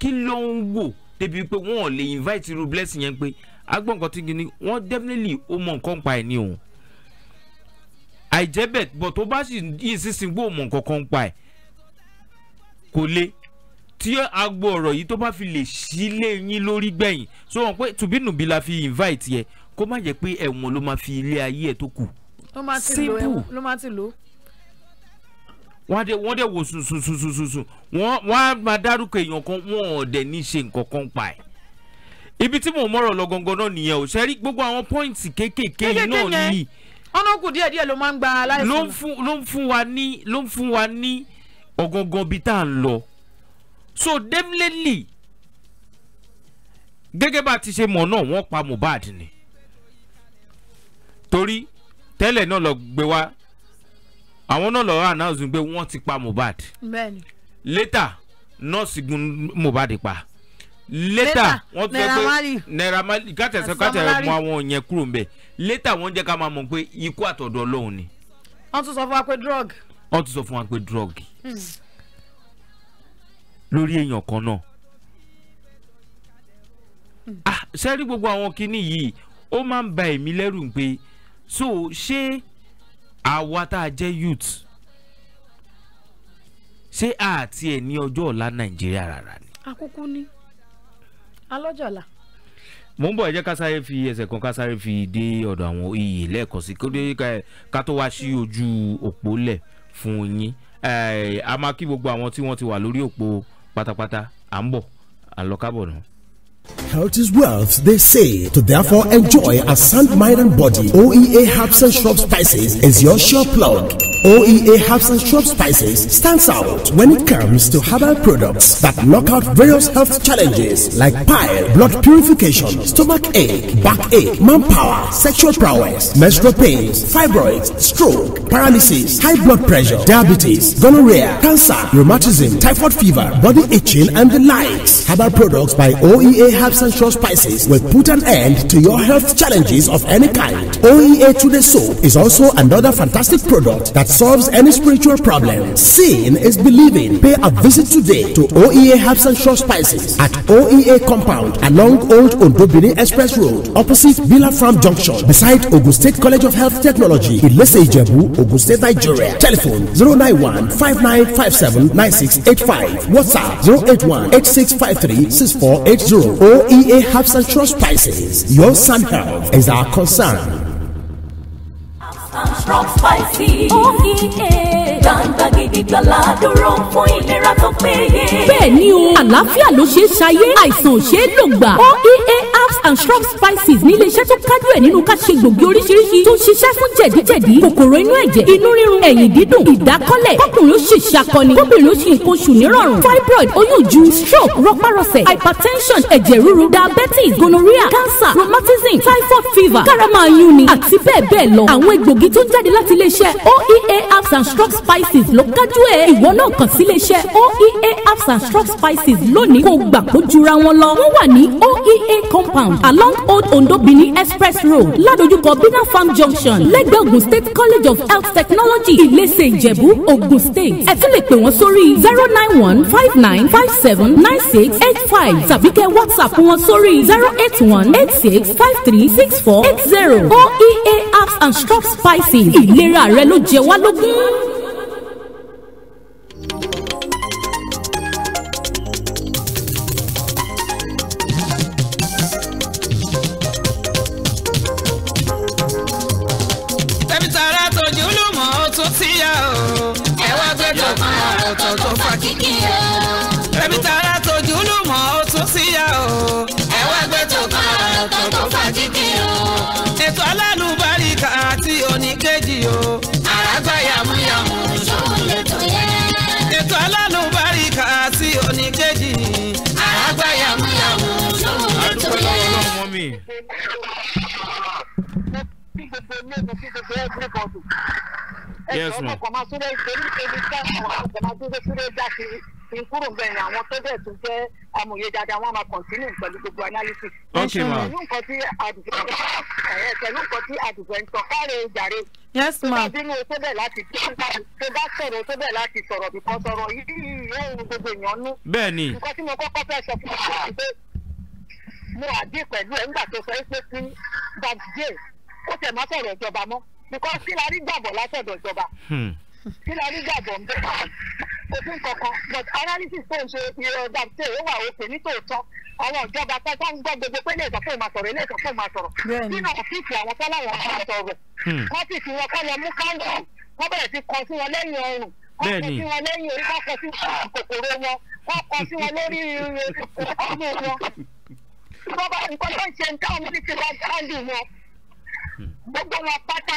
kí ló ń wò débi pé wọ́n ò lè invite irú blessing yẹn pé agbọ́n nǹkan tí ń gini definitely ó mọ nǹkan pa ẹ̀ ní òun àìjẹ́ bẹ́ẹ̀ bọ̀ tó bá sì yìí sísìn gbọ́ mọ nǹkan kan pa ẹ̀ kò le tí agbo ọ̀rọ̀ yìí tó bá fi lè sílé yín lórí gbẹ̀yìn so wọn pé tùbínùbí la fi invite yẹ kó má jẹ́ pé ẹ̀wọ̀n ló máa fi ilé ayé ẹ̀ tó kù simple ló máa ti lò wọ́n dẹ̀ wọ́n dẹ̀ wò sùnsùnsùnsùn wọ́n wọ́n á máa dárúkọ èèyàn kan wọ́n ò dẹ̀ ní ṣe nǹkan kan pa ẹ̀ ibi tí mò ń mọ̀rọ̀ lọ gangan náà nìyẹn ò ṣẹ́rí gbogbo àwọn pọ́ìntì kéékèèké náà nìyí ọ̀nà kù díẹ̀ díẹ̀ ló máa ń gba aláìsàn ló ń fún wa ní ọ̀gangan bíi tá à ń lọ so definitely gẹ́gẹ́ bá a ti ṣe mọ̀ náà wọ́n pa Mohbad ni torí tẹ́lẹ̀ náà lọ gbé wá àwọn náà lọ́ọ́ announce pé wọ́n ti pa Mohbad later nọ́ọ̀sì gun Mohbad pa later wọ́n ti sọ pé Naira Marley kátẹ̀sẹ̀ kátẹ̀sẹ̀ mọ àwọn yẹn kúrò ńbẹ̀ later wọ́n jẹ́ ká máa mọ̀ pé ikú àtọ̀dọ̀ Ọlọ́run ni. wọ́n tún sọ fún wa pé drug. wọ́n tún sọ fún wa pé drug. Hmm lórí èèyàn kan náà hmm. ah sẹ́rí gbogbo àwọn kinní yìí ó máa ń ba èmi lẹ́rù pé so ṣé àwa tá a jẹ́ youth ṣé àti ẹ̀ ní ọjọ́ ọ̀la nàìjíríà rárá ni. àkókò ni alọ́jọ̀la. mo ń bọ̀ ẹ jẹ́ ká sáré fi ẹsẹ̀ kan ká sáré fi dé ọ̀dọ̀ àwọn iyì lẹ́ẹ̀kan sí kó dé ká tó wá sí ojú òpó lẹ̀ fún yín a máa kí gbogbo àwọn tí wọ́n ti wà lórí òpó pátápátá à ń bọ̀ à ń lọ kábọ̀ náà. Health is wealth, they say. To therefore enjoy a sound mind and body, OEA Herbs and shrubs Spices is your sure plug. OEA Herbs and Shrub Spices stands out when it comes to herbal products that knock out various health challenges like pile, blood purification, stomach ache, backache, manpower, sexual prowess, menstrual pains, fibroids, stroke, paralysis, high blood pressure, diabetes, gonorrhea, cancer, rheumatism, typhoid fever, body itching, and the likes. Herbal products by OEA Herbs and Shrub Spices will put an end to your health challenges of any kind. OEA Today Soap is also another fantastic product that solves any spiritual problem. Seeing is believing. Pay a visit today to OEA Herbs and Short Spices at OEA Compound along Old Ondobini Express Road, opposite Villa Farm Junction, beside Ogun State College of Health Technology, Ilese Ijebu, Ogun State, Nigeria. Telephone 091 5957 WhatsApp 081 8653 6480. OEA Herbs and Short Spices. Your sun health is our concern. Strong spicy. ó yí ẹ̀. gbangba gidigbala dúró fún ìlera tó péye. bẹ́ẹ̀ ni o àlàáfíà ló ṣe é ṣayé àìsàn ò ṣe é lògbà. oea herbs and shrub spices ní iléeṣẹ́ tó kájú ẹ̀ nínú ká ṣe gbòógì oríṣiríṣi tó ń ṣiṣẹ́ fún jẹ̀díjẹ̀dí kòkòrò inú ẹ̀jẹ̀ inú rírun ẹ̀yìn dídùn ìdákọ́lẹ̀ kọkùnrin ó ṣe ìṣàkọni kóbìnrin ó ṣe nǹkan oṣù nírọ̀rùn fibroid oyún ju stroke rọpárọsẹ̀ hypertension ẹ̀jẹ̀ ríru diabetes gonorrhea cancer rheumatism typhoid fever karamayuni àti bẹ́ẹ̀ bẹ́ẹ̀ lọ àwọn egbògi tó ń jáde láti iléeṣẹ́ oea herbs and shrub spices ló kájú ẹ̀ ìwọ náà kàn sí iléeṣẹ́ oea herbs and shrub spices lónìí kó gbà kó jura wọn lọ wọ́n wà ní oea company compound along old ondo benin express road ládojúkọ bina farm junction lẹ́gbẹ̀ẹ́ ogun state college of health technology ilẹ̀ṣẹ̀ ìjẹ̀bú ogun state ẹ tún sórí zero nine one five nine five seven nine six eight five tàbí kẹ́ whatsapp wọn sórí zero eight one eight six five three six four eight zero oea apps and shop spices ìlera rẹ ló jẹ wá lógún. síyá o. ẹ wá gbẹdọ̀ kan ọ̀tọ̀ tó fa kíkì o. ẹbí tara tójú lù mọ́ ó tún síyá o. ẹ wá gbẹdọ̀ kan ọ̀tọ̀ tó fa kíkì o. ètò alálùbáríkà àti oníkejì o. àràgbá yàmúyàmú ṣòwò lẹ́tọ̀ yẹ. ètò alálùbáríkà àti oníkejì. àràgbá yàmúyàmú ṣòwò lẹ́tọ̀ yẹ gbogbo ilé mi sí gbogbo ẹ̀ ní kọ́ọ̀tù yes ma. ọkọ̀ máa súré torí ebi tí àwọn ọkọ̀ máa dúró súré já sí i kúrò bẹ́ẹ̀ ni àwọn tó dẹ̀ tún jẹ́ amòye dáadáa wọ́n máa kọ̀ntínú pẹ̀lú gbogbo analysis. ok ma pẹ̀lú nǹkan tí àdùgbò ẹ̀ pẹ̀lú nǹkan tí àdùgbò ń tọ́ káre jàre. yes ma tó bá bínú tó bẹ̀ láti tó bá sọ̀rọ̀ tó bẹ̀ láti sọ̀rọ̀ bìkọ́ sọ̀rọ̀ yìí yóò gbogbo èèyàn nú. bẹ́ẹ̀ni nǹkan tí mo kọ́kọ́ fẹ́ sọ fún mi pé mo àdé pẹ̀lú ẹ̀ ńgbà tó sọ é pé kí gbàgbé ó tẹ̀ mọ́ sọ̀rọ̀ ìjọba mọ́ because kí la rí gbàgbọ́ látọ̀dọ̀ ìjọba hmm. kí la rí gbàgbọ́ ń bẹ̀ kò fún kankan but analysis tó ń ṣe ìrọ̀ dàbíté ó wà òkè nítòótọ́ àwọn ìjọba pátá ń gbọ́ gbogbo pé lẹ́ẹ̀kan fún ìmọ̀sọ̀rọ̀ ẹlẹ́ẹ̀kan fún ìmọ̀sọ̀rọ̀ nínú ọ̀fíìsì àwọn fọláwọn máa sọ̀rọ̀ hmm. wọ́n sì fi wọn kọ́ lọ mú káńtì wọ́n bẹ̀rẹ̀ sí kọ sí wọn lẹ́yìn ọrùn wọ́n kọ sí wọn lẹ́yìn orí wọ́n kọ sí kòkòrò wọn wọ́n kọ sí wọn lórí ọmọ eh, wọn bọ́bá nǹkan tó ń ṣe ń táwọn ní ti bá dáńdù wọn hmm. gbogbo wọn pátá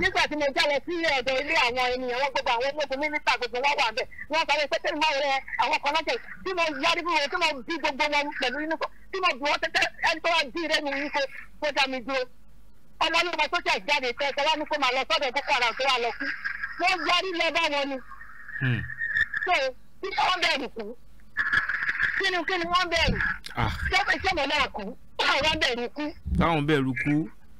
nígbà tí mo já lọ sí ọ̀dọ̀ ilé àwọn ènìyàn wọn gbogbo àwọn ológun mínísítà gbogbo wọn wà bẹ́ẹ̀ wọn sáré pé tẹ́lẹ̀ rẹ àwọn kan lọ́jọ́ tí mo yára fún wọn tí mo bí gbogbo wọn pẹ̀lú inú kan tí mo bí wọn tẹ́tẹ́ ẹni tó wá bí rẹ mi ní kó kó dá mi dúró ọlọ́lọ́mọ tó jà jáde tẹ́ ẹ wá ní kó máa lọ sọ́dọ̀ boko haram tó wà lọ kú wọ́n yára lọ bá wọn ni. Hmm. so kí ni wọ́n bẹ̀rù kú kí ni kí ni wọ́n bẹ̀rù. sọ́kè ah. sọ́mọ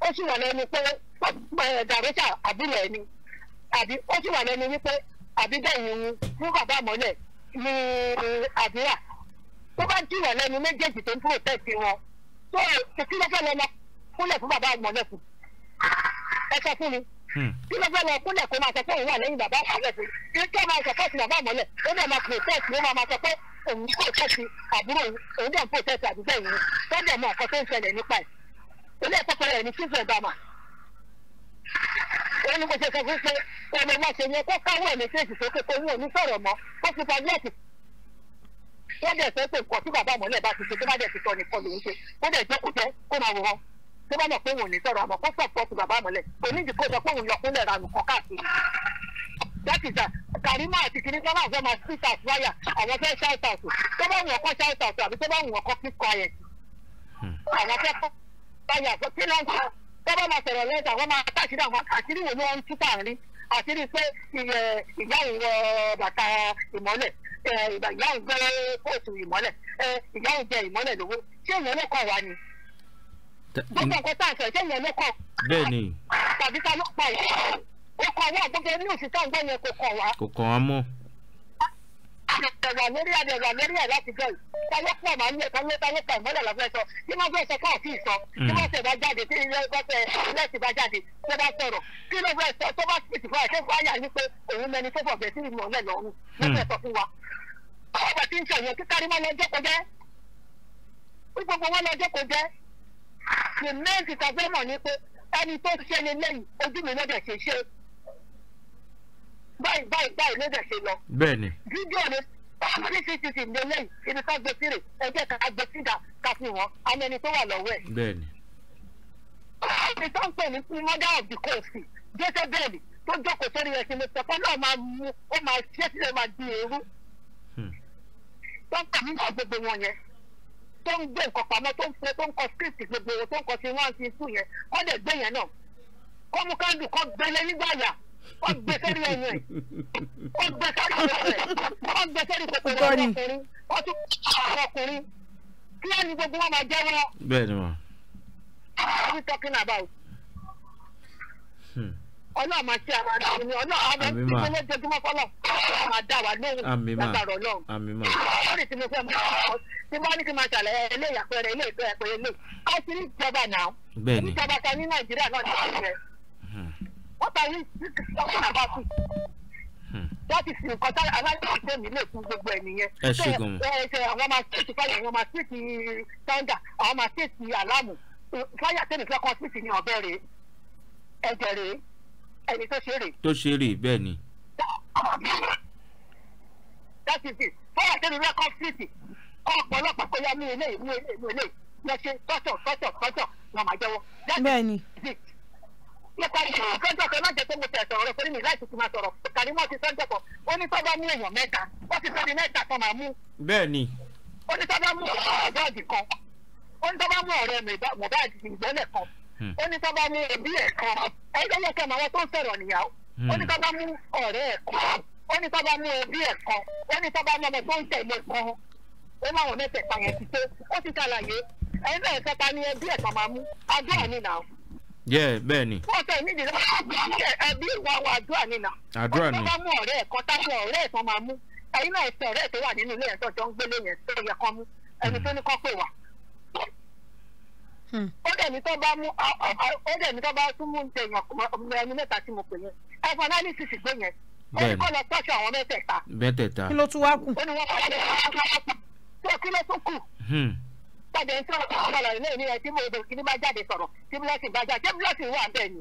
ó sì wà lẹ́nu pé dàrẹ́sà àbúrò ẹni àbí ó sì wà lẹ́nu wípé àbí dẹ̀yìn fún bàbá mọ́lẹ̀ ní àdúrà tó bá jù lẹ́nu méjèèjì tó ń protect wọn tó kí ló fẹ́ lọ lọ kúnlẹ̀ fún bàbá mọ́lẹ̀ ẹ sọ fún mi hmm. kí ló fẹ́ lọ kúnlẹ̀ kó máa sọ pé òun wà lẹ́yìn bàbá mọ́lẹ̀ kí ló máa sọ pé bàbá mọ́lẹ̀ máa máa sọ pé òun òun ilé ìpapọ̀ rẹ̀ ní fífẹ̀ bàmà wọ́n ní kò ṣe sọ fún pé ọmọ ọmọ ṣe yẹn kó káwọ́ ẹ̀mí fèsì sókè kó wọ́n ní sọ̀rọ̀ mọ́ kó fi tablẹ́ẹ̀tì wọ́n dẹ̀ fẹ́ pé nǹkan tí bàbá mọ̀lẹ́ bá ti ṣe tó bá dẹ̀ ti tọ́ nìkan lòún ṣe wọ́n dẹ̀ jẹ́ kó jẹ́ kó máa wọ́n tó bá mọ̀ pé wọ́n ní sọ̀rọ̀ àmọ́ kó sọ̀pọ̀ ti bàbá mọ̀lẹ́ oníjì kó sọ pé òun lọ kúnlẹ̀ ranù kan káàkiri. dákìjà Karimo àti kìnní tó máa fẹ́ máa street out wáyà àwọn fẹ́ shout out tó bá wù ọkọ shout out àbí tó bá wù ọkọ kíkọ ayẹ̀ àwọn fẹ́ kọ́ báyà pé kí ló ń fa tọ́ba sọ̀rọ̀ lẹ́sà wọ́n máa káàkiri àwọn àṣírí wo ló ń tú káàrí àṣírí pé ìyá ìwọ bàtà ìmọ́lẹ̀ ìyá ìgbẹ́ kóòtù ìmọ́lẹ̀ ìyá ìjẹ ìmọ́lẹ̀ lówó ṣé ìyẹn ló kọ̀ wá ni. gbogbo nǹkan tá a sọ ṣé ìyẹn ló kọ̀. bẹ́ẹ̀ni. tàbí ta ló pa ìyá ó kọ wá gbogbo ẹni òṣìṣẹ́ ọgbẹ́ kò kọ̀ wá. kò kọ̀ wá mọ́ ti tẹ̀wà lórí àdẹ̀wà lórí ẹ̀ láti jẹ́ ìtawọ́ pọ̀ máa ń yẹ káwọ́ táwọ́ pọ̀ mọ́lẹ̀ lọ́fẹ́ sọ bí wọ́n fẹ́ sọ káàkì sọ bí wọ́n tẹ̀ bá jáde tí ilé ẹgbẹ́ lẹ́sìn bá jáde tó bá sọ̀rọ̀ kí ló fẹ́ sọ tó bá spit fún àṣẹ fún àyà ní pé òun mẹni tó fọ̀fẹ́ sí ìmọ̀lẹ̀ lọ́rùn lọ́fẹ́ sọ fún wa. ọ̀pá báyìí báyìí báyìí ló dẹ̀ ṣe lọ. bẹ́ẹ̀ni. fídíò ni ọmọ ní cctv ní eléyìí ibi ká gbé síre ẹjẹ ká gbé síga ká fi wọn amẹni tó wà lọ́wọ́ ẹ̀. bẹ́ẹ̀ni. ọ̀sẹ̀ tó ń pè ní fún mọ́dà ọ̀dì kò sí jẹ́sẹ̀ bẹ́ẹ̀ni tó jókòó sórí rẹ̀ sí ni pẹ̀pẹ́ náà máa mú ó máa ṣe sílẹ̀ máa di eérú. Hmm. tó ń kà mí náà gbogbo wọn yẹn tó ń gbé nǹkan pamọ́ tó ń fẹ́ tó ń kọ script gbogbo tó ń kọ sí one sí two yẹn kọ́ wọ́n gbé sẹ́rí ẹ̀yìn rẹ̀ wọ́n gbé sẹ́rí ọ̀rọ̀ rẹ̀ wọ́n gbé sẹ́rí kòkòrò ọkùnrin wọ́n tún àwọn ọkùnrin kí wọ́n ní gbogbo wọn máa jẹ́ wọn. bẹ́ẹ̀ ni wọn. what are we talking máa ṣe àwọn ará mi ọlọ́ọ̀ àwọn ẹni tí mo lè fọlọ́ ọlọ́ọ̀ máa dá wa lóhùn látàrọ̀ náà. lórí tí mo fẹ́ máa kọ́ tí mo ní máa ṣàlẹ̀ eléyàpẹ̀rẹ̀ eléyàpẹ̀rẹ̀ eléyàpẹ̀rẹ̀ eléyàpẹ̀rẹ̀ eléyàpẹ̀rẹ̀ eléyàpẹ̀rẹ̀ what are you talking about it. Hmm. that is nǹkan tí aláìsàn ṣe lè fún gbogbo ẹ nìyẹn. Eh, ẹ ṣe ṣe àwọn máa ṣètì fáyà àwọn máa ṣètì tọ́ńdà àwọn máa ṣètì àlámù fáyà tẹ̀lé fẹ́ kọ́ ṣètì ní ọ̀bẹ rèé ẹ̀jẹ̀ rèé ẹni tó ṣe rèé. tó ṣe rèé bẹ́ẹ̀ ni. that is it fáyà tẹ̀lé fẹ́ kọ́ ṣètì kọ́ ọ̀pọ̀lọpọ̀ pé yá mú ilé ìmú ilé ìmú ilé lọ ṣe tọ́tọ̀ tọ́tọ̀ tọ́tọ̀ lọ́màjẹ́wọ́. bẹ́ẹ̀ ni nípa ìṣòro sọ́jọ́ kan láti ẹ̀kọ́ mo tẹ̀ sọ̀rọ̀ rẹ̀ torí mi láti ti máa sọ̀rọ̀ kàní wọ́n ti sọ́jọ́ kan ó ní tọ́gbà mú èèyàn mẹ́ta ó ti sọ́ni mẹ́ta kan máa mú. bẹ́ẹ̀ni. ó ní tọ́gbà mú ọ̀dọ́ọ̀dì kan ó ní tọ́gbà mú ọ̀rẹ́ Mohbad ìgbẹ́lẹ̀ kan hmm. ó ní tọ́gbà mú ẹbí ẹ̀ kan ẹgbẹ́ kẹ́ màwọn tó ń sọ̀rọ̀ nìyàwó ó ní tọ́gbà hmm. mú ọ̀rẹ́ ẹ̀ kan ó ní tọ́gbà mú ẹbí ẹ̀ kan ó ní tọ́gbà mú ọmọ tó ń tẹ̀lé kan ó láwọn mẹ́tẹ̀ẹ̀ta yẹn ti tó ó ti ṣàlàyé ẹgbẹ́ ẹ̀kẹta ni ẹbí ẹ̀ kan máa mú adúlọ̀ nínà yẹ bẹẹ ni. wọn tẹ nídìí lọ ẹbí ìwà wa àdúrà nínà. àdúrà ni. wọn bá mú ọrẹ ẹkan táṣọ ọrẹ ẹkan máa mú ẹyin náà ẹsẹ ọrẹ tó wà nínú ilé ẹsẹ ọjọ ń gbélé yẹn tó yẹ kán mú ẹni tó ní kán pè wá. Hmm. ó dẹ̀ ní tó bá mú ó dẹ̀ ní tó bá tún mú ẹyàn ẹni mẹ́ta tí mo pè yẹn ẹfọ analysis gbé yẹn ó ní kó lọ tọ́ṣọ àwọn mẹ́tẹ̀ẹ̀ta. mẹ́tẹ̀ẹ̀ta kí ló tún wá kù. ó ní wọ́n jáde ń sọ̀rọ̀ sọ̀rọ̀ ilé mi rẹ̀ tí mo èdè kìíní bá jáde sọ̀rọ̀ tí blessing bá jáde tí blessing wà bẹ́ẹ̀ ni.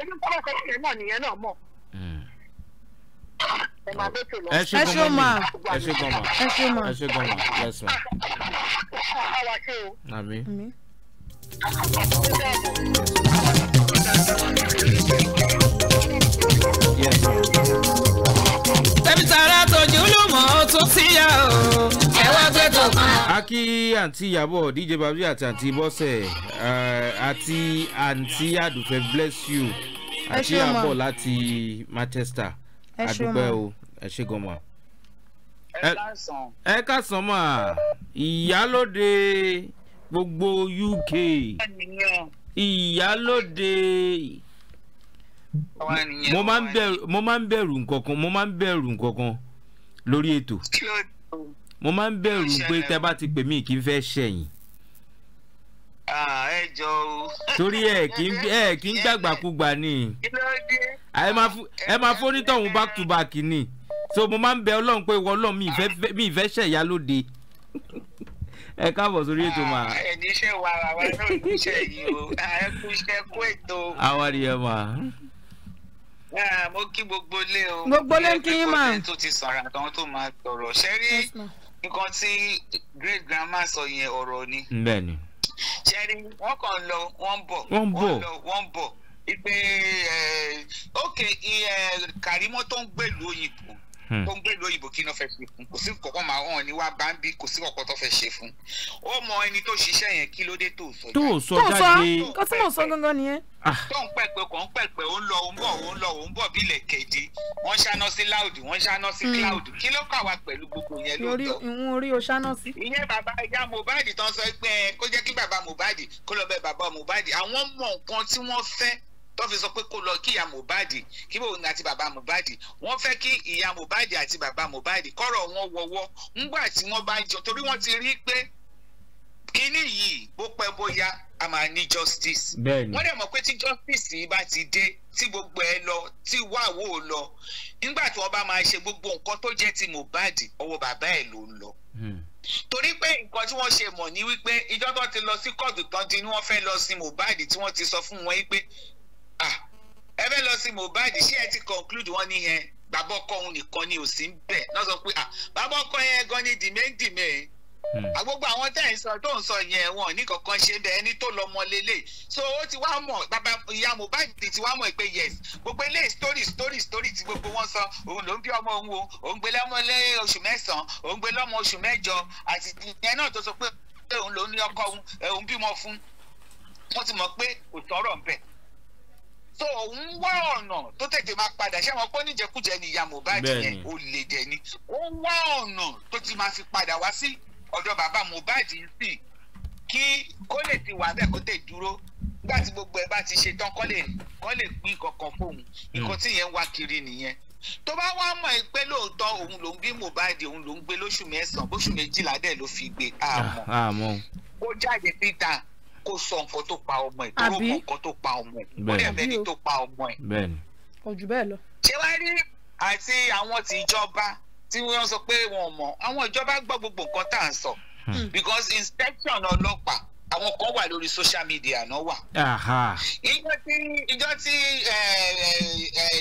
ebi ń sọ̀rọ̀ sọ̀rọ̀ náà nìyẹn náà mọ̀. Hmm. ẹ ṣe gan ẹ ṣe gan ẹ ṣe gan ẹ ṣe gan yes ma. àmì. yes ma. tẹ̀mítàrà tòjú lùmọ̀ ó o ẹ wá gbé tó kan. àǹtí ìyàbọ̀ dj babu àti àǹtí bọ́sẹ̀ eh, àti àǹtí àdùfẹ́ bless you àti àbọ̀ láti manchester àdúpẹ́ o ẹ ṣe gan mọ́. ẹ kásán mà ìyálóde gbogbo uk ìyálóde mo máa ń bẹ̀rù nǹkan kan mo máa ń bẹ̀rù nǹkan lórí ètò mo máa ń bẹ̀rù pé tẹ́ bá ti pè mí kí n fẹ́ ṣẹ̀yìn. ẹ jọ o. torí ẹ kì í ẹ kì í gbàgbàkúgbà ni ẹ máa fónítọ̀hún back to back ni so mo máa ń bẹ ọlọ́run pé ìwọ ọlọ́run mi ìfẹ́ ṣẹ̀yà lóde ẹ káàbọ̀ sórí ètò mà. ẹni iṣẹ́ wa àwa náà ní iṣẹ́ yìí o ẹkú iṣẹ́ kú ètò. àwa rí ẹ mà. mo kí gbogbo ilé o. gbogbo ilé ń kí yín mà. tó ti sọ̀rọ̀ àtàwọn tó máa sọ̀rọ̀ ṣẹ́rí nǹkan tí great grandma sọ yẹn ọ̀rọ̀ ni. bẹ́ẹ̀ni. ṣẹ́ni wọ́n kàn ń lọ wọ́n ń bọ̀ wọ́n ń bọ̀ wọ́n ń bọ̀ ìpè ókè Kàrímọ́ tó ń gbèlú òyìnbó tó hmm. ń gbé ìlú òyìnbó kí náà fẹ́ ṣe fún kò sí kọ̀kọ́ máa hàn ní wá báńbí kò sí kọ̀kọ́ tó fẹ́ ṣe fún ó mọ ẹni tó ṣiṣẹ́ yẹn kí ló dé tó sọ jáde. tó sọ jáde kó tí mò ń sọ gangan nìyẹn. Ah. tó ń pẹ̀pẹ̀ kò ń pẹ̀pẹ̀ ó ń lọ ó ń bọ̀ ó ń lọ ó ń bọ̀ bí ilẹ̀ kẹ̀dé wọ́n ṣáná sí loud wọ́n ṣáná sí hmm. cloud kí ló kà wá pẹ̀lú gbogbo yẹn lóòótọ́. ìwọ̀n orí o ṣáná sí. ìyẹn bàbá ìyá Mohbad tán sọ pé kó jẹ́ kí bàbá Mohbad kó lọ bẹ bàbá Mohbad àwọn mọ nǹkan tí wọ́n fẹ́ tó fi sọ pé kó lọ kí ìyá Mohbad kí bóun àti bàbá Mohbad wọ́n fẹ́ kí ìyá Mohbad àti bàbá Mohbad kọ́rọ̀ wọn wọ́wọ́ ńgbà tí wọ́n bá jọ torí wọ́n ti rí pé kínní yìí bó pẹ́ bóyá a máa ní justice. bẹ́ẹ̀ni wọ́n dẹ̀ mọ̀ pé tí justice yìí bá ti dé tí gbogbo ẹ lọ tí wàwó lọ nígbà tí wọ́n bá máa ṣe gbogbo nǹkan tó jẹ́ ti Mohbad ọwọ́ bàbá ẹ̀ ló ń lọ. Hmm. torí pé nǹkan tí wọ́n ṣe mọ̀ ní wípé ìjọba ti lọ sí kóòtù tán ti ní wọ́n fẹ́ lọ sí Mohbad tí wọ́n ti sọ fún wọn pé Ah, ẹ fẹ́ lọ sí Mohbad ṣé ẹ ti conclude wọ́n nìyẹn bàbá ọkọ òun nìkan ni ò sí ń bẹ̀ náà sọ pé ah, bàbá ọkọ yẹn gan ni dìmẹ́ǹdìmẹ́ àgbogbo hmm. ah, àwọn tẹ́ ẹ̀ sọ tó ń sọ yẹn wọn ní kankan ṣe bẹ́ẹ̀ ẹni tó lọ́mọ lélẹ̀ so ó ti wá mọ̀ bàbá ìyá Mohbad ti wá mọ̀ pé yes gbogbo ilé story story story ti gbogbo wọn sọ òun ló ń bí ọmọ òun o òun gbé lọ́mọ lé oṣù mẹ́sàn-án òun gbé lọ́mọ oṣù mẹ́jọ àti ìyẹn náà tó sọ pé òun ló ní ọkọ òun òun bímọ fún wọn ti mọ̀ pé kò tọrọ ń tó ń wá ọ̀nà tó tètè máa padà ṣé wọn pọ́ níjẹkújẹ ni ìyá Mohbad yẹn ó lè jẹ ni ó ń wá ọ̀nà tó ti máa fi padà wá sí ọ̀dọ̀ bàbá Mohbad ń sìn kí kó lè ti wà bẹ́ẹ̀ kó tè dúró nígbà tí gbogbo ẹ bá ti ṣe tán kó lè kó lè pín kankan fóun nǹkan hmm. tí yẹn ń wá kiri nìyẹn tó bá wá mọ̀ ẹ́ pé lóòótọ́ òun ló ń bí Mohbad òun ló ń gbé lóṣù mẹ́sàn-án bóṣù méjìlá dẹ̀ ló fi gbé àmọ́ kó ah, jáde kó sọ nǹkan tó pa ọmọ ẹ̀ tó rò nǹkan tó pa ọmọ ẹ̀ ó dẹ̀ mẹ́ni tó pa ọmọ ẹ̀. bẹ́ẹ̀ni. kò lọ. ṣé wàá rí àti àwọn ti ìjọba tí wọ́n sọ pé wọ́n mọ̀ àwọn ìjọba gbọ́ gbogbo nǹkan tá à ń sọ hmm. because inspection ọlọ́pàá àwọn kan wà lórí social media náà wà. ìjọ tí ìjọ tí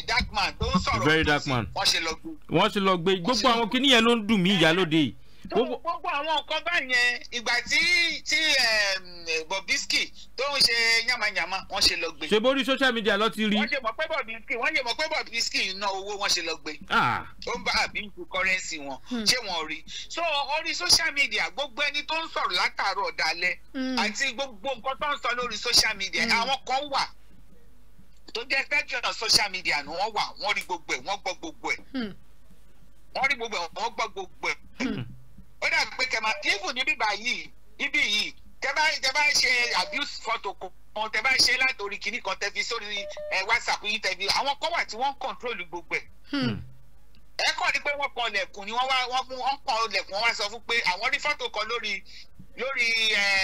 dark man tó ń sọ̀rọ̀ tó sì wọ́n ṣe lọ gbé. wọ́n ṣe lọ gbé gbogbo àwọn kìnìyẹn ló ń dùn mí ìyálóde yìí gbogbo àwọn nǹkan báyẹn ìgbà tí tí Bobrisky tó ń ṣe yàmàyàmà wọ́n ṣe lọ gbé. ṣe bórí social media lọ ti rí. wọ́n ṣe mọ̀ pé Bobrisky wọ́n ṣe mọ̀ pé Bobrisky ná owó wọ́n ṣe lọ gbé. ó ń bá àbí ń ku kọ́rẹ́nsì wọn hmm. ṣé wọ́n rí. so orí social media gbogbo ẹni tó ń sọ̀rọ̀ látàárọ̀ dalẹ́ hmm. àti gbogbo nǹkan tó ń sọ lórí social media hmm. àwọn kan wà tó jẹ́ spectrum social media ni wọ́n wà wọ́n rí gbogbo ẹ̀ wọ́n gbọ́ gbogbo ẹ̀ wọ́n rí gbogbo ẹ̀ wọ́n gbọ́ gbogbo ẹ̀ ó dà pé kẹmà even níbí báyìí níbí yìí tẹ́bá tẹ́bá ṣe abuse photo kan tẹ́bá ṣe látòrí kinní kan tẹ́ sórí ẹ eh, whatsapp yín tẹ́ àwọn kan wà tí wọ́n ń control gbogbo ẹ̀ hmm. ẹ kàn ní pé wọ́n kan lẹ̀kùn ni wọ́n wá wọ́n fún wọ́n kan lẹ̀kùn wọ́n wá sọ fún pé àwọn rí fọ́tò kan lórí lórí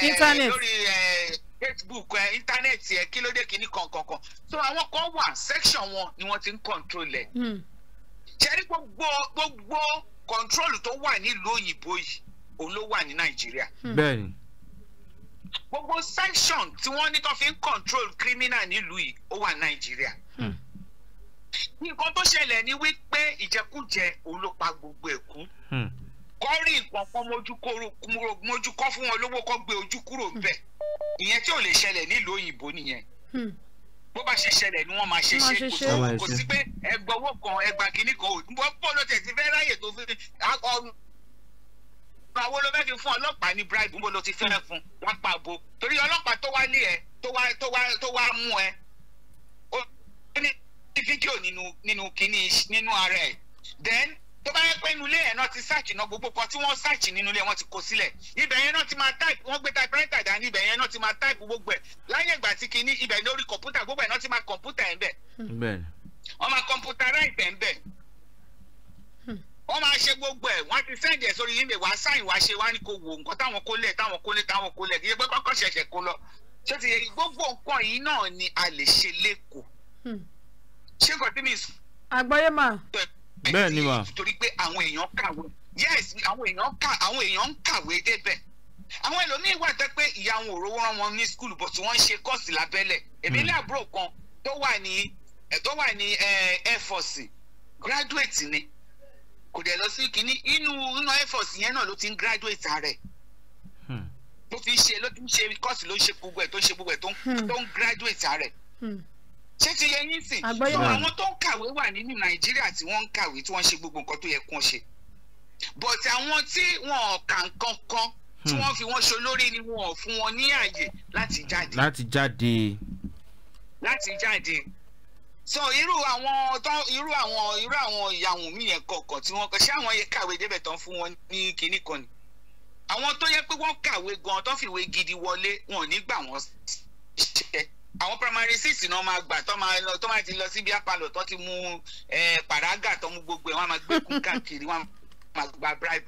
ẹ eh, lórí ẹ eh, facebook ẹ íńtánẹ́ẹ̀tì ẹ kí ló dé kinní kan kankan so àwọn kan wà section wọn ni wọ́n ti ń control ẹ̀ hmm. ṣe é rí gbogbo gbogbo kọńtrọ́ọ̀lù tó wà nílùú òyìnbó yìí òun ló wà ní nàìjíríà. Hmm. bẹ́ẹ̀ni. gbogbo sanction tí wọ́n ní tó fi ń control criminal nílùú yìí ó wà nàìjíríà. Hmm. nǹkan tó ṣẹlẹ̀ ni wípé ìjẹkújẹ òun ló pa gbogbo ẹ̀kú. Hmm. kọ́ rí nǹkan kan mójúkọ́ fún wọn lówó kọ́ gbé ojú kúrò ń bẹ̀ ìyẹn tí ò lè ṣẹlẹ̀ nílùú òyìnbó nìyẹn bó bá ṣe ṣẹlẹ̀ ni wọ́n máa ṣe ṣe kò sí pé ẹgbọ̀wọ́ kan ẹgbà kìíní kan òdùbọ̀ pọ̀ ló tẹ̀ sí fẹ́ ráyè tó fi ọrùn àwọn ló fẹ́ fi fún ọlọ́pàá ní bribe mo ló ti fẹ́ fún wọn pa bo torí ọlọ́pàá tó wá lé ẹ tó wá tó wá tó wá mú ẹ ó ní fídíò nínú nínú kíní nínú ara ẹ then tó bá yẹ pé inú ilé yẹn náà ti ṣáàchì náà gbogbo kan tí wọ́n ṣáàchì nínú ilé wọn ti kó sílẹ̀ ibẹ̀ yẹn náà ti máa táìpù wọ́n gbé typewriter dání ibẹ̀ yẹn náà ti máa táìpù gbogbo ẹ̀ láyé ìgbà tí kìíní ibẹ̀ lórí kọ̀ǹpútà gbogbo ẹ̀ náà ti máa kọ̀ǹpútà ẹ̀ ń bẹ̀. wọ́n máa computerize ẹ̀ ń bẹ̀. wọ́n máa ṣe gbogbo ẹ̀ wọ́n ti send ẹ̀ sórí email wá sáìn wá ṣe wá ní kò wò nǹkan táwọn kó lẹ̀ táwọn kó lẹ̀ táwọn kó lẹ̀ kí ẹgbẹ́ kọ́kọ́ ṣẹ̀ṣẹ̀ kó lọ. ṣé bẹ́ẹ̀ ni wa torí pé àwọn èèyàn kàwé yes àwọn èèyàn kà àwọn èèyàn ń kàwé débẹ̀ àwọn ẹlòmíín wà tẹ́ pé ìyá àwọn òróró rán wọn ní skul bọ̀ tí wọ́n ń ṣe kọ́ọ̀sì lábẹ́lẹ̀ èmi ní hmm. àbúrò kan tó wà ní eh, tó wà ní eh, air force graduate ni kò dẹ̀ lọ sí kínní inú inú air force yẹn náà ló ti ń graduate rẹ̀ hmm. ló fi ń ṣe ló ti ń ṣe kọ́ọ̀sì ló ń ṣe gbogbo ẹ̀ tó ń ṣe gbogbo ẹ̀ tó ń hmm. graduate rẹ̀ ṣé ti yẹ yín sìn àwọn tó ń kàwé wà nínú nàìjíríà tí wọ́n ń kàwé tí wọ́n ṣe gbogbo nǹkan tó yẹ kó ṣe but àwọn tí wọ́n kà nǹkan kan tí hmm. wọ́n fi wọ́n ṣe olórí ni wọ́n fún wọn ní àyè láti jáde. láti jáde. láti jáde so irú àwọn tó irú àwọn irú àwọn ìyàwó mi yẹn kọ̀ọ̀kan tí wọ́n kọ ṣé àwọn yẹn kàwé débẹ̀ tán fún wọn ní kinní kan ni àwọn tó yẹ pé wọ́n kàwé gan-an tó fìwé gidi wọlé wọn ò ní gbà wọ́n ṣiṣẹ́ àwọn primary six náà máa gbà tó máa tó máa ti lọ sí bíá palọ tó ti mú pàrágà tó mú gbogbo ẹ wọn máa gbé kún káàkiri wọn máa gba bribe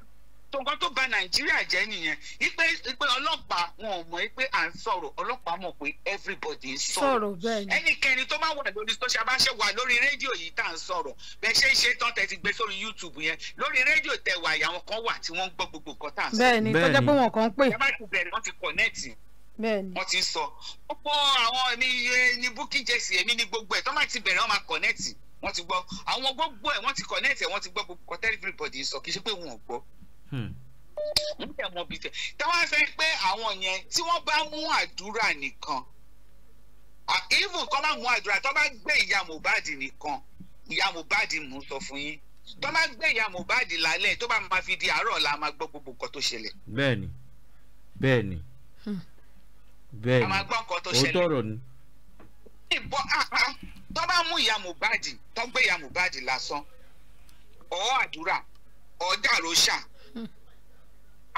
tó nǹkan tó bà nàìjíríà jẹ́ nìyẹn ipe ipe ọlọ́pàá wọn ò mọ̀ pé à ń sọ̀rọ̀ ọlọ́pàá mọ̀ pé everybody ń sọ̀rọ̀ ẹnikẹ́ni tó bá wà lórí social bá ṣe wà lórí rédíò yìí tá à ń sọ̀rọ̀ bẹ́ẹ̀ ṣe ṣe tán tẹ́ ti gbé sórí youtube yẹn lórí rédíò tẹ́ wà àwọn kan wà tí wọ́n ń gbọ́ gbogbo nǹkan tá à ń sọ̀rọ̀ bẹ́ẹ̀ni tó jẹ́ pé wọn kàn ń pè wọ́n ti ń sọ gbogbo àwọn ẹ̀mí iye ní búkí jẹ́sì ẹ̀mí ní gbogbo ẹ̀ tó máa ti bẹ̀rẹ̀ wọ́n máa kọ̀nẹ́ẹ̀tì wọ́n ti gbọ́ àwọn gbogbo ẹ̀ wọ́n ti kọ̀nẹ́ẹ̀tì ẹ̀ wọ́n ti gbọ́ gbogbo everybody sọ kì í ṣe pé wọn ò gbọ́ hmm. wọ́n tẹ̀ mọ́ bìtẹ̀ táwọn fẹ́ pé àwọn yẹn tí wọ́n bá mú àdúrà nìkan even kọ́ máa mú àdúrà tó bá gbé ìyá Mohbad nìkan ìyá Mohbad mú sọ fún yín tó bá gbé ìyá Mohbad lálẹ́ tó bá máa fi di àárọ̀ la máa gbọ́ gbogbo nǹkan tó ṣẹlẹ̀. bẹ́ẹ̀ni bẹ́ẹ̀ni. Hmm bẹ́ẹ̀ ni ó tọrọ ni. ìbọn ah, ah, tó bá mú ìyá Mohbad tó gbé ìyá Mohbad lásán ọ̀ àdúrà ọ̀ dàróṣà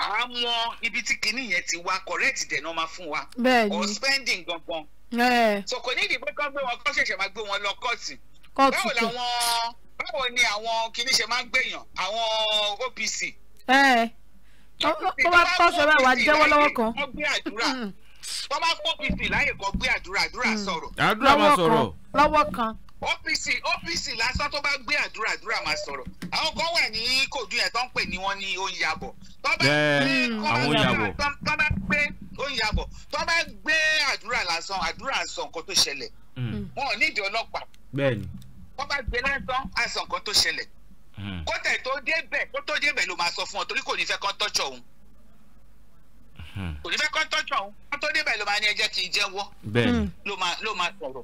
à ń mọ ibi tí kinní yẹn ti wá correct dẹ̀ náà máa fún wa or spending gangan. Eh. so kò ní ìdìbò kan gbé wọn kó ṣẹ̀ṣẹ̀ máa gbé wọn lọ kóòtù. báwo làwọn báwo ni àwọn kinní ṣe máa ń gbèyàn àwọn OPC. Eh. tó bá tọ́sọ̀ bá wà á jẹ́wọ́ lọ́wọ́ kan. wọ́n gbé wọ́n máa fún OPC láyè kan gbé àdúrà àdúrà hmm. sọ̀rọ̀. àdúrà máa sọ̀rọ̀. lọ́wọ́ kan. OPC OPC lásán tó bá gbé àdúrà àdúrà máa sọ̀rọ̀ àwọn kan wà ní kòdú yẹn tó ń pè ní wọ́n ní oúnjàbọ̀ hmm, tó bá gbé tó bá gbé oúnjàbọ̀ tó bá gbé àdúrà lásán àdúrà sọ nǹkan tó ṣẹlẹ̀ hmm. wọn ò nídìí ọlọ́pàá bẹ́ẹ̀ni tó bá gbé lásán àsọ nǹkan tó ṣẹlẹ̀ kótẹ̀ tó débẹ̀ kó tó débẹ̀ ló máa sọ fún ọ torí kò ní fẹ́ kán tọ́jọ́ òun Hmm. kò ní fẹ́ kọ́ tọ́jú ọ̀hún kó débẹ̀ ló máa ní ẹjẹ́ kì jẹ́wọ́ hmm. ló máa sọ̀rọ̀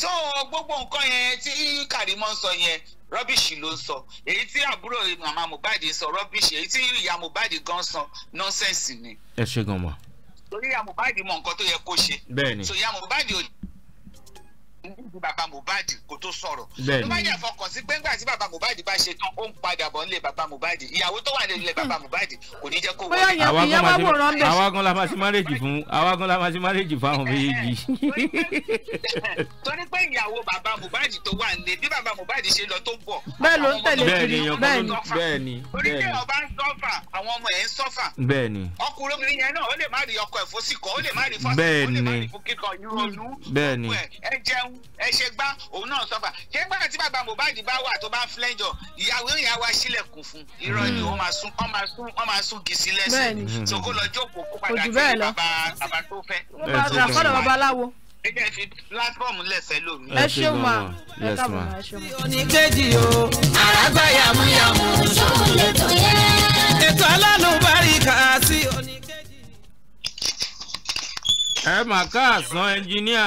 so gbogbo nǹkan yẹn tí Karimo ń sọ yẹn rọ́bìṣì ló ń sọ èyí tí àbúrò màmá Mohbad ń sọ rọ́bìṣì èyí tí ìyá Mohbad gan sọ nọ́nsẹ̀nsì ni. ẹ ṣe gan mọ. torí ìyá Mohbad mọ nǹkan tó yẹ kó ṣe. bẹ́ẹ̀ni so ìyá Mohbad ò níbi bàbá Mohbad kò tó sọ̀rọ̀ tó bá yẹ fọkàn sí pé ńgbà tí bàbá Mohbad bá ṣe tán ó ń padà bọ̀ nílé bàbá Mohbad ìyàwó tó wà nílé bàbá Mohbad kò ní jẹ́ kó wọlé. àwa gan la máa ṣe márèjì fún àwa gan la máa ṣe márèjì fún àwọn méjèèjì. torí pé ìyàwó bàbá Mohbad tó wà nílé bí bàbá Mohbad ṣe lọ tó bọ̀. bẹ́ẹ̀ ló ń tẹ̀lé kiri bẹ́ẹ̀ ni bẹ́ẹ̀ ni. orí tẹ ọba ń sọ́fà àwọn ọmọ ẹ̀ ń sọ́fà. bẹ́ẹ̀ ni. ọkùnrin obìnrin yẹn náà ó lè má rí ọkọ ẹ̀fọ́síkọ̀ ó lè má rí fọ́síkọ̀ ó lè má rí fún kíkọ ìrọ̀lú. bẹ́ẹ̀ ni. ẹ jẹun ẹ ṣe gbá òun náà sọfà ṣé gbá àti bàbá Mohbad bá wà tó bá flẹjọ ìyàwó ìyá wa sílẹ̀kùn fún irọ́ ni wọ́n máa sún wọ́n máa sún wọ́n máa sún gisi lẹ́sẹ̀ so lọ jókòó kó padà sí bàbá bàbá tó fẹ́. wọ́n bá gbà fọ́dọ̀ babaláwo. ẹ jẹ́ fi platform lẹ̀sẹ̀ lómi. ẹ ṣeun ma ẹ káàbọ̀ ma ẹ ṣeun ma. oníkejì o àràgbá yàmúyàmú sóhun lè tó yẹ. ètò alálùbáríkà ẹ mà káàsán ẹnjíníà.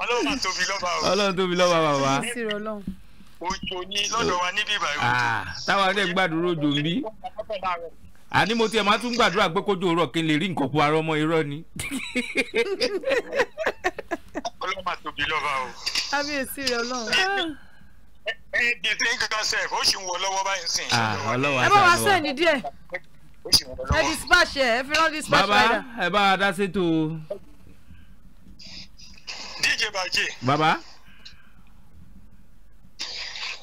ọlọ́run máa tóbi lọ́ba o. ọlọ́run tóbi lọ́ba bàbá. òjò ni lọ́dọ̀ wa níbí ìbàyọ̀. Ah, táwa dẹ̀ gbàdúrà òjò ń bí. àní mo tiẹ̀ máa tún gbàdúrà pé kójú òrọ̀ kí n lè rí nǹkan kó ara ọmọ irọ́ ni. ọlọ́run máa tóbi lọ́ba o. kábíyèsí rẹ ọlọ́run di thing concept ó sì ń wọ lọ́wọ́ báyìí sìn. Ah, ẹ bá wa sẹ́ni díẹ̀ ẹ dispatch ẹ ẹ fi rán dispatch rider. Baba, ẹ bá wa dá sí tó bàjẹ́ bàjẹ́. bàbá.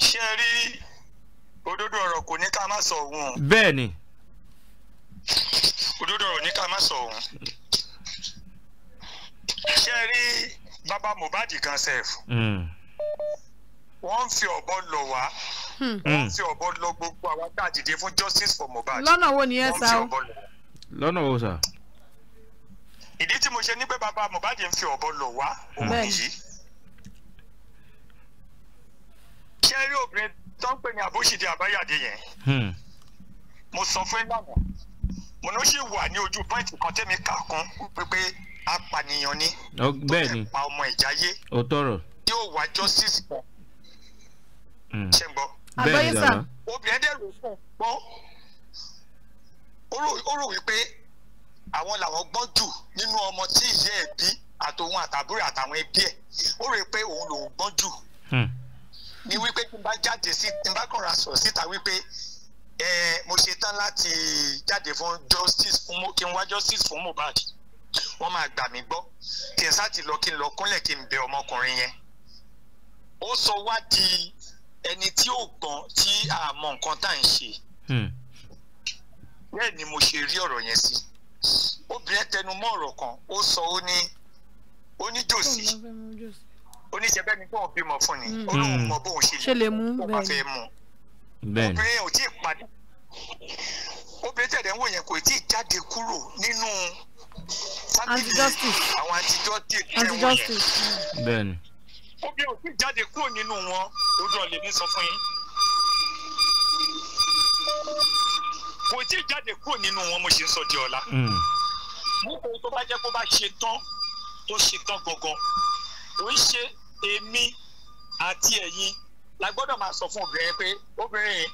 ṣé ẹ rí òdodo ọ̀rọ̀ kò ní ká má sọ òun o. bẹ́ẹ̀ ni. òdodo ọ̀rọ̀ ní ká má sọ òun. ṣé ẹ rí bàbá Mohbad gan sef. Hmm. wọ́n ń fi ọ̀bọ lọ wá. Hmm. wọ́n ń fi ọ̀bọ lọ gbogbo àwọn tá a dìde fún justice for Mohbad. lọ́nà wo ni ẹ sá o. lọ́nà wo sá ìdí tí mo ṣe ní pé bàbá Mohbad ń fi ọ̀bọ lọ̀ wá òun hmm. nìyí ṣé rí obìnrin tó ń pè ní àbóṣìdí àbáyàdé yẹn hmm. mo sọ fún ìlànà mo ló ṣì wà ní ojú pọ́ìntì kan tẹ́mi kà kún pípé apànìyàn ni oh, tó lè pa ọmọ ìjáyé tí ó wá justice kan hmm. ṣe ń gbọ́. àgbáyé sà. obìnrin dẹ̀ ló fún un gbọ́ ó rò wípé àwọn làwọn gbọ́n jù nínú ọmọ tí ìyá ẹ̀ bí àtòun àtàbúrò àtàwọn ẹbí ẹ̀ ó rè pé òun lòun gbọ́n jù hmm. ní wípé tí n bá jáde sí tí n bá kàn ra síta wípé ẹ mo ṣe tán láti jáde fún justice fún mo kí n wá justice fún Mohbad wọ́n máa gbà mí gbọ́ kí n sáti lọ kí n lọ kúnlẹ̀ kí n bẹ ọmọkùnrin yẹn ó sọ wá di ẹni tí ò gbọ́n tí a nǹkan tá à ń ṣe hmm. bẹ́ẹ̀ ni mo ṣe rí ọ̀rọ̀ yẹn sí. Si obìnrin tẹnumọ́ ọ̀rọ̀ kan ó sọ ó ní ó ní jòsí ó ní ṣe bẹ́ẹ̀ ni bóun bímọ fún ni ó hmm. lóun hmm. mọ bóun ṣe lè mú bóun bá fẹ́ mú obìnrin ò tí ì padà obìnrin tẹ̀lé ń wò yẹn kò tí ì jáde kúrò nínú àwọn antidọ́tì tẹ̀ wọ́n yẹn hmm. obìnrin ò tí ì jáde kúrò nínú wọn ojú ọ̀lẹ́mí sọ fún yín kò tí ì jáde kúrò nínú wọn mo ṣe ń sọ di ọ̀la. nítorí mm. tó bá jẹ́ kó bá ṣe tán tó ṣe tán gangan kò ń ṣe èmi àti ẹ̀yin la gbọ́dọ̀ máa sọ fún obìnrin pé obìnrin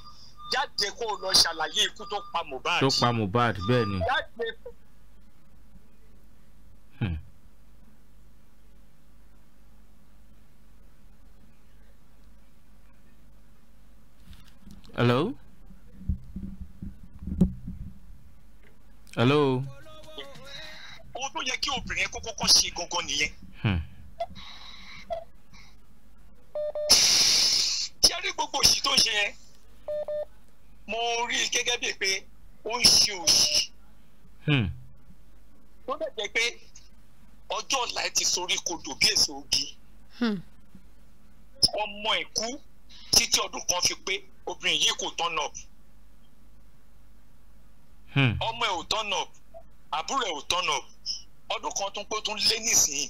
jáde kó lọ ṣàlàyé ikú tó pa Mohbad. tó pa Mohbad bẹ́ẹ̀ ni. Hmm. Hello? hello. ohun tó yẹ kí obìnrin yẹn kókó kan ṣe gangan nìyẹn. Hmm. ṣé rí gbogbo òṣì tó ń ṣe yẹn mo rí i gẹ́gẹ́ bíi pé ó ń ṣe òṣì. tó hmm. dẹ̀ jẹ́ pé ọjọ́ ọ̀la ẹ ti sorí kodò bí èso ogi. Hmm. ọmọ ẹ̀kú títí ọdún kan fi pé obìnrin yìí kò tán náà. Hmm. ọmọ ẹ̀ ò turn up àbúrò ẹ̀ ò turn up ọdún kan tó ń pé tó ń lé nísìnyí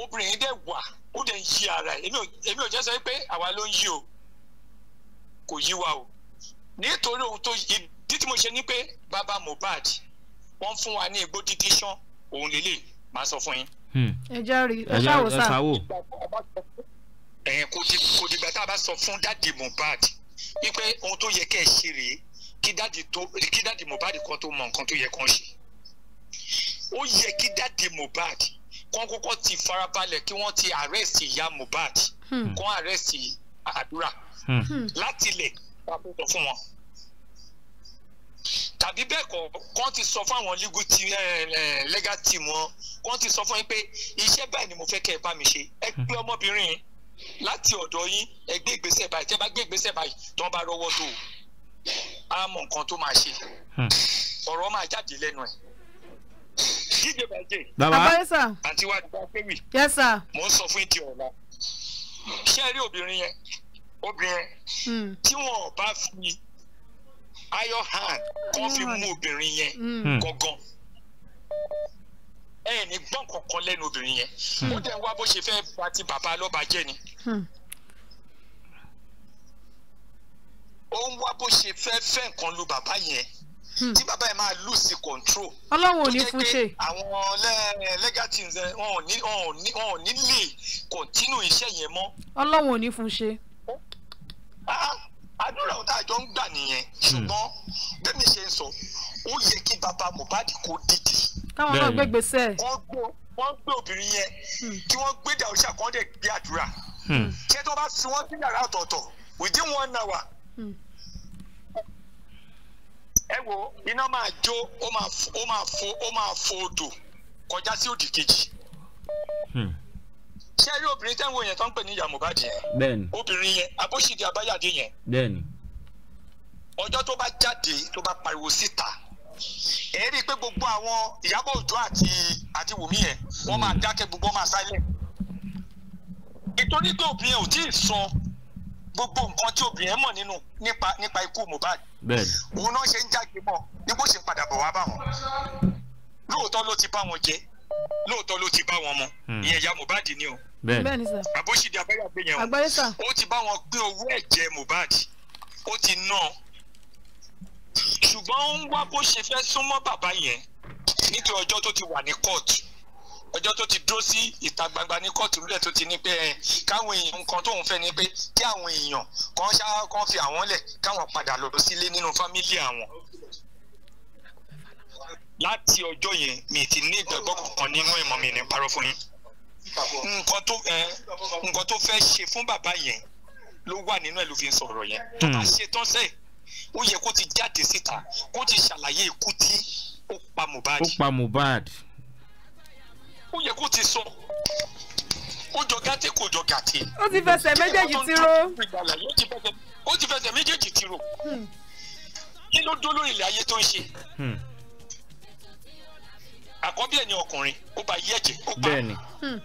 obìnrin dẹ̀ wà ó dẹ̀ ń yí ara ẹ̀ èmi ò jẹ́ sọ pé àwa ló ń yí o kò yí wa o nítorí ohun tó ìdí tí mo ṣe ni pé bàbá Mohbad wọ́n fún wa ní egbò dídí sán òun lélẹ̀ máa sọ fún yín. Hmm. ẹ jẹ́ rí ẹ ṣáwó sáà ẹ̀yìn kò dìgbà tá a bá sọ fún dáàdi Mohbad wípé ohun tó yẹ kẹ́ ẹ ṣe rèé kí dáàdi tó kí dáàdi Mohbad kan tó mọ nǹkan tó yẹ kán ṣe ó yẹ kí dáàdi Mohbad kán kọ́kọ́ ti farabalẹ̀ kí wọ́n ti arrest ìyá Mohbad hmm. kán arrest àdúrà hmm. hmm. látilẹ̀ pàtó fún wọn tàbí bẹ́ẹ̀ kọ́ kán ti sọ fún àwọn legal team eh, eh, legal team wọn kán ti sọ fún yín pé iṣẹ́ báyìí ni mo fẹ́ kẹ́ ẹ bá mi ṣe ẹ gbé ọmọbìnrin láti ọ̀dọ̀ yín ẹ gbé ìgbésẹ̀ báyìí tẹ́ bá gbé ìgbésẹ̀ báyìí tí bá rọwọ́ tó o á mọ nǹkan tó máa ṣe hmm. ọ̀rọ̀ máa jáde lẹ́nu ẹ̀ díje bàjẹ́ àti wàá dùgbà kéwì mò ń sọ fún ìdí ọ̀la ṣé ẹ rí obìnrin yẹn obìnrin yẹn hmm. tí wọn ò bá fi iron hand kọ́ fi mú obìnrin yẹn hmm. gangan ẹ ní gbọ́n kankan lẹ́nu obìnrin yẹn ó dẹ̀ wá bó ṣe fẹ́ bá ti bàbá lọ́ba jẹ́ ni. ó ń wá bó ṣe fẹ́ fẹ́ nǹkan lu bàbá yẹn hmm. tí bàbá yẹn máa lose control. ọlọ́run ò ní fún ṣe. àwọn legal wọn ò ní lè continue iṣẹ́ yẹn mọ́. ọlọ́run ò ní fún ṣe. Ah, ah, àdúrà ọ̀tá àjọ ń gbà nìyẹn hmm. ṣùgbọ́n bẹ́ẹ̀ni ṣe ń sọ ó yẹ kí bàbá Mohbad kó dìde. káwọn náà gbé gbèsè. wọ́n gbé obìnrin yẹn hmm. kí wọ́n gbé dàrúṣà kan dẹ̀ gbé àdúrà. ṣé tí wọ́n bá fi wọ́n sí yàrá ọ̀tọ̀ọ̀tọ̀ within one hour ẹ wo iná máa jó ó máa fo ó máa fo odò kọjá sí òdì kejì hmm. ṣé rí obìnrin tẹ́ ń wo yẹn tó ń pè ní ìyá Mohbad yẹn obìnrin yẹn abóṣìdì abáyàdé yẹn ọjọ́ tó bá jáde tó bá pariwo síta ẹ rí i pé gbogbo àwọn Ìyábọ̀ Òjó àti àti Wùmí yẹn wọ́n máa hmm. dákẹ́ gbogbo wọn máa sálẹ̀ nítorí obìnrin ò tí ì sọ gbogbo nǹkan tí obìnrin mọ̀ nínú nípa nípa ikú Mohbad òun náà ṣe ń jáde mọ́ ní bó ṣe ń padà bọ̀ wá bá wọn lóòótọ́ ló ti bá wọn jẹ lóòótọ́ ló ti bá wọn mu hmm. ìyẹn ìyá Mohbad ni o bẹ́ẹ̀ni abẹ́yàgbé yẹn o ó ti bá wọn pín owó ẹ̀jẹ̀ Mohbad ó ti ná ṣùgbọ́n ó ń wá bó ṣe fẹ́ súnmọ́ bàbá yẹn nítorí ọjọ́ tó ti wà ní kóòtù ọjọ́ tó ti dúró sí ìta gbangba ní kóòtù rẹ̀ tó ti ní pé káwọn èèyàn nǹkan tóun fẹ́ ni pé kí àwọn èèyàn kan ṣá kan fi àwọn lẹ̀ káwọn padà lọ sílé nínú fámílì àwọn. láti ọjọ́ yẹn mi ti ní ìgbàgbọ́ kankan nínú ìmọ̀ mi ní parọ́ fún yín. nǹkan tó fẹ́ ṣe fún bàbá yẹn ló wà nínú ẹ̀ ló fi ń sọ̀rọ̀ yẹn. tó hmm. ṣe tán sẹ́ẹ̀ ó yẹ kó ti jáde síta kó ti ṣàlàyé ikú tí ó pa Mohbad. ó pa Mohbad ó yẹ kó ti sọ ó jọ gàtẹ kò jọ gàtẹ. ó ti fẹsẹ̀ méjèèjì ti ró. ó ti fẹsẹ̀ méjèèjì ti ró hmm. kí ló dó lórí ayé tó ń ṣe. Hmm. àkọ́bí ẹ̀ ni ọkùnrin ó bá yí ẹ̀jẹ̀ ó pa. Hmm.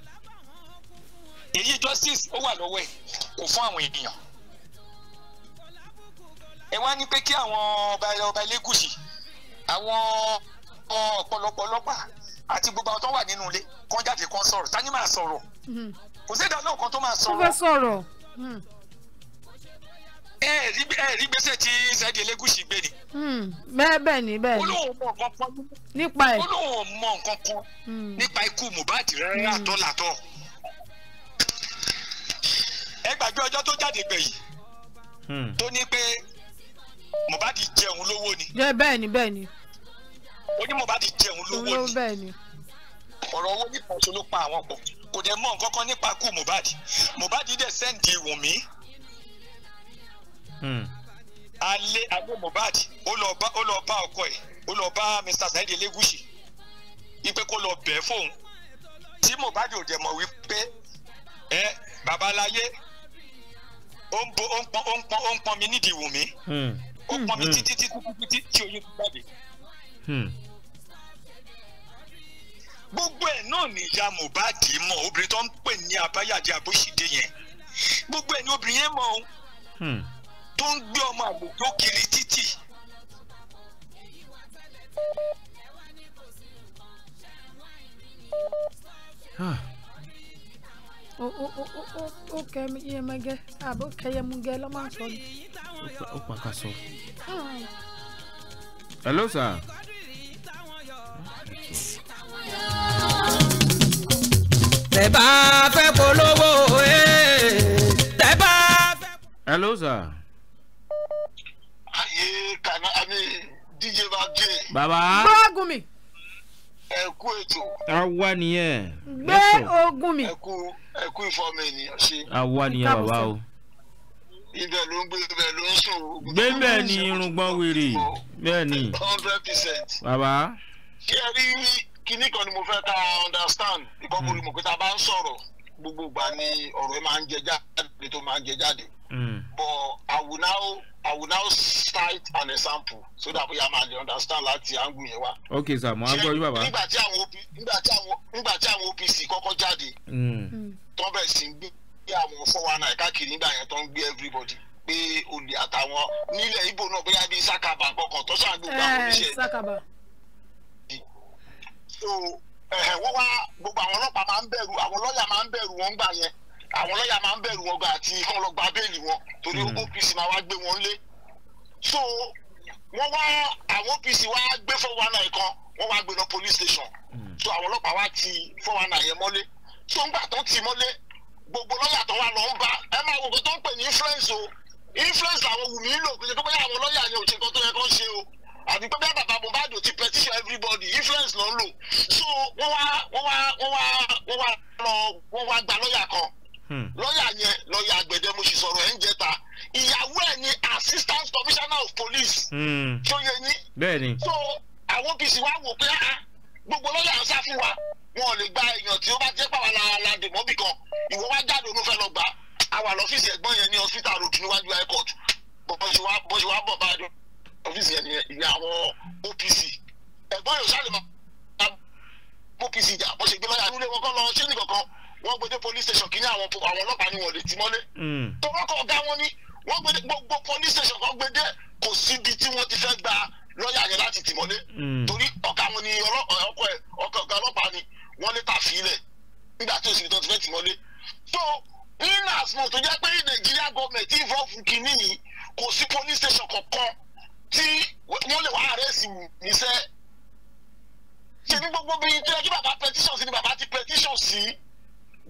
èyí justice ó wà lọ́wọ́ ẹ̀ kò fún àwọn ènìyàn. ẹ wá ní pé kí àwọn ọba ọba elégùsì àwọn ọ̀pọ̀lọpọ̀ ọlọ́pàá àti gbogbo àwọn tó wà nínú ilé kán jáde kán sọ̀rọ̀ tani máa sọ̀rọ̀ hmm. kò sí ìdáná kan tó máa sọ̀rọ̀. ó fẹ́ sọ̀rọ̀. ẹ hmm. ẹ rí ẹ rí gbèsè tí Saheed Elegushi gbé ni. Hmm. bẹ́ẹ̀ bẹ́ẹ̀ ni bẹ́ẹ̀ ni. olóhùn mọ nǹkan kan nípa ẹ̀. olóhùn mọ nǹkan kan nípa ikú Mohbad rárá àtọ́ làtọ́. ẹ gbàgbé ọjọ́ tó jáde gbẹ̀yìn tó ní pé Mohbad jẹun lówó ni. bẹ́ẹ̀ ni bẹ́ẹ̀ ni onímọ̀ bá ti jẹun lówó ni ọ̀rọ̀ owó nìkan tó ló pa àwọn pọ̀ kò dẹ̀ mọ̀ nǹkan kan nípa kú Mohbad Mohbad dẹ̀ sẹ́ǹdì Wùnmí hmm. alẹ́ alẹ́ Mohbad ó lọ bá ọkọ ẹ̀ ó lọ bá Mr. Saheed Elegushi ipe kó lọ bẹ̀ fóun tí Mohbad ò dẹ̀ mọ̀ wípé ẹ babaláyé ó ń pọn mi nídìí Wùnmí hmm. ó pọn mi hmm. títí títí títí tí oyún ti jáde gbogbo ẹ̀ náà ni ìyá Mohbad mọ̀ obìnrin tó ń pè ní abáyàjẹ àbóṣìdé yẹn gbogbo ẹ̀ ni obìnrin yẹn mọ̀ ọ́n tó ń gbé ọmọ àgbòdo kiri títì. o o o o o kẹmi yẹmẹgẹ àbò kẹyẹmugẹ lọ́mọ àtọ́ ni. ó pa ká sọ. hello sir. tẹ́ fẹ́ polówó ẹ̀ eh, tẹ́ fẹ́. hello sir. ayé kana ami dj babje. baba. gbọ́gùn mi. ẹ kú ètò. àwa nìyẹn. gbé ogun mi. ẹ kú ẹ kú ìfọ̀mọ ènìyàn ṣe. àwa nìyẹn bàbá o ibẹ̀ ló ń gbé ibẹ̀ ló ń sùn. gbé bẹ́ẹ̀ ni irùngbọ̀n wèrè bẹ́ẹ̀ ni. hundred percent. bàbá. kí ẹ rí kinní kan ni mo fẹ́ ká understand ìkọ́ mo rí mọ̀ pé tá a bá ń sọ̀rọ̀ gbogbo ìgbà ni ọ̀rọ̀ máa ń jẹ jáde tó máa ń jẹ jáde hmm. but I will now I will now cite an example so that we ma le understand láti angle yẹn wa. ok sir mo á gbọ́dọ̀ bàbá. nígbà tí àwọn nígbà tí àwọn OPC kọ́kọ́ jáde hmm. hmm. tọ́ bẹ̀rẹ̀ sí gbé àwọn four one nine káàkiri nígbà yẹn tó ń gbé everybody pé olè àtàwọn nílẹ̀ Ìgbò náà bóyá bíi sákàbà kọ̀ọ̀kan tó ṣàgbégbà àwọn oníṣẹ́ eh, so wọ́n wá gbogbo àwọn ọlọ́pàá máa ń bẹ̀rù àwọn lọ́ọ̀yà máa ń bẹ̀rù wọn gbà yẹn àwọn lọ́ọ̀yà máa ń bẹ̀rù wọn gbà àti kán lọ gba béèlì wọn torí hmm. OPC máa wá gbé wọn lé so wọ́n wá àwọn OPC wá gbé four one nine kan wọ́n wá gbé lọ police station hmm. so àwọn ọlọ́pàá wá ti four one nine yẹn mọ́lé so ńgbà tán ti mọ́lé gbogbo lọ́ọ̀yà tó wà lọ ń bá ẹ máa wò pé tó ń pè ní influence o influence làwọn wù mí lò pé tó bá yà àwọn lọ́ọ̀yà yẹn ò àti pé bàbá Mohbad ti petition everybody influence náà lò so wọ́n wá wọ́n wá wọ́n wá wọ́n wá lọ wọ́n wá gba lọ́ọ̀yà kan hmm. lọ́ọ̀yà yẹn lọ́ọ̀yà àgbẹ̀dẹ mo sì sọ̀rọ̀ ẹ̀ ń jẹta ìyàwó ẹ̀ ni assistant commissioner of police tó hmm. yẹ yín bẹ́ẹ̀ni so àwọn OPC wá wò pé ah, gbogbo lọ́ọ̀yà ń sá fún wa wọn ò lè gba èèyàn tí ó bá jẹ́ pàwọn aládè mọ́bì kan ìwọ wá jáde òun fẹ́ lọ gbà á wà lọ́fíìsì ẹ̀gbọ́n yẹn ní hospital road níwájú high court bọ́sùwà bọ́sùwà bọ̀ bá a dùn ọ́fíìsì yẹn ìyá àwọn OPC ẹ̀gbọ́n yóò sáré máa OPC jà bó ṣe gbé mọ́lẹ̀ àdúlé wọn kọ́ lọ ṣé ní kankan wọ́n gbé dé police station kí ní àwọn ọlọ́pàá ni wọ́n lè ti mọ́lé hmm. tó wọ́n kọ́ ọ̀gá wọn ni wọ́n gbé dé gbogbo police station kan gbé dé kò síbi tí wọ́n ti fẹ́ gba lọ́ọ̀yà yẹn láti tì mọ́lé hmm. torí ọ̀gá wọn ni ọkọ̀ ọ̀gá ọlọ́pàá ni wọ́n lè tà fílẹ̀ nígbà tí òsìlẹ̀ tó ti fẹ́ tì mọ́lé so in as much tó jẹ́ pé Nigeria government involve kìíní yìí kò sí police station kankan tí wọ́n lè wá àrẹ́sì níṣẹ́ ṣe ní gbogbo bíi tí ẹjú bàbá petition sí ni bàbá ti petition sí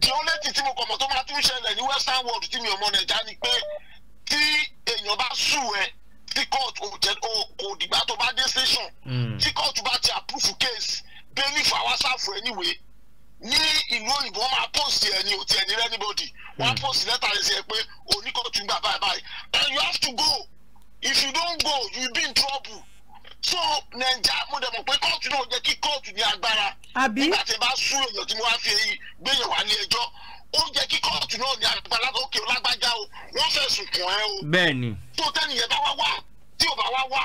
di ọ́nẹ́tì tí mo kọ̀ mọ̀ tó máa tún ṣẹlẹ̀ ní western world tí mi ò mọ̀ nàìjà ni pé tí èèyàn bá sù ẹ tí court ò jẹ kò dìgbà tó bá dé station hmm. tí court bá ti approve case bẹ́ẹ̀ni fàwa sáfù anyway ní ìlú òyìnbó wọn máa post ẹ ní òtí ẹ ní anybody wọn á hmm. post lẹ́tà rẹ̀ sí ẹ pé oníkọ̀tún gbà báyìí báyìí and you have to go if you don't go you be in trouble so naija mo dẹ̀ mọ̀ pé kóòtù náà jẹ́ kí kóòtù ní agbára nígbà tí bá sún èèyàn tí mo wá fi gbéyàn wá ní ẹjọ́ ó jẹ́ kí kóòtù náà ní agbára òkè lágbájá o wọ́n fẹ̀sùn kàn ẹ́ o. bẹ́ẹ̀ni. tó tẹ́nìyẹn bá wá wá tí ò bá wá wá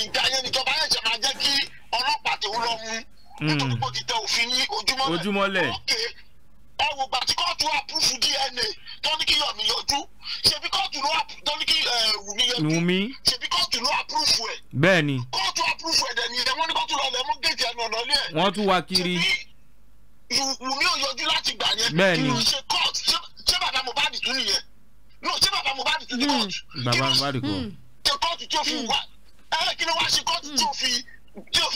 ìgbà yẹn níjọba yẹn ṣe máa kí ọlọ́pàá tó lọ mú hmm. nítorí pé ó ti tẹ òfin ní ojúmọ́lẹ̀. ojúmọ́lẹ̀. okay ẹ wò gbà tí kóòtù àpúrúfù DNA tó ní kí Yọ̀mí yọjú ṣebí kóòtù ló tó ní kí Wùmí yọjú ṣebí kóòtù ló àpúrúfù ẹ̀. bẹ́ẹ̀ni kóòtù àpúrúfù ẹ̀ dẹni ẹ wọn ní kóòtù lọlẹ mọ géètì ẹnu ọ̀nà ilé ẹ. wọ́n tún wá kiri. Wùmí ò yọjú láti gbà yẹn kí ló ṣe kóòtù ṣé bàbá Mohbad tún nìyẹn no ṣé bàbá Mohbad tún ní kóòtù. Hmm. bàbá Mohbad kọ. Hmm. ṣe kóòtù tó fi hmm. wá ẹ kí ló wá ṣe kóòtù tó fi tí o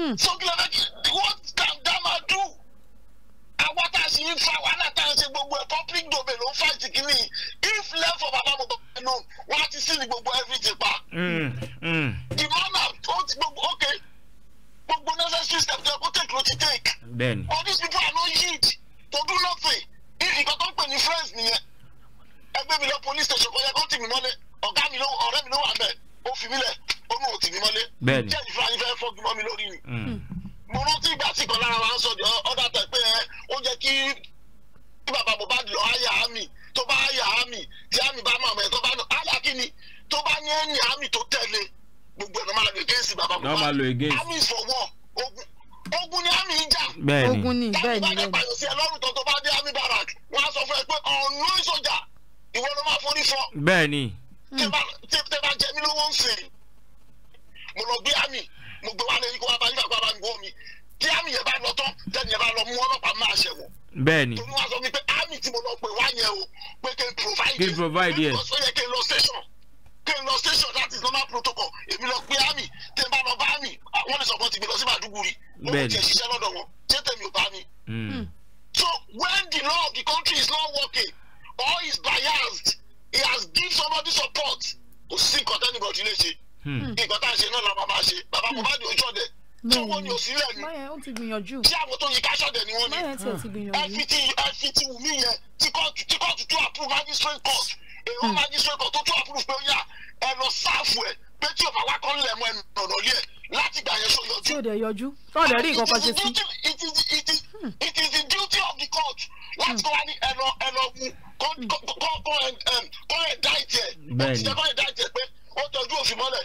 Hmm. So what can Dama do? Àwa tá a sì ń fa wàhálà tá a ń ṣe if left for Baba Mohbad alone wọ́n á ti sí ní gbogbo everything pa. Hmm, hmm. The man okay gbogbo necessary steps tó yẹ kó take ló ti take. Bẹ́ẹ̀ni. All these people are no yield to do nothing. Nǹkan tó ń pè ní friends nìyẹn. Ẹgbẹ́ mi lọ police station kó yẹ kó tì mí mọ́lẹ̀ ọ̀gá mi ló ọ̀rẹ́ mi ló wà bẹ́ẹ̀ ó fi mí lẹ̀ ó ní òtì mi mọ́lé jẹ́ ìfẹ́ ayífẹ́ fọ́gi mọ́ mi lórí ni hmm. Hmm. mo rántí ìgbà tí kan lára wa ń sọ ọ̀dà tẹ̀ pé ó jẹ́ kí bàbá Mohbad lọ àyà àmì tó bá àyà àmì tí àmì bá mọ̀ ẹ̀ tó bá àyà kí tó bá ní ẹ̀yìn àmì tó tẹ̀lé gbogbo ẹ̀ normal against bàbá Mohbad àmì for ogun ogun ni àmì ń jà ogun ni bẹ́ẹ̀ ni bẹ́ẹ̀ ni táwọn bá dé pàyọ̀ sí ẹ lọ́rùn tó tó bá dé àmì barak wọ́n á sọ fún ẹ pé ọ̀nà ìsọjà ìwọ ló máa forí fọ́. bẹ́ẹ̀ ni tẹ́ bá jẹ mí lówó ń sìn mo lọ gbé àmì mo gbé wá lé kó wá bá nígbà kó wá bá gbó mi tí àmì yẹn bá lọ tán tẹ́ni bá lọ mú ọlọ́pàá máa ṣẹ̀wọ̀. bẹ́ẹ̀ni tó ní wá sọ mi pé àmì tí mo lọ pè wá yẹn o pé kí n provide kí n provide yẹn kí n lọ station kí n lọ station that is normal protocol èmi lọ pé àmì tẹ́ bá lọ bá àmì wọ́n lè sọ ti gbé lọ sí Maiduguri wọ́n ti ṣiṣẹ́ lọ́dọ̀ wọn ṣé tèmi ò bá mi. Hmm. so when the law of the country is not working or is biased he has give somebody support kò sí nǹkan tẹ́ni bọ̀dì lè ṣe hmm. nǹkan tá à ń ṣe náà la bàbá ṣe bàbá hmm. Mohbad ò ṣọ̀dẹ̀ tí wọ́n ní òsì lẹ̀ ni tí àwọn tó yí ká ṣọ̀dẹ̀ ni wọ́n ní ẹ̀fí ti ẹ̀fí ti wù mí yẹn tí kóòtù tí kóòtù tó approve magistrate court èrò hmm. magistrate court tó tó approve pé ó yà ẹ lọ sáàfù ẹ pé tí òbá wa kọ́ lẹ̀ mọ́ ẹnu ọ̀nà lé ẹ̀ láti gbà yẹn ṣó yọjú. tí ò dẹ̀ yọjú tó ò dẹ̀ rí nǹkan kan ṣe sí. it is the duty of the court láti kọ́ wa ní ẹ̀rọ ẹ̀rọ wu kọ́ kọ́ kọ́ indict ẹ̀ òṣìṣẹ́ kọ́ indict ẹ̀ pé ó tọ́jú òfin mọ́lẹ̀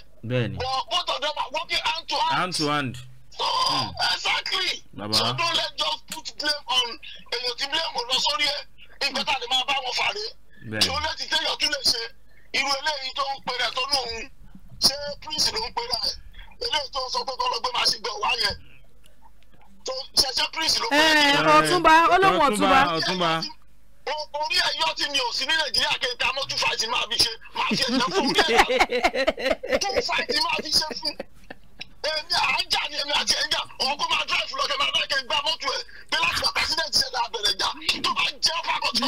bọ̀ both of them are working hand to hand. hand to hand. so hmm. exactly Baba. so don't let just put blame on èyàn ti blame on lọ sórí ẹ ìgbẹ́ta lè máa bá wọn fàre tí ó lè ti téèyàn tún lè ṣe irú eléyìí tó ń pèrè tó lóun ṣé prince ló ń pèrè ẹ eléyìí tó ń sọ pé kọ́ lọ gbé màá sì gbẹ wá yẹn eh, ọ̀túnba olóhùn ọ̀túnba orí ẹyọ tí mi ò sí ní nàìjíríà kẹta mọ two five máa fi ṣe máa fi ẹsẹ fún mi two five máa fi ṣe fún èmi à ń èmi àti ẹ̀ńjà òun máa drive lọ kẹ máa bá kẹ gbá mọ́tò ẹ̀ pé láti bàtà sílẹ̀ ti ṣẹ̀dá abẹ̀rẹ̀ jà tó bá jẹ́ fàkọ̀tì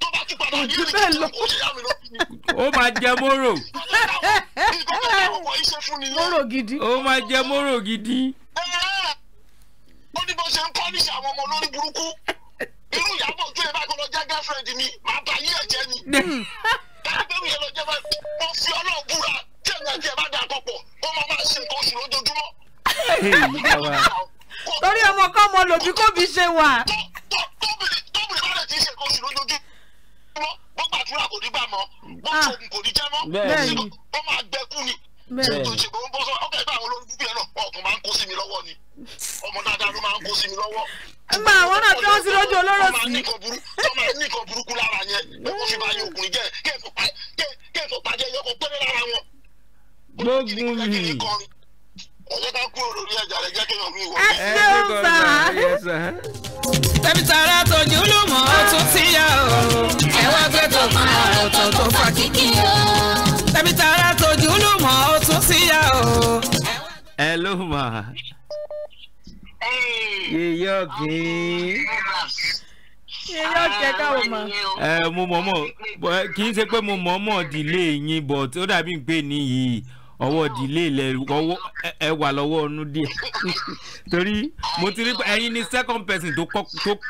tó bá tún padà ní ìrìn kìtì kò ṣe yá mi lọ. ó máa jẹ móró. móró gidi. ó máa jẹ móró gidi. ó ní bó ṣe ń pọ́nìṣì àwọn ọmọ olórí burúkú irú ìyàbọ̀ tó yẹ báyìí kó lọ jẹ́ girlfriend mi màá hmm. bá yí ẹ̀jẹ̀ ni báyìí yẹn lọ jẹ́ bá mo fi ọlọ́run búra tí èmi bá dà pọ̀pọ̀ ó máa máa ṣe nǹkan oṣù lójoojúmọ́. torí ọmọ kan mọ lòbí kò fi ṣe wà. tóbìnrin bá lè ti ṣe nǹkan oṣù lójoojúmọ́ bó gbàdúrà kò ní gbà mọ́ bó ah. ṣoògùn kò ní jẹ́ mọ́ ó máa gbẹkú ni ṣùgbọ́n ń bọ́ sọ ọ́ kẹ́kẹ́ àwọn olórí náà ọkùnrin ń kó lójú olóró sí. Tọ́mọ ẹnìkan burú tọ́mọ burúkú lára yẹn pé kó fi bá yẹ ọkùnrin jẹ́ kéèfó pàjẹ́ yọkọ̀ pẹ́rẹ́ lára wọn. Gbógun mi ẹ̀yẹ́ ká kú òròrí ẹ̀jà rẹ̀ jẹ́ kéèyàn mi wọ̀. ẹ ṣe ń sà. tẹ̀bí tààrà tòjú ló mọ̀ ọ́ tún sí yá o. ẹ wá gbé tó kan ọ̀tọ̀ tó fà kíkì o. tẹ̀bí tààrà tòjú ló tún sí yá o. ẹ ló mà. yíyọ kí. yíyọ kẹ káwọn mọ. ẹ mo mọ̀ mọ̀ kì í ṣe pé mo mọ̀ mọ̀ dìlé yín bọ̀ tó dàbí pé nìyí ọwọ́ ìdílé ilẹ̀ ọwọ́ ẹ wà lọ́wọ́ ọ̀nù díẹ̀ torí mo ti rí pé ni second person tó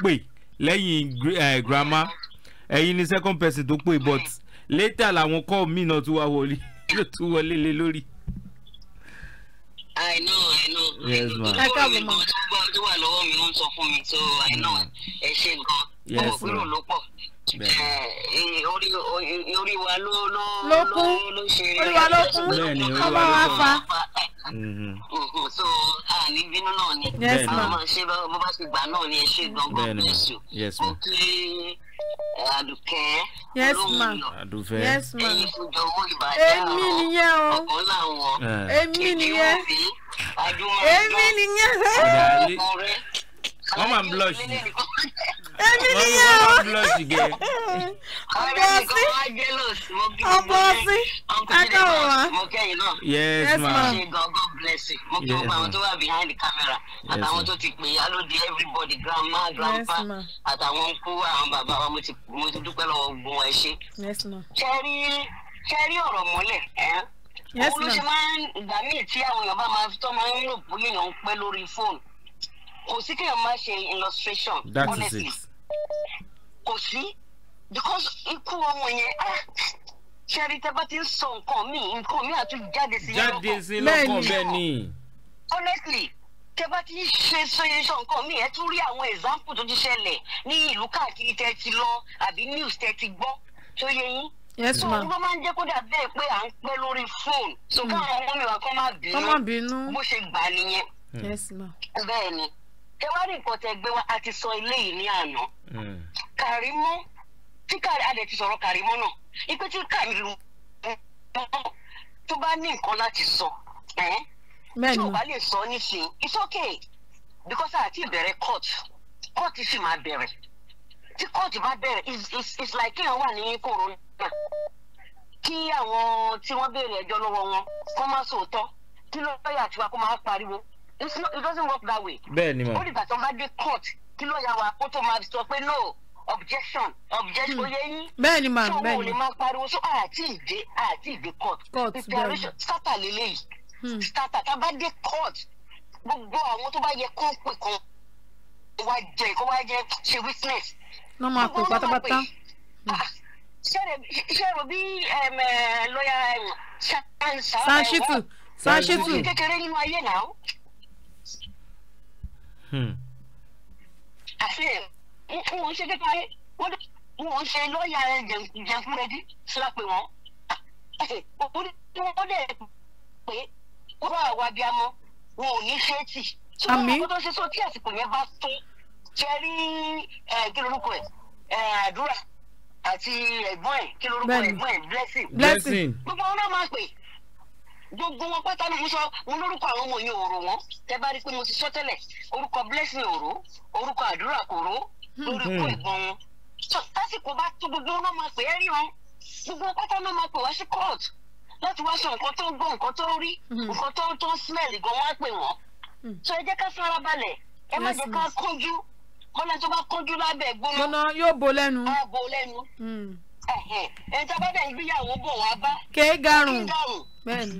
pè lẹ́yìn grandma ẹ̀yin ni second person tó pè but later làwọn kọ́ mi náà tún wá wọlé tún wọlé lé lórí. I know, I know. Yes, ma. Ẹ tó wà lọ́wọ́ mi ó sọ fún mi, so I know ẹ ṣe gan-an. Yes, ma. ló pọ̀ orí ló kú ọmọ wa fa. Mm-hmm. Mm-hmm. so náà ni ọmọ ṣe bó bá ti gbà náà ni ẹ ṣe gbọngàn bless you kí àdùkẹ́ olóhùn lọ ẹyin fúnjọ owó ìbàdàn ọkàn làwọn èmi nìyẹn èmi nìyẹn wọ́n máa ń blush yìí èmi nìyẹn o wọ́n máa ń blush gẹ́. ọmọ sí ọmọ sí ẹ̀ka wọ̀ wá. mo kẹ́yìn náà yes ma ṣe gangan blessing mo kí gbogbo behind the camera àtàwọn tó ti pè alóde everybody grandma grandpa àtàwọn ń kó àwọn bàbá wa mo ti tí àwọn èèyàn bá máa tọ́ máa ń rò pé èèyàn ń pẹ́ lórí fóònù kò sí kéèyàn máa ṣe illustration that honestly kò sí because ikú ọmọ yẹn ah ṣẹ́rí tẹ́ bá ti ń sọ nǹkan mi nǹkan mi àti jáde sí lọ́kàn jáde sí honestly tẹ́ bá ti ń ṣe sọyẹsọ nǹkan mi ẹ tún rí àwọn example tó ti ṣẹlẹ̀ ní ìlú káàkiri tẹ́ ti lọ àbí news tẹ́ ti gbọ́ tó yẹ yín yes ma so wọn máa ń jẹ́ kó dà bẹ́ẹ̀ pé à ń pẹ́ lórí fóònù so hmm. káwọn ọmọ mi wà kọ́ máa bínú bó ṣe gbà nìyẹn yes ma bẹ́ẹ̀ ni tẹwárí nǹkan tẹ gbé wa a ti sọ eléyìí ní àná hmm. Kàrímọ́ tí kàrí adẹ ti sọ̀rọ̀ Kàrímọ́ náà ipe tí kàrí lu tó bá ní nǹkan láti sọ tí ò bá lè sọ nísìn it's okay because àti ìbẹ̀rẹ̀ court court sì máa bẹ̀rẹ̀ tí court bá bẹ̀rẹ̀ it's like kéèyàn wà ní corona kí àwọn tí wọ́n béèrè ẹjọ́ lọ́wọ́ wọn kó má sòótọ́ kí lọ́ọ́yà tiwa kó má pariwo it's not it doesn't work that way. bẹ́ẹ̀ni ma ó dìgbà tó bá dé court kí lọ́ọ̀yà wa kó tó máa sọ pé no objection objection hmm. oyè yín. bẹ́ẹ̀ni ma bẹ́ẹ̀ni. tó wò lè máa pariwo so àti ìdè àti ìdè court. court bẹ́ẹ̀ni preparation starter lélẹ́yìí. Hmm. starter tá a bá dé court gbogbo àwọn tó bá yẹ kó pè kan wá jẹ kó wá jẹ ṣe witness. wọ́n máa pè pátápátá. Ah, ṣé ẹ̀rọ bí lọ́ọ̀yà ṣáà ń sá. sanṣitu sanṣitu. kékeré nínú ayé náà àṣẹ fún wọn ṣe kékeré wọn wọn ṣe lọ́ọ̀yà jẹ̀kúrẹ́dì sílápẹ̀ wọn wọn dẹ̀ pé wọn bá wà bí amọ wọn ò ní fẹ́ẹ̀tì tí wọn bá ṣe sọ tí àsìkò yẹn bá tó ṣe rí kí lorúkọ ẹ àdúrà àti ẹ̀gbọ́n ẹ̀ kí lorúkọ ẹ̀gbọ́n ẹ̀ blessing blessing gbogbo wọn náà máa pè é gbogbo wọn pátá ni mo sọ mo lórúkọ àwọn ọmọ yẹn òrò wọn tẹ bá rí i pé mo ti sọ tẹ́lẹ̀ orúkọ blessing òrò orúkọ àdúrà kòró lórí hmm. ikú hmm. ìbọn wọn tásìkò bá tó gbogbo wọn máa pè é rí wọn gbogbo wọn pátá náà máa pè wá sí court láti wá sọ nǹkan tó ń gbọ́ nǹkan tó ń rí hmm. nǹkan tó ń tó ń smell gan wọn á pè wọn so ẹ jẹ́ ká fara balẹ̀ ẹ má jẹ́ ká kánjú kọ́lá tó bá kánjú lábẹ́ gbóná yóò bo lẹ́nu á bo lẹ́nu bẹ́ẹ̀ni.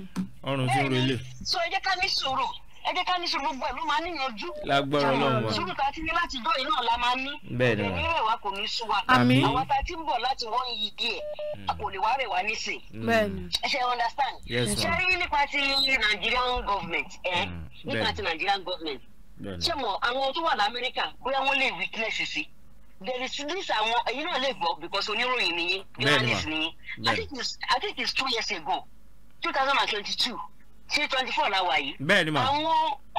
ọrùn tún relé. so ẹ jẹ́ ká ní sùúrù ẹ jẹ́ ká ní sùúrù gbogbo ẹ̀ ló máa níyanjú. lágbọ́rọ̀ lọ́wọ́ wa sùúrù tá a ti ní láti dọ́ iná la máa ní. bẹ́ẹ̀ni wa ìrẹ̀lẹ̀ wa kò ní sú wa. àmín àwọn tá a ti ń bọ̀ láti wọ́n yí díẹ̀ a kò lè wá rẹ̀ wá nísìn. Hmm. bẹ́ẹ̀ni. ẹ ṣe understand. ṣe rí nípa ti Nigerian government ẹ hmm. nípa ti Nigerian government ṣé mo àwọn tó wà lamẹ́ríkà bóyá wọ́n lè witness sí there is this àwọn ẹ̀yin náà lè gbọ́ because oníròyìn nìyí journalist nìyí I think it's I think it's two years ago two thousand and twenty two sí twenty four la wà yìí. bẹ́ẹ̀ni ma. àwọn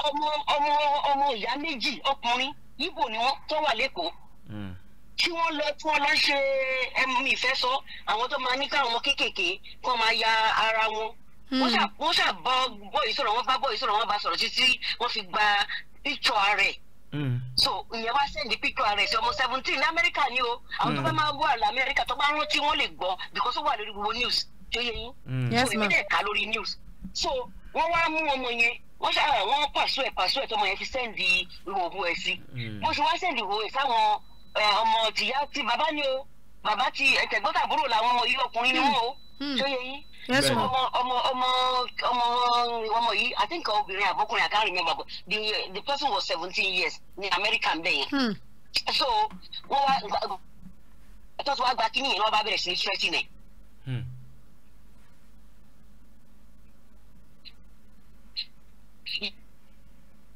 ọmọ ọmọ ọmọ ìyá méjì ọkùnrin ibo ni wọn tó wà lẹ́kọ̀ọ́. tí hmm. wọ́n lọ tí wọ́n lọ ṣe ẹmu ìfẹ́ sọ àwọn tó máa ní káwọn kéékèèké kó máa ya ara wọn. Hmm. wọ́n ṣà bọ́ bọ́ọ̀yì sọ̀rọ̀ wọ́n bá bọ́ọ̀yì sọ̀rọ̀ wọ́n bá sọ̀rọ̀ títí wọ́n fi gba píkṣọ̀ rẹ̀. Mm. so ìyẹn wá sẹ́ndí píkọ̀ rẹ̀ sí ọmọ seventeen ní amẹ́ríkà ni o àwọn tó hmm. bá máa wà lamẹ́ríkà tó bá rántí wọ́n lè gbọ́ because ó wà lórí gbogbo news tó yẹ yín so èmi dẹ̀ ká lórí news so wọ́n wá mú ọmọ yẹn wọ́n ṣáà wọ́n pàṣọ ẹ̀ pàṣọ ẹ̀ tọmọ yẹn fi sẹ́ndì ìhòòhò ẹ̀ sí bó mm. ṣe wá sẹ́ndì ìhòòhò ẹ̀ sáwọn ọmọ tìyá ti bàbá ni o bàbá ti ẹ̀tẹ̀gbọ́tàbúrò làwọn ọmọ yìí ọkùnrin ni mm. wọ́n o tó mm. yín ọmọ ọmọ ọmọ ọmọ yìí I think obìnrin àbọ̀kùnrin I can't remember the the person was seventeen years ní America bẹ́ẹ̀ yẹn hmm. so wọ́n wá ẹ̀tọ́ tí wọ́n á gba kíní yẹn wọ́n bá bẹ̀rẹ̀ sí ní threatening hmm.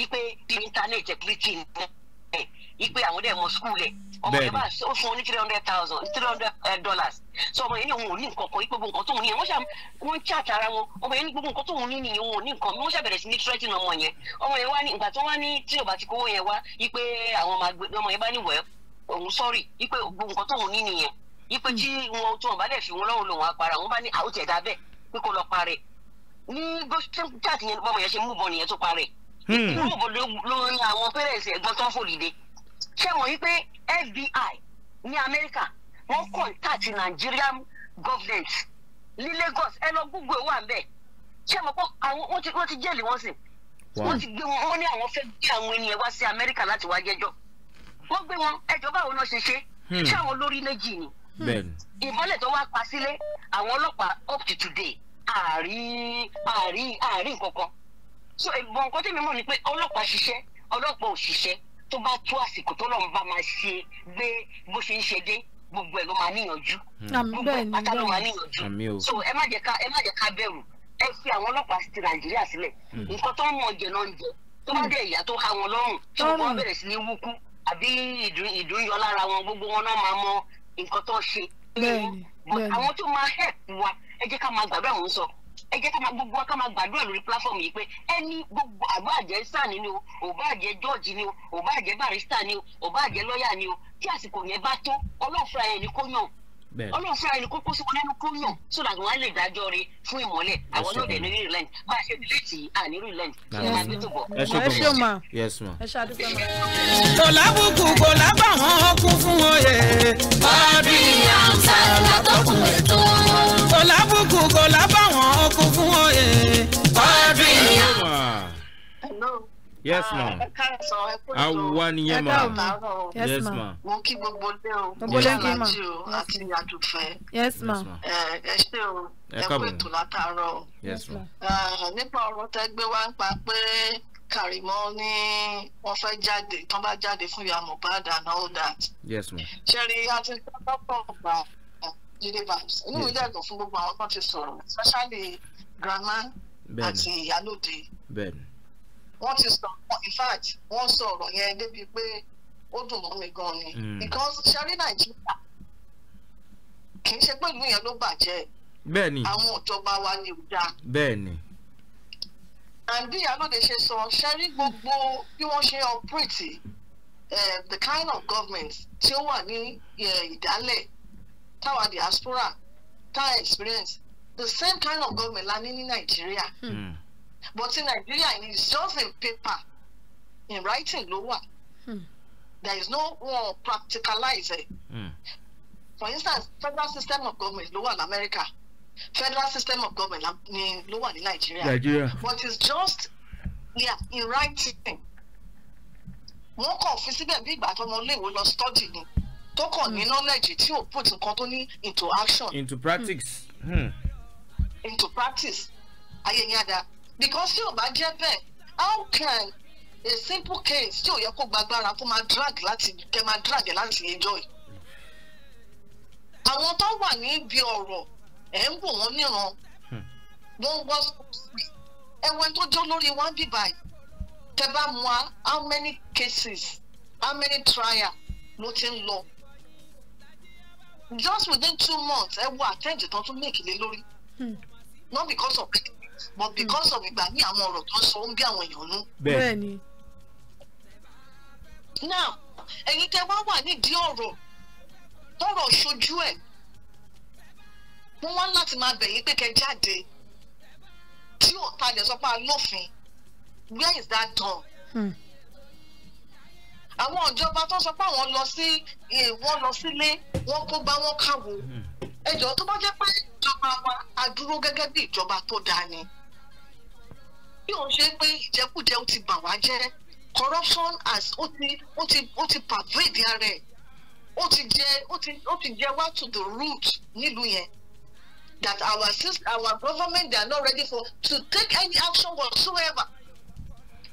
ipe the internet everything ẹ ipe àwọn dẹ̀ mọ school ẹ̀ ọmọ yẹn bá ó fún ọ ní three hundred thousand three hundred eh, dollars so ọmọ yẹn ní òun ò ní nǹkan kan ipe gbogbo nǹkan tóun ní yẹn wọ́n ṣà wọ́n ń chat ara wọn ọmọ yẹn ní gbogbo nǹkan tóun ní nìyẹn òun ò ní nǹkan wọ́n ṣà bẹ̀rẹ̀ sí ní threatening ọmọ yẹn ọmọ yẹn wá ní ìgbà tó wá ní tí ò bá ti kówó yẹn wá ipe àwọn ọmọ yẹn bá ní wẹ̀ẹ́ òun sọ́ọ̀rì ní bó ṣe ń jáde yẹn bọ́mọ yẹn ṣe mú bọ́ nìyẹn tó parẹ́ mú hmm. bọ́ ló ní àwọn pẹ́rẹ́ǹsì ẹ̀gbọ́n tó ń fòlìdé ṣé wọ́n yí pé FBI ní Amẹ́ríkà wọ́n kọ̀ǹtàtì Nigerian government ní Lagos ẹ lọ Google wà ń bẹ̀ ṣé mo kọ́ àwọn wọ́n ti jẹ́lì wọ́n sì wọ́n ti gbé wọn wọ́n ní àwọn fẹ́ gbé àwọn ènìyàn wá sí Amẹ́ríkà láti wá jẹ́jọ́ wọ́n gbé wọn ẹjọ́ báwo náà ṣe ṣe hmm. ṣé àwọn olórí méjì ni ìmọ́lẹ̀ tó wá pa sílé àwọn ọlọ́pàá up to today àrí àrí àrí nǹkan kan so ìbọn nǹkan tẹ́mi mọ̀ ni pé ọlọ́pàá ṣiṣẹ́ ọlọ́pàá ò ṣiṣẹ́ tó bá tó àsìkò tó lọ́n bá máa ṣe gbé bó ṣe ń ṣe dé gbogbo ẹ̀ ló máa níyànjú hmm. gbogbo ẹ̀ pátá ló máa níyànjú so ẹ má jẹ́ ká ẹ má jẹ́ ká bẹ̀rù ẹ fi àwọn ọlọ́pàá ti nàìjíríà sílẹ̀ hmm. nǹkan tó ń mọ̀ jẹ náà ń jẹ tó bá hmm. dé ìyá tó há wọn lọ́rùn tí gbogbo wọn bẹ̀rẹ̀ sí ní wúkú àbí ìdùn yọ lára wọn gbogbo wọn náà máa mọ nǹkan tó ṣe. bẹ́ẹ̀ni bẹ́ẹ̀ni àwọn tó máa help wa ẹ jẹ́ ká máa gbàdúrà òun sọ ẹ jẹ́ ká máa gbogbo ká máa gbàdúrà lórí platform yìí pé ẹni gbogbo àbáàjẹ́ sàn ni o òbáàjẹ́ george ni o òbáàjẹ́ barrister ni o òbáàjẹ́ lọ́ọ̀yà ni o tí àsìkò yẹn bá tó ọlọ́ọ̀fra ẹni kó yàn ọlọ́run fúnra ẹni kókó sí wọn lẹ́nu so that wọ́n á lè dájọ́ re fún ìmọ̀lẹ̀ àwọn náà dẹ̀ ní rí relent bá a ṣe ní létí àní relent ṣe máa bí tó bọ̀. ẹ ṣe ma ẹ ṣe àdúgbò ma. kò lábà wọn kún fún oyè. bọ́ọ̀dì àǹtà látọkùn ètò. kò lábùkù kò lábà wọn kún fún oyè. bọ́ọ̀dì àǹtà yes ah, ma awa ni yẹn ma yes ma mo kí gbogbo lé o mo ṣe ma. o àti àdùfẹ́ yes ma ẹ ṣe o ẹ kó ètò Yes ma. nípa ọ̀rọ̀ tẹ́ gbé wá ń pa pé kàrímọ́ ní wọ́n fẹ́ jáde tán bá jáde fún ìyá mohbad and all that ṣe rí àti lọ́pọ̀ ọ̀gbà jíde babs inú mi dẹ̀ lọ fún gbogbo àwọn kan ti sọ̀rọ̀ especially grandma àti ìyálòde. bẹ́ẹ̀ni wọ́n ti sọ̀rọ̀ in fact wọ́n sọ̀rọ̀ yẹn débi pé ó dùn mọ́ mi gan ni hmm. because ṣẹ́rí nàìjíríà kì í ṣe pé ìlú yẹn ló bàjẹ́ bẹ́ẹ̀ni àwọn ìjọba wa ni ò dáa bẹ́ẹ̀ni àǹdí alóde ṣe sọ ṣẹ́rí gbogbo bí wọ́n ṣe ọ̀pírìtì eh, the kind of government tí ó wà ní eh, ìdálẹ̀ táwa diaspora táwa experience the same kind of government la ní ní nàìjíríà. Hmm but in Nigeria it is just in paper in writing ló wà hmm. there is no one practicalize it hmm. for instance federal system of government ló wà ní America federal system of government ni ló wà ní Nigeria. Nigeria but it's just yeah, in writing wọ́n kàn fi síbẹ̀ bí ìgbà tọmọ iléèwé lọ study ni tó kàn ní hmm. knowledge tí ò put nǹkan tó ní into action. into practice. Hmm. hmm. into practice ayé yín á because tí ò bá jẹ́ bẹ́ẹ̀ how can a simple case tí ò yẹ kó gbàgbára kó máa drag láti kẹ́ máa drag láti ẹjọ́ yìí àwọn tó wà níbi ọ̀rọ̀ ẹ̀ ń wò wọ́n níran wọ́n wọ́n ẹ̀wọ̀n tó jẹ́ lórí wọn bí báyìí tẹ́ bá mú a how many cases how many trial ló ti ń lọ just within two months ẹ wo àtẹ̀jẹ̀ tó tún make lé lórí hmm. not because of but because of ìgbà ní àwọn ọ̀rọ̀ tó ń sọ ó ń bí àwọn èèyàn nú. bẹ́ẹ̀ni. now ẹ̀yin tẹ́ wá wà nídìí ọ̀rọ̀ tọ́rọ̀ ṣojú ẹ̀ wọ́n wá láti máa bẹ̀ yín pé kẹ́ jáde tí ọ̀tá lè sọ pé alófin where is that done. Hmm àwọn ìjọba tó sọ pé àwọn lọ sí eh, wọn lọ sílé wọn kó gbá wọn káwo ẹjọ́ tó bá jẹ́ pé ìjọba wa a dúró gẹ́gẹ́ bí ìjọba tó dáa ni bí òun ṣe pé ìjẹkújẹ ó ti bà wá jẹ́ corruption as ó ti ó ti ó ti pervade ara ẹ̀ ó ti jẹ ó ti ó ti jẹ wá to the root nílùú yẹn that our system our government they are not ready for to take any action whatsoever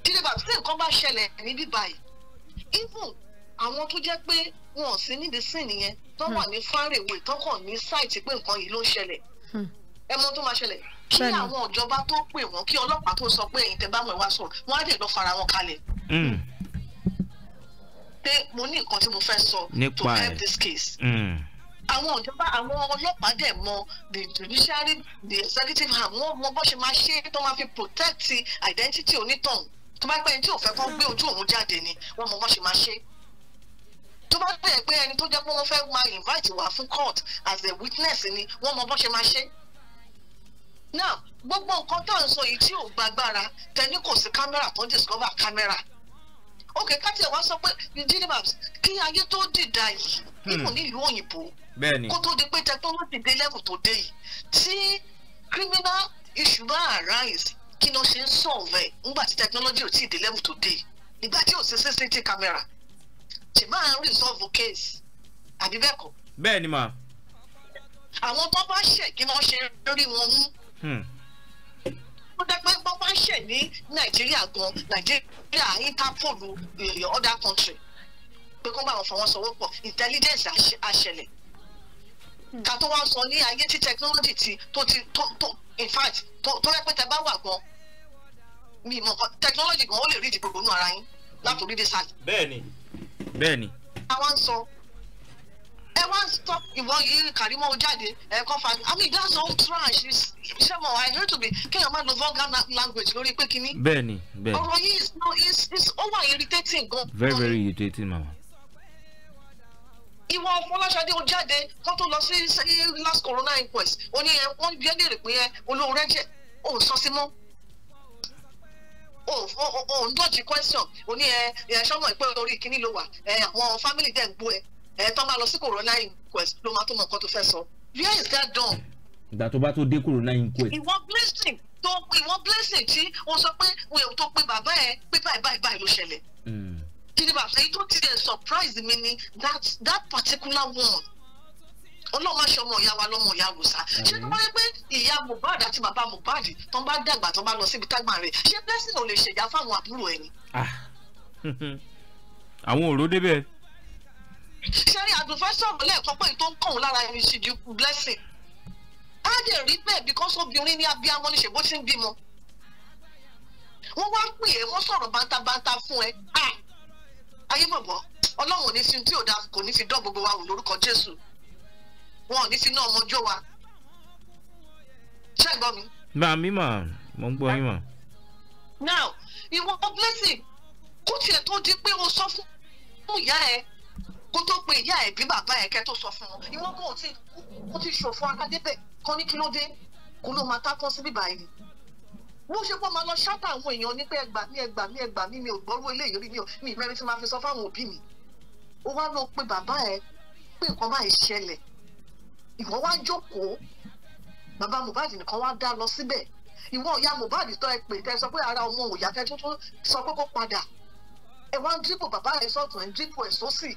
tí lè bá tí nǹkan bá ṣẹlẹ̀ níbí báyìí even àwọn tó jẹ́ pé wọn ò sí níbi sí nìyẹn tó wà ní fárèwé tó kàn ní sáìtì pé nǹkan yìí ló ń ṣẹlẹ̀ hmm. ẹ mọ tó máa ṣẹlẹ̀ kí àwọn ìjọba tó pè wọ́n kí ọlọ́pàá tó sọ pé ẹ̀yin tẹ́ bá mọ̀ wá sọ̀rọ̀ wọ́n á dẹ̀ lọ fara wọn kalẹ̀ hmm. pé mo ní nǹkan tí mo fẹ́ sọ to help this case. Mm àwọn ìjọba àwọn ọlọ́pàá dẹ̀ mọ the judiciary the executive arm wọ́n mọ bó ṣe máa ṣe tó máa fi protect identity onítọ̀hún tó bá pẹ́ ní tí ò fẹ́ kó gbé ojú òun jáde ni wọ́n mọ bó ṣe máa ṣe tó bá bẹ̀rẹ̀ pé ẹni tó jẹ́ pé wọ́n fẹ́ máa invite wá fún court as a witness ni wọ́n mọ bó ṣe máa ṣe. now gbogbo nǹkan tó ń sọ yìí tí ò gbàgbára tẹni kò sí kámẹ́rà tó ń discover kámẹ́rà ok káti wá sọ pé jidimabs kí ayé tó dìda yìí hmm. nínú nílùú òyìnbó kó tó di pé technology dé level tó dé yìí tí criminal issue bá arise kí ni wọ́n ṣe ń solve ẹ̀ ńgbà tí technology ò tí ì dé level tó dé yìí tí ò sí cctv camera ṣe máa ń resolve case àbí bẹ́ẹ̀ kọ́. bẹ́ẹ̀ ni mà. àwọn tó bá ṣẹ̀ kí wọ́n ṣe lórí wọn mú. Hmm. ó dẹ́ pé bọ́ bá ṣẹ̀ ní nàìjíríà gan nàìjíríà interpol eh, other country pé kó bá wọn fọwọ́sowọ́pọ̀ intelligence àṣẹlẹ̀ hmm. ká tó wá sọ ní ayé tí technology ti tó ti tó tó in fact tó yẹ pé tẹ bá wà gan mi mọ technology gan ó lè rí ìdìbò gbónú ara yín látòrí dé sálẹ̀. bẹ́ẹ̀ni bẹ́ẹ̀ni. àwọn sọ ẹ wá sọ ìwọ yìí Karimo jáde ẹ kọ́ fa i mean that's all trash ṣẹ́wọ̀ i heard to be kéèyàn máa lo vulgar language lórí pé kínní. bẹ́ẹ̀ni bẹ́ẹ̀ni ọ̀rọ̀ yìí is no is is over irritating gan. very very irritating mama. ìwọ Fọláṣadé ó jáde kó tó lọ sí last corona inquest ó ní ẹ wọ́n bí ẹ lè rè pé ẹ olóore jẹ́ òun sọ sí mọ́ òun oh, oh, oh, dòjì question òní ẹ eh, ẹ eh, sọmọ ìpẹ́ orí kíní ló wà ẹ eh, àwọn family dẹ̀ ń gbọ́ ẹ ẹ tó máa lọ sí corona inquest ló máa tó mọ nǹkan tó fẹ́ sọ where is that done. ìgbà tó bá tó dé corona inquest. ìwọ blessing tó ìwọ blessing tí o sọ pé o yẹ tó pe bàbá ẹ pé báyìí báyìí báyìí ló ṣẹlẹ̀. Hmm. kí ni bàbá èyí tó tiẹ̀ surprise mi ni that that particular one ọlọ́mọ aṣọ ọmọ ìyá wa lọ́mọ ìyá wòsà ṣé tó bá pé ìyá Mohbad àti bàbá Mohbad tó ń bá dàgbà tó ń bá lọ síbi tágbà rẹ̀ ṣé blessing ò lè ṣèjà fáwọn àbúrò ẹni. Ah. àwọn òró débẹ̀. sẹ́rí àdùnfẹ́ sọ̀rọ̀ lẹ́ẹ̀kan pé tó ń kàn lára ẹni ṣì ju blessing. á lè rí bẹ́ẹ̀ bí kọ́sọ́bìnrin ní abiyamọ ní ṣèbó ti ń bímọ. wọ́n wá pè é wọ́n sọ̀rọ̀ bántabánta fún ẹ ah! ayé bọ̀bọ̀ ọlọ́run ò ní fi tí ò dáa kò ní fi dán gbogbo wa wò lórúkọ Jésù wọn ò ní sínú ọmọjọ́ wa ṣé ẹ gbọ́ mi. bá a mi mà mo ń gbọ́ yín mà. now ìwọ blessing kó tiẹ̀ tó di pé o sọ fún ìyá ẹ kó tó pe ìyá ẹ bí bàbá ẹ kẹ tó sọ fún wọn ìwọ kò tí kò tí ṣòfò akadébẹ̀ kọ́ ní kí ló dé kó ló máa tákọ́ sí bíbá yìí bó ṣe pọ́ máa lọ ṣáta àwọn èèyàn ní pé ẹgbà mí ẹgbà mí ẹgbà mí mi ò gbọ́rú eléyìí rí mi ò mi ìrẹ́ni tí máa fi sọ fáwọn òbí mi ó wá lọ pé bàbá ẹ pé nǹkan báyìí ṣẹlẹ̀ ìwọ wá jókòó bàbá Mohbad nìkan wá dá lọ síbẹ̀ ìwọ ìyá Mohbad tó ẹ pè tẹ sọ pé ara ọmọ òòyà tẹ tó tó sọ pé kó padà ẹ wá ń dípò bàbá ẹ sọ̀tún ẹ ń dípò ẹ sósì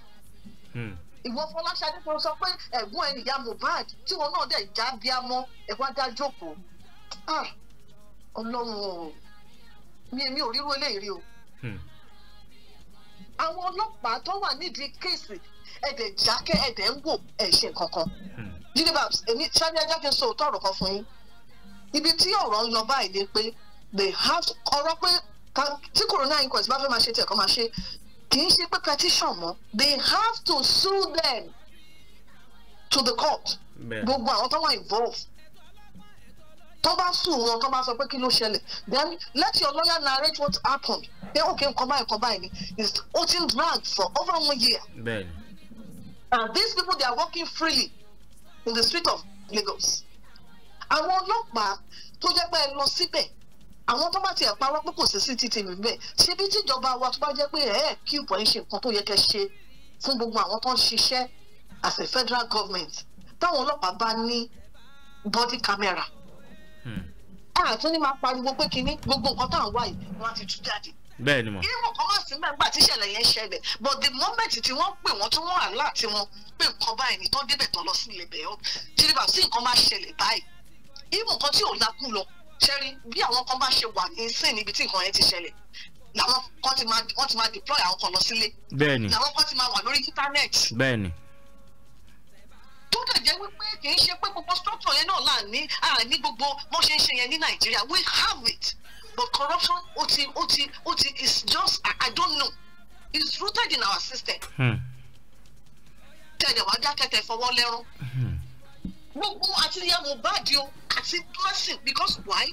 hmm. ìwọ Fọláṣadé tó sọ pé ẹ̀gbọ́n ẹ nìyá Mohbad tí wọn náà dẹ̀ já bíámọ́ ẹ wá dá jókòó ah! Ọlọ́run o mi èmi ò ríru eléyìí rí o hmm. àwọn ọlọ́pàá tó wà nídìí kéèsì ẹ̀dẹ̀ jákẹ́ ẹ̀dẹ̀ ń wò ẹ̀ṣẹ̀ kankan. Hmm. Jídé Babs èmi ṣáájú ẹjẹ́ kí n sọ òótọ́ ọ̀rọ̀ kan fún yín ibi tí ọ̀rọ̀ ń lọ báyìí ni pé they have ọ̀rọ̀ pé tí corona inquest bá fẹ́ máa ṣe tí ẹ̀kọ́ máa ṣe kì í ṣe pé petition mọ́ they have to sue them to the court gbogbo àwọn tó wà involved tó bá sùn wọn tó bá sọ pé kí ló ṣẹlẹ̀ then let your lawyer narrate what happened pé òkè nǹkan báyìí nǹkan báyìí ni it's ó ti ń drag for over one year and these people they are working freely in the street of Lagos àwọn ọlọ́pàá tó jẹ́ pé ẹ lọ síbẹ̀ àwọn tó bá tiẹ̀ parọ́ pé kò sí CCTV bẹ́ẹ̀ ṣebí tíjọba wa tó bá jẹ́ pé ẹ̀ kí ìbọn ṣe nǹkan tó yẹ kẹ́ ṣe fún gbogbo àwọn tó ń ṣiṣẹ́ as a federal government táwọn ọlọ́pàá bá ní body camera. àtúnyí hmm. máa pariwo pé kínní gbogbo nǹkan tá à ń wá yìí wọ́n á ti tú jáde bẹ́ẹ̀ ni mo. irú kan má sí mẹ́gbà tí yẹn ṣẹlẹ̀ but the moment tí wọ́n pè wọ́n tí wọ́n àlá tí wọ́n pè nǹkan báyìí ni tó débẹ̀ tó lọ sí ilé bẹ̀ẹ́ tí nígbà tí nǹkan máa ṣẹlẹ̀ báyìí irú nǹkan tí ò lákùn lọ ṣẹ́rí bí àwọn kan bá ṣe wà ní sìn níbi tí nǹkan yẹn ti ṣẹlẹ̀ làwọn kan ti máa wọ́n ti máa deploy àwọn kan lọ sílé bẹ́ẹ̀ni làwọn kan ti máa wà lórí íńtánẹ́ẹ̀tì bẹ́ẹ̀ni tó dẹ̀ jẹ́ wípé kì í ṣe pé gbogbo structure yẹn náà là ní gbogbo bó yẹn ní Nàìjíríà we have it but corruption oti oti oti is just I, I don't know it's rooted in our system. Hmm. tẹ̀lé wá dákẹ́tẹ̀ fọwọ́ lẹ́rú. Hmm. gbogbo àti ìyá Mohbad o àti blessing because why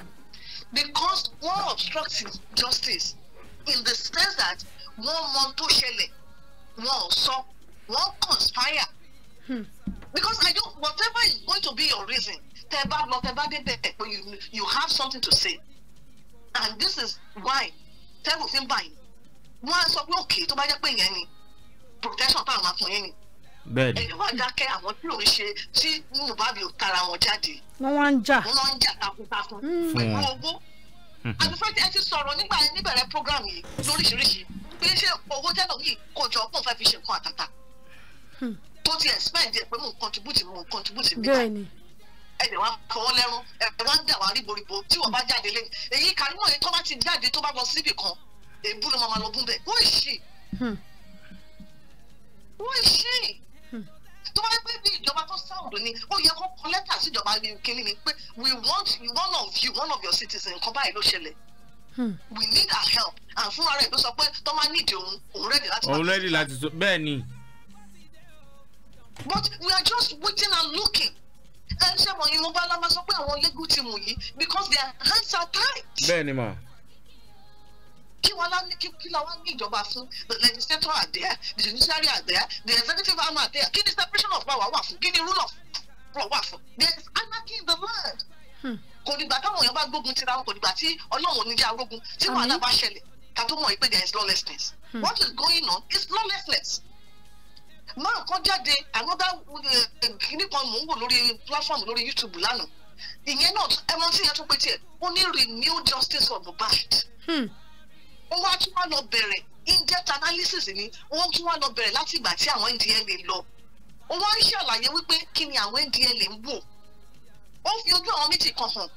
because one obstructing justice in the sense that wọ́n mọ tó ṣẹlẹ̀ wọ́n ò sọ wọ́n conspire. Hmm. because I don't whatever is going to be your reason tẹ́ bá lọ tẹ́ bá dé bẹ̀ you you have something to say and this is why tẹ́gùn fi ń bà yín wọ́n á sọ pé òkè tó bá jẹ́ pé ìyẹn ni protection táwọn máa fún yín ni bẹ́ẹ̀ni ẹ̀yin wá dákẹ́ àwọn tí òun ṣe tí Mohbad ò tara wọn jáde wọ́n wá ń jà wọ́n wá ń jà takuntakun hmm. pẹ̀lú hmm. owó hmm. àtúntò ẹ ti sọ̀rọ̀ nígbà níbẹ̀rẹ̀ program yìí lóríṣiríṣi pé ṣé owó tẹ́lọ̀ yìí kò jọ pọ̀ fẹ́ fi ṣe nǹkan àtàtà tó ti expect ẹ̀ pé mo contribute mo contribute mi ẹ̀dẹ̀ wa fọwọ́ lẹ́rún ẹ̀dẹ̀ wa ń dà wá rí boribo tí wọ́n bá jáde lẹ́yìn èyí Karimo yẹn tó bá ti jáde tó bá lọ síbì kan èébú ló máa lọ bún bẹ́ẹ̀ wọ́n ṣì wọ́n ṣì tó bá gbé bí ìjọba tó sáwùdù ni ó yẹ kó kọ lẹ́tà síjọba kínní ni pé we want one of you one of your citizens nǹkan báyìí ló ṣẹlẹ̀ hmm. we need our help and fúnra rẹ̀ ló sọ pé tó máa nídìí òun òun rẹ́dì láti. òun rẹ́dì láti sọ bẹ́ẹ̀ ni. but we are just waiting and looking. Eh, ṣé àwọn yorùbá la máa sọ pé àwọn lẹ́gùn ti mú yìí because their hands are tied. bẹ́ẹ̀ni ma. kí wọn láwọn kí kí làwọn ní ìjọba fún the legislator are there the judiciary are there the executive arm are there kí ni separation of power wà fún kí ni rule of law wà fún there is anarchy in the land. Hmm. kò nígbà táwọn èèyàn bá gbógun tira wọn kò nígbà tí ọlọ́run oníjà orógun tí wàhálà bá ṣẹlẹ̀ ká tó mọ̀ pé there is lawlessness. Hmm. what is going on is lawlessness márùn kan jáde another eh, kíní kan mò ń wò lórí platform lórí YouTube lánàá ìyẹn náà ẹ mọ tí ìyẹn tó pé tiẹ̀ ó ní renew justice for Mohbad hmm. ó wá tún wá lọ bẹ̀rẹ̀ in-depth analysis ni ó tún wá lọ bẹ̀rẹ̀ láti ìgbà tí àwọn NDLEA lọ ó wá ń ṣàlàyé wípé kí ni àwọn NDLEA ń wò ó fi ojú àwọn méjì kan hàn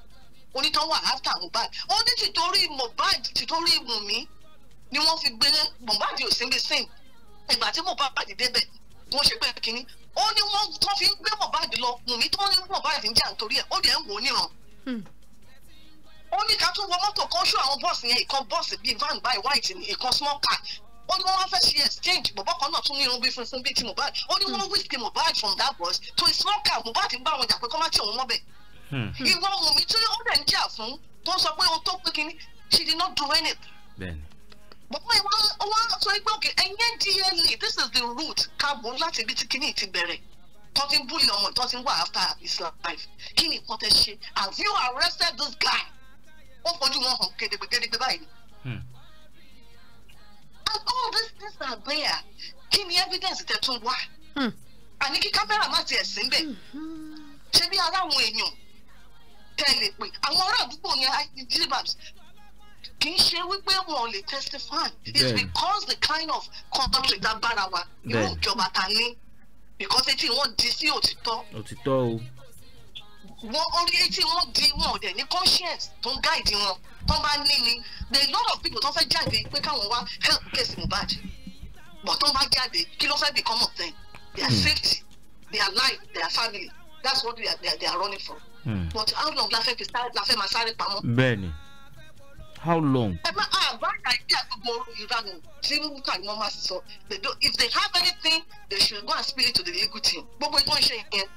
onítàn wà áfítà Mohbad ó ní tìtorí Mohbad tìtorí Wùnmí ni wọ́n fi gbé Mohbad ò sí ń gbé same ìgbà tí Mohbad débẹ̀ wọ́n ṣe pé kínní ó ní wọ́n tó fi ń gbé Mohbad lọ Wùmí tó ní Mohbad ń jà nítorí ẹ̀ ó dẹ̀ ń wò ó níran hmm. ó ní ká tún wọ mọ́tò kan ṣó àwọn bọ́ọ̀sì yẹn ìkan bọ́ọ̀sì bíi van by white ní ìkan small car ó ní wọ́n wá fẹ́ ṣe exchange bọ̀bọ̀ kan náà tún ní irun bíi funfun bíi ti Mohbad ó ní wọ́n hmm. whisk Mohbad from that bus to a small car Mohbad ń bá àwọn jà pé kọ́ má tí òun mọ́bẹ̀ hmm. ìwọ Wùmí tí ó dẹ̀ ń jà fún tó sọ pé ohun tó pé kínní she did not do anything bọ́bọ́ ìwọ wọn sọ pé òkè ẹ̀yẹ́ díẹ̀lì this is the root káàbù láti ibi tí kìíní ti bẹ̀rẹ̀ tó ti ń búlì ọmọ tó wà after his life kí ni nǹkan tẹ ṣe have you arrested this guy ó fojú wọn hàn gédégbégédégbé báyìí. Hmm. and all these things are there kí ni evidence tẹ tún wá hmm. àní kí kámẹ́rà má tiẹ̀ sí bẹ́ẹ̀ hmm. ṣé bí ara àwọn èèyàn tẹ̀lé pé àwọn ará àdúgbò yẹn kì í ṣe wípé wọn ò lè testify it's because the kind of country that bára wa irú ìjọba ta ní because etí wọn di sí òtítọ́. òtítọ́ o. wọn orí etí wọn di wọn ò dẹ̀ ní conscience tó ń guide wọn tó bá ní ni the lot of people tó fẹ́ jáde pé káwọn wá help case Mohbad but tó bá jáde kí ló fẹ́ become of them their hmm. safety their life their family that's what they are, they are, they are running from. Hmm. but how long la fẹ́ fi la fẹ́ máa sáré pamọ́. bẹ́ẹ̀ni how long. ẹ má àbáyé ah, àìdíyà gbogbo ìranù tí wúkà ni wọ́n máa sọ if they have anything they should go and speak to the legal team gbogbo ìgbọ́n ṣe yẹn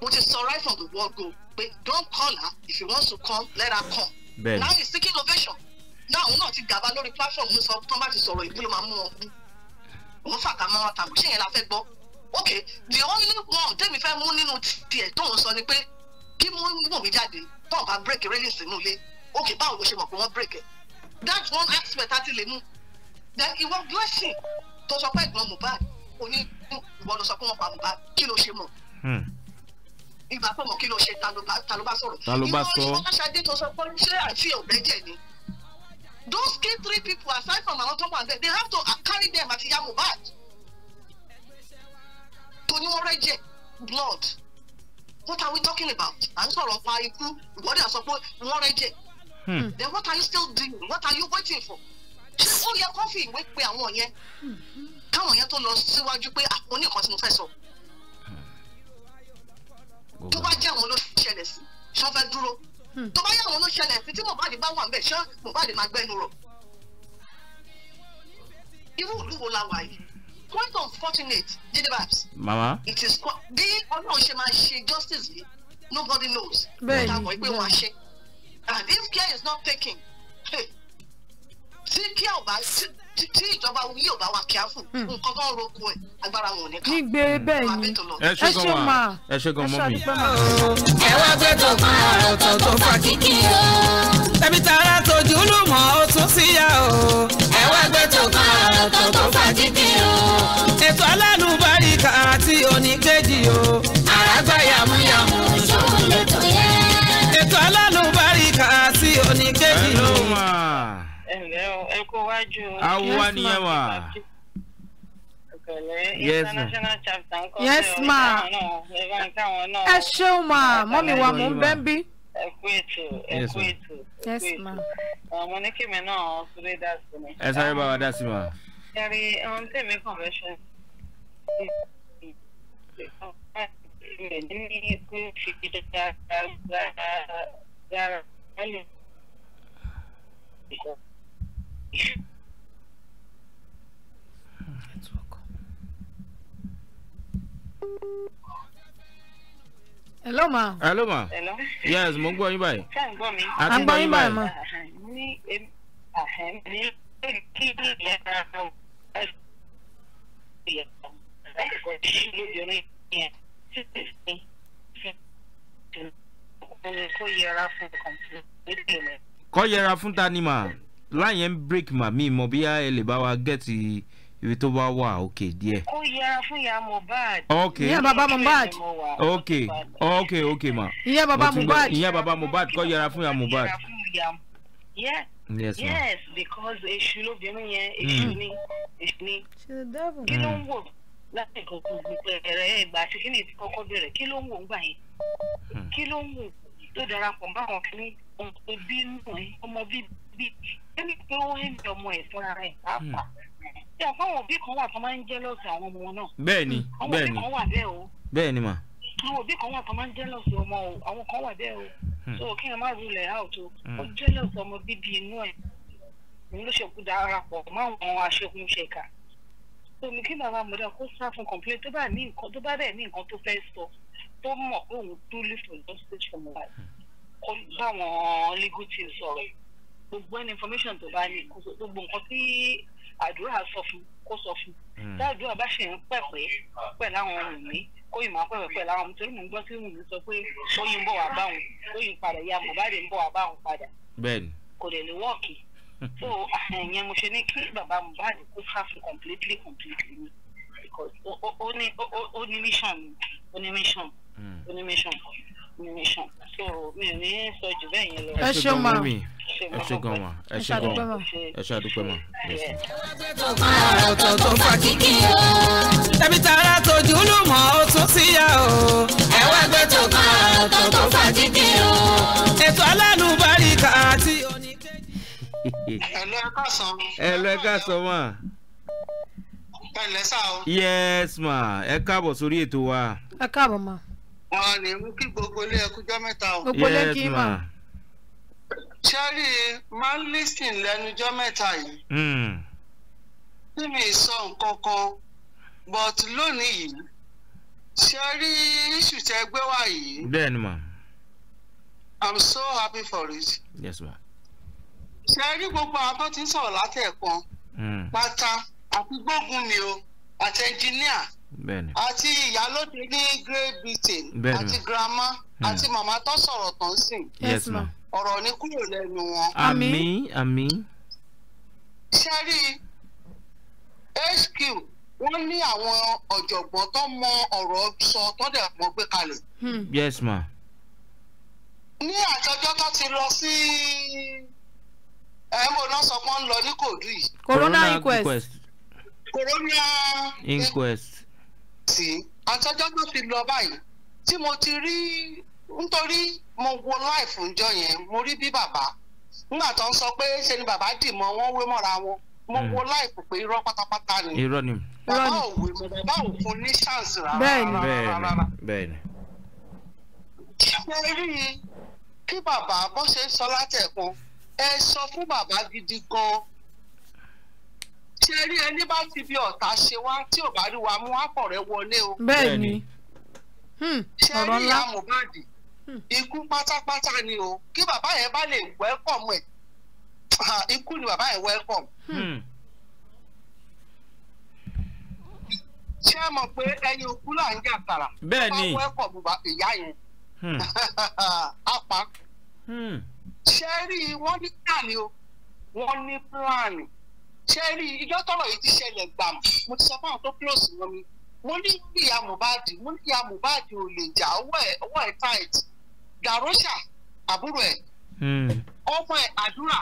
mo ti sọ right from the word go pe don call her if she wants to come let her come. bẹ́ẹ̀ni now he is seeking ovation now òun náà ti gàba lórí platform mi sọ tó bá ti sọ̀rọ̀ ìbú ló máa mú wọn bú òun fàkà mọ́ wọn tàbí ṣé la fẹ́ gbọ́ ok the only one tẹ́mi fẹ́ mú nínú tiẹ̀ tóun sọ ni pé kí mú mú mi jáde tóun bá break railing sínú ilé okay báwo ló ṣe mọ̀ pé wọ́n break ẹ̀ that one aspect àti lè mú then ìwọ blessing tó sọ pé ẹ̀gbọ́n Mohbad oní ìwọ ló sọ pé wọ́n pa Mohbad kí ló ṣe mọ̀ hmm. ìgbà pọ̀ mọ̀ kí ló ṣe ta ló bá sọ̀rọ̀ ìwọ ìṣọ́kàṣadé tó sọ pé ṣé àǹtí ọ̀bẹ́jẹ̀ ni those key three people aside from àwọn tó wà there they have to carry them àti ya Mohbad tó ní wọ́n rẹ́jẹ̀ blood what are we talking about à ń sọ̀rọ̀ pa ikú ìwọ́dẹ̀ àsọpọ̀ wọ́n rẹ́jẹ̀ Hmm. Hmm. Then what are you still doing? What are you waiting for? Ṣé ó yẹ kó fi ìwé pe àwọn yẹn? Káwọn yẹn tó lọ síwájú pé àwọn ah, oníkan tí mo fẹ́ sọ. Hmm. Tó bá jẹ́ àwọn ló ṣẹlẹ̀ sí, ṣé wọ́n fẹ́ dúró? Tó bá yẹ àwọn ló ṣẹlẹ̀ sí tí Mohbad bá wà níbẹ̀, ṣé Mohbad máa gbẹ́nu rọ̀? Irú ìlú wo la wà yìí? Quite unfortunate, Jide Babs. Mama. It is bí Ọlọ́run ṣe máa ṣe justice yìí, nobody knows. Bẹ́ẹ̀ni. Ọ̀tá wọ̀ pé and if care is not taken tí kí ọba tí ìjọba yìí ọba wa kíá fún hmm. nǹkan tó ń roko ẹ agbára wọn nìkan. nígbè bẹ́ẹ̀ ni ẹ ṣe mà ẹ ṣe gan mọ́ mi. ẹ wá gbé tó kan tó tó kíkì o. tẹ̀bí tara tójú ló mọ̀ ó tún síyá o. ẹ wá gbé tó kan tó tó kíkì o. ètò alálùbáríkà àti oníkejì o. síwájú. awa ni ẹ wà. yes ma. yes ma. ẹ ṣeun ma mọ́mi wa mò ń bẹ́ ń bí. ẹ kú ètò ẹ kú ètò. yes ma. mo ní kí mi náà sáré dá sí mi. ẹ sáré bá wa dá sí ma. ẹ rí ohun tèmi convention hello ma. hello ma. hello. yes mo ń gbọ́ yín báyìí. ṣé ń gbọ́ mi. a ń gbọ́ yín báyìí ma. ní èmi kí ni ìyá náà ló ń bí yẹra fún ta ni ma line yẹn break màmí mọ bí ẹ lè bá wa get ibi tó bá wà òkè díẹ̀. ó yẹra fún ìyá mohbad. ok ìyá bàbá mohbad. ok ok ok ma. ìyá bàbá mohbad. ìyá bàbá mohbad kọ́ yẹra fún ya mohbad. yes yes, yes because èṣù lóbìnrin yẹn èṣù hmm. ni èṣù ni kí ló ń hmm. wò láti kọ̀ọ̀kan gbogbo ẹ̀rẹ̀ ìgbà àti kí ni ìdí kọ́kọ́ bẹ̀rẹ̀ kí ló ń wò ń gbà yẹn hmm. kí ló ń wò tó darapọ̀ báwọn kí ni ọmọ bíbí nù ọmọ bíbí bíi ẹni pé ó ń yọ ọmọ ẹ̀ fúnra rẹ̀ pàápàá ṣé àfáwọn òbí kan wà tó máa ń jẹ́lọ́sì àwọn ọmọ náà. bẹ́ẹ̀ni bẹ́ẹ̀ni àwọn òbí kan wà bẹ́ẹ̀ o. bẹ́ẹ̀ni mà. àwọn òbí kan wà tó máa ń jẹ́lọ́sì ọmọ o àwọn kan wà bẹ́ẹ̀ o. Hmm. so kí n má rule out o hmm. ó jẹ́lọ́sì ọmọ bíbí inú ẹ̀ òun ló ṣekú darapọ̀ máwọn aṣekún ṣèkà omi kí bàbá mọ̀dá kó sá fún complain tó bá ní nǹkan tó bá dẹ̀ ní nǹkan tó fẹ́ sọ tó mọ̀ pé òun tó lè fò lọ sí ìṣòwò legal team sọ̀rọ̀ gbogbo ẹni information tó bá ní gbogbo nǹkan tí àdúrà sọ fún kó sọ fún hmm. tí àdúrà bá ṣe ń pẹ̀pẹ́ pẹ̀lú àwọn ohun mi kó yìí máa pẹ̀pẹ́ pẹ̀lú àwọn torí mò ń gbọ́ sí ohun mi sọ pé Tóyìn ń bọ̀ wá bá òun Tóyìn padà ya Mohbad ń bọ̀ wá bá òun padà kò dẹ̀ lè wọ́ọ̀kì so ìyẹn mo ṣe ní kí bàbá Mohbad kó sá fún completely completely ni ó ní mission ó ní mission hmm. ó ní mission admiration so mi ò ní sọ jù bẹ́ẹ̀ yẹn ẹ ṣe mọ ẹ ṣe gan wa ẹ ṣe gan wa ẹ ṣe àdúpẹ́ mọ. ọ̀tọ̀ tó tójú ló mọ̀ ó tún sí ya o. ẹ wá gbé tó kan ọ̀tọ̀ tó fa kíkì o. ètò alálùbáríkà àti oníkejì. ẹ lọ ẹ ká sọ mọ. ẹ ká sọ mọ ẹlẹ yes ma ẹ káàbọ̀ sórí ètò wa. ẹ káàbọ̀ ma wọn ni mú kí gbogbo ilé ẹkújọ mẹ́ta o. gbogbo ilé kí mà. sẹ́rí máa ń lísìn lẹ́nujọ́ mẹ́ta yìí. Hmm. tí mi sọ nǹkan kan but lónìí yìí sẹ́rí iṣu tẹ́ gbé wá yìí. bẹ́ẹ̀ ni mà. i'm so happy for it. yes ma. sẹ́rí gbogbo àwọn tó ti ń sọ̀rọ̀ látẹ̀ẹ̀kan. Hmm. pátá àti gbógun ni o àti ẹnjìníà bẹ́ẹ̀ni. àti ìyálóde ní Great Britain bẹ́ẹ̀ni àti grandma hmm. àti mama, tó sọ̀rọ̀ tán sìn. yes ma. ọ̀rọ̀ ni kúrò lẹ́nu wọn. àmín àmín. sẹ́rí HQ wọ́n ní àwọn ọ̀jọ̀gbọ́n tó mọ ọ̀rọ̀ sọ tó dẹ̀ mọ́ gbé kalẹ̀. Hmm. yes ma. ní àjọjọ́ tó ti lọ sí ẹ̀ ń bọ̀ náà sọ pé wọ́n ń lọ ní kòdú yìí. corona inquest. corona inquest sí àtọjọ́ ló ti lọ báyìí tí mo ti rí nítorí mo wo láìfù ńjọ́ yẹn mo rí bí bàbá nígbà tó ń sọ pé ṣe ni bàbá dì mọ́ wọ́n wé mọ́ra wọn mo hmm. wo láìpẹ́ pé irọ́ pátápátá ni. irọ́ ni. bàbá ò wí bàbá ò fún ní ṣáǹsì rárá. bẹ́ẹ̀ni bẹ́ẹ̀ni bẹ́ẹ̀ni. ṣé rí i kí bàbá bó ṣe sọ látẹ̀kùn ẹ sọ fún bàbá gidi gan-an ṣe rí ẹni bá ti bí ọ̀tá ṣe wá tí ò bá rí wa mú àpọ̀rẹ́ wọlé o. bẹ́ẹ̀ni hmm, ṣe rí ìyá Mohbad hmm. ikú pátápátá ni o kí bàbá yẹn bá lè wẹ́kọ̀mù ẹ̀ ikú ni bàbá yẹn wẹ́kọ̀mù. Hmm. ṣé ẹ mọ̀ pé ẹyin òkú là ń jà tààrà bẹ́ẹ̀ni bá wẹ́kọ̀mù ìyá yẹn apá ṣe rí wọ́n ní plan ni o wọ́n ní plan ṣe rí ijọ́ tọ́rọ̀ yìí ti ṣẹlẹ̀ gbàm mo ti sọ fún àwọn tó close wọn mi mo ní ìyá Mohbad mo ní ìyá Mohbad ò lè jà ọwọ́ ẹ̀ tight Darosha àbúrò ẹ̀ hmm. ọmọ ẹ̀ àdúrà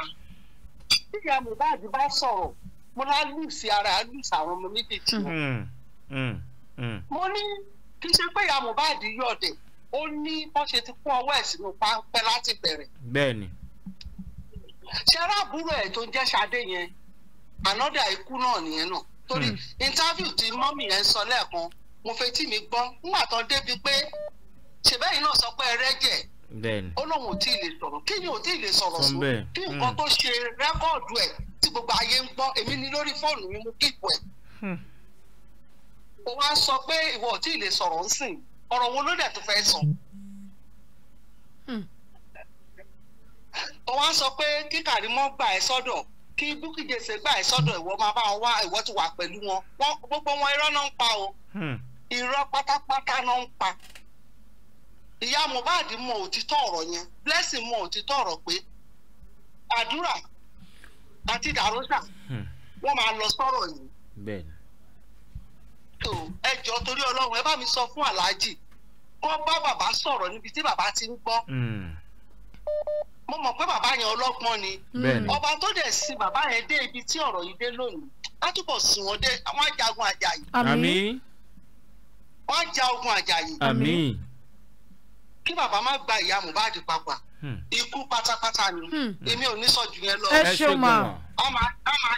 tí ìyá Mohbad bá sọ̀rọ̀ mo lá lùsì ara lùsì àwọn ọmọ méjèèjì wọn hmm. Hmm. mo ní kì í ṣe pé ìyá Mohbad yọ̀dẹ̀ ó ní bó ṣe ti kún ọwọ́ ẹ̀ sínú páńpẹ́ láti bẹ̀rẹ̀ bẹ́ẹ̀ ni ṣe aráàbúrò ẹ̀ tó ń jẹ́ Ṣadé yẹn anọ́dà ikú náà nìyẹn náà torí hmm. interview tí mọ́mì yẹn sọ lẹ́ẹ̀kan mo fetí mi gbọ́ nígbà tán débi pé ṣèbẹ́yìn náà sọ pé ẹrẹ́jẹ̀ ó lóun ò tí ì lè sọ̀rọ̀ kí ni ò tí ì lè sọ̀rọ̀ sùn kí hmm. nǹkan tó ṣe rẹ́kọ̀dù ẹ̀ tí gbogbo ayé ń gbọ́ èmi ni lórí fóònù mi mo kíkù ẹ̀ hmm. ó wá sọ pé ìwọ ò tí ì lè sọ̀rọ̀ ń sìn ọ̀rọ̀ wo ló dẹ̀ tó fẹ́ sọ. ó wá sọ pé kí Kàrímọ́ gbà ẹ́ sọ́dọ̀ kí Bukky Jesse gbà ẹ sọ́dọ̀ ìwọ máa bá wọn wá ìwọ ti wà pẹ̀lú wọn gbogbo wọn irọ́ náà ń pa o hmm. irọ́ pátápátá náà ń pa ìyá Mohbad mọ òtítọ́ ọ̀rọ̀ yẹn Blessing mọ òtítọ́ ọ̀rọ̀ pé àdúrà àti ìdàrọ́sà hmm. wọ́n máa lọ sọ́rọ̀ yìí. tó ẹ torí Ọlọ́run ẹ bá mi sọ fún Aláàjì kó bá bàbá sọ̀rọ̀ níbi tí bàbá ti ń gbọ́. Hmm mo mọ̀ pé bàbá yẹn ọlọ́gbọ́n ni ọba tó dẹ̀ sin bàbá yẹn dé ibi tí ọ̀rọ̀ yìí dé lónìí á túbọ̀ sìn wọ́n dé àwọn ajagun Àjàyí. àmín. wọ́n ja ogun Àjàyí. àmín. kí bàbá má gba ìyá Mohbad papà hmm. ikú pátápátá ni hmm. èmi ò ní sọ yẹn lọ. ẹ ṣeun ma a máa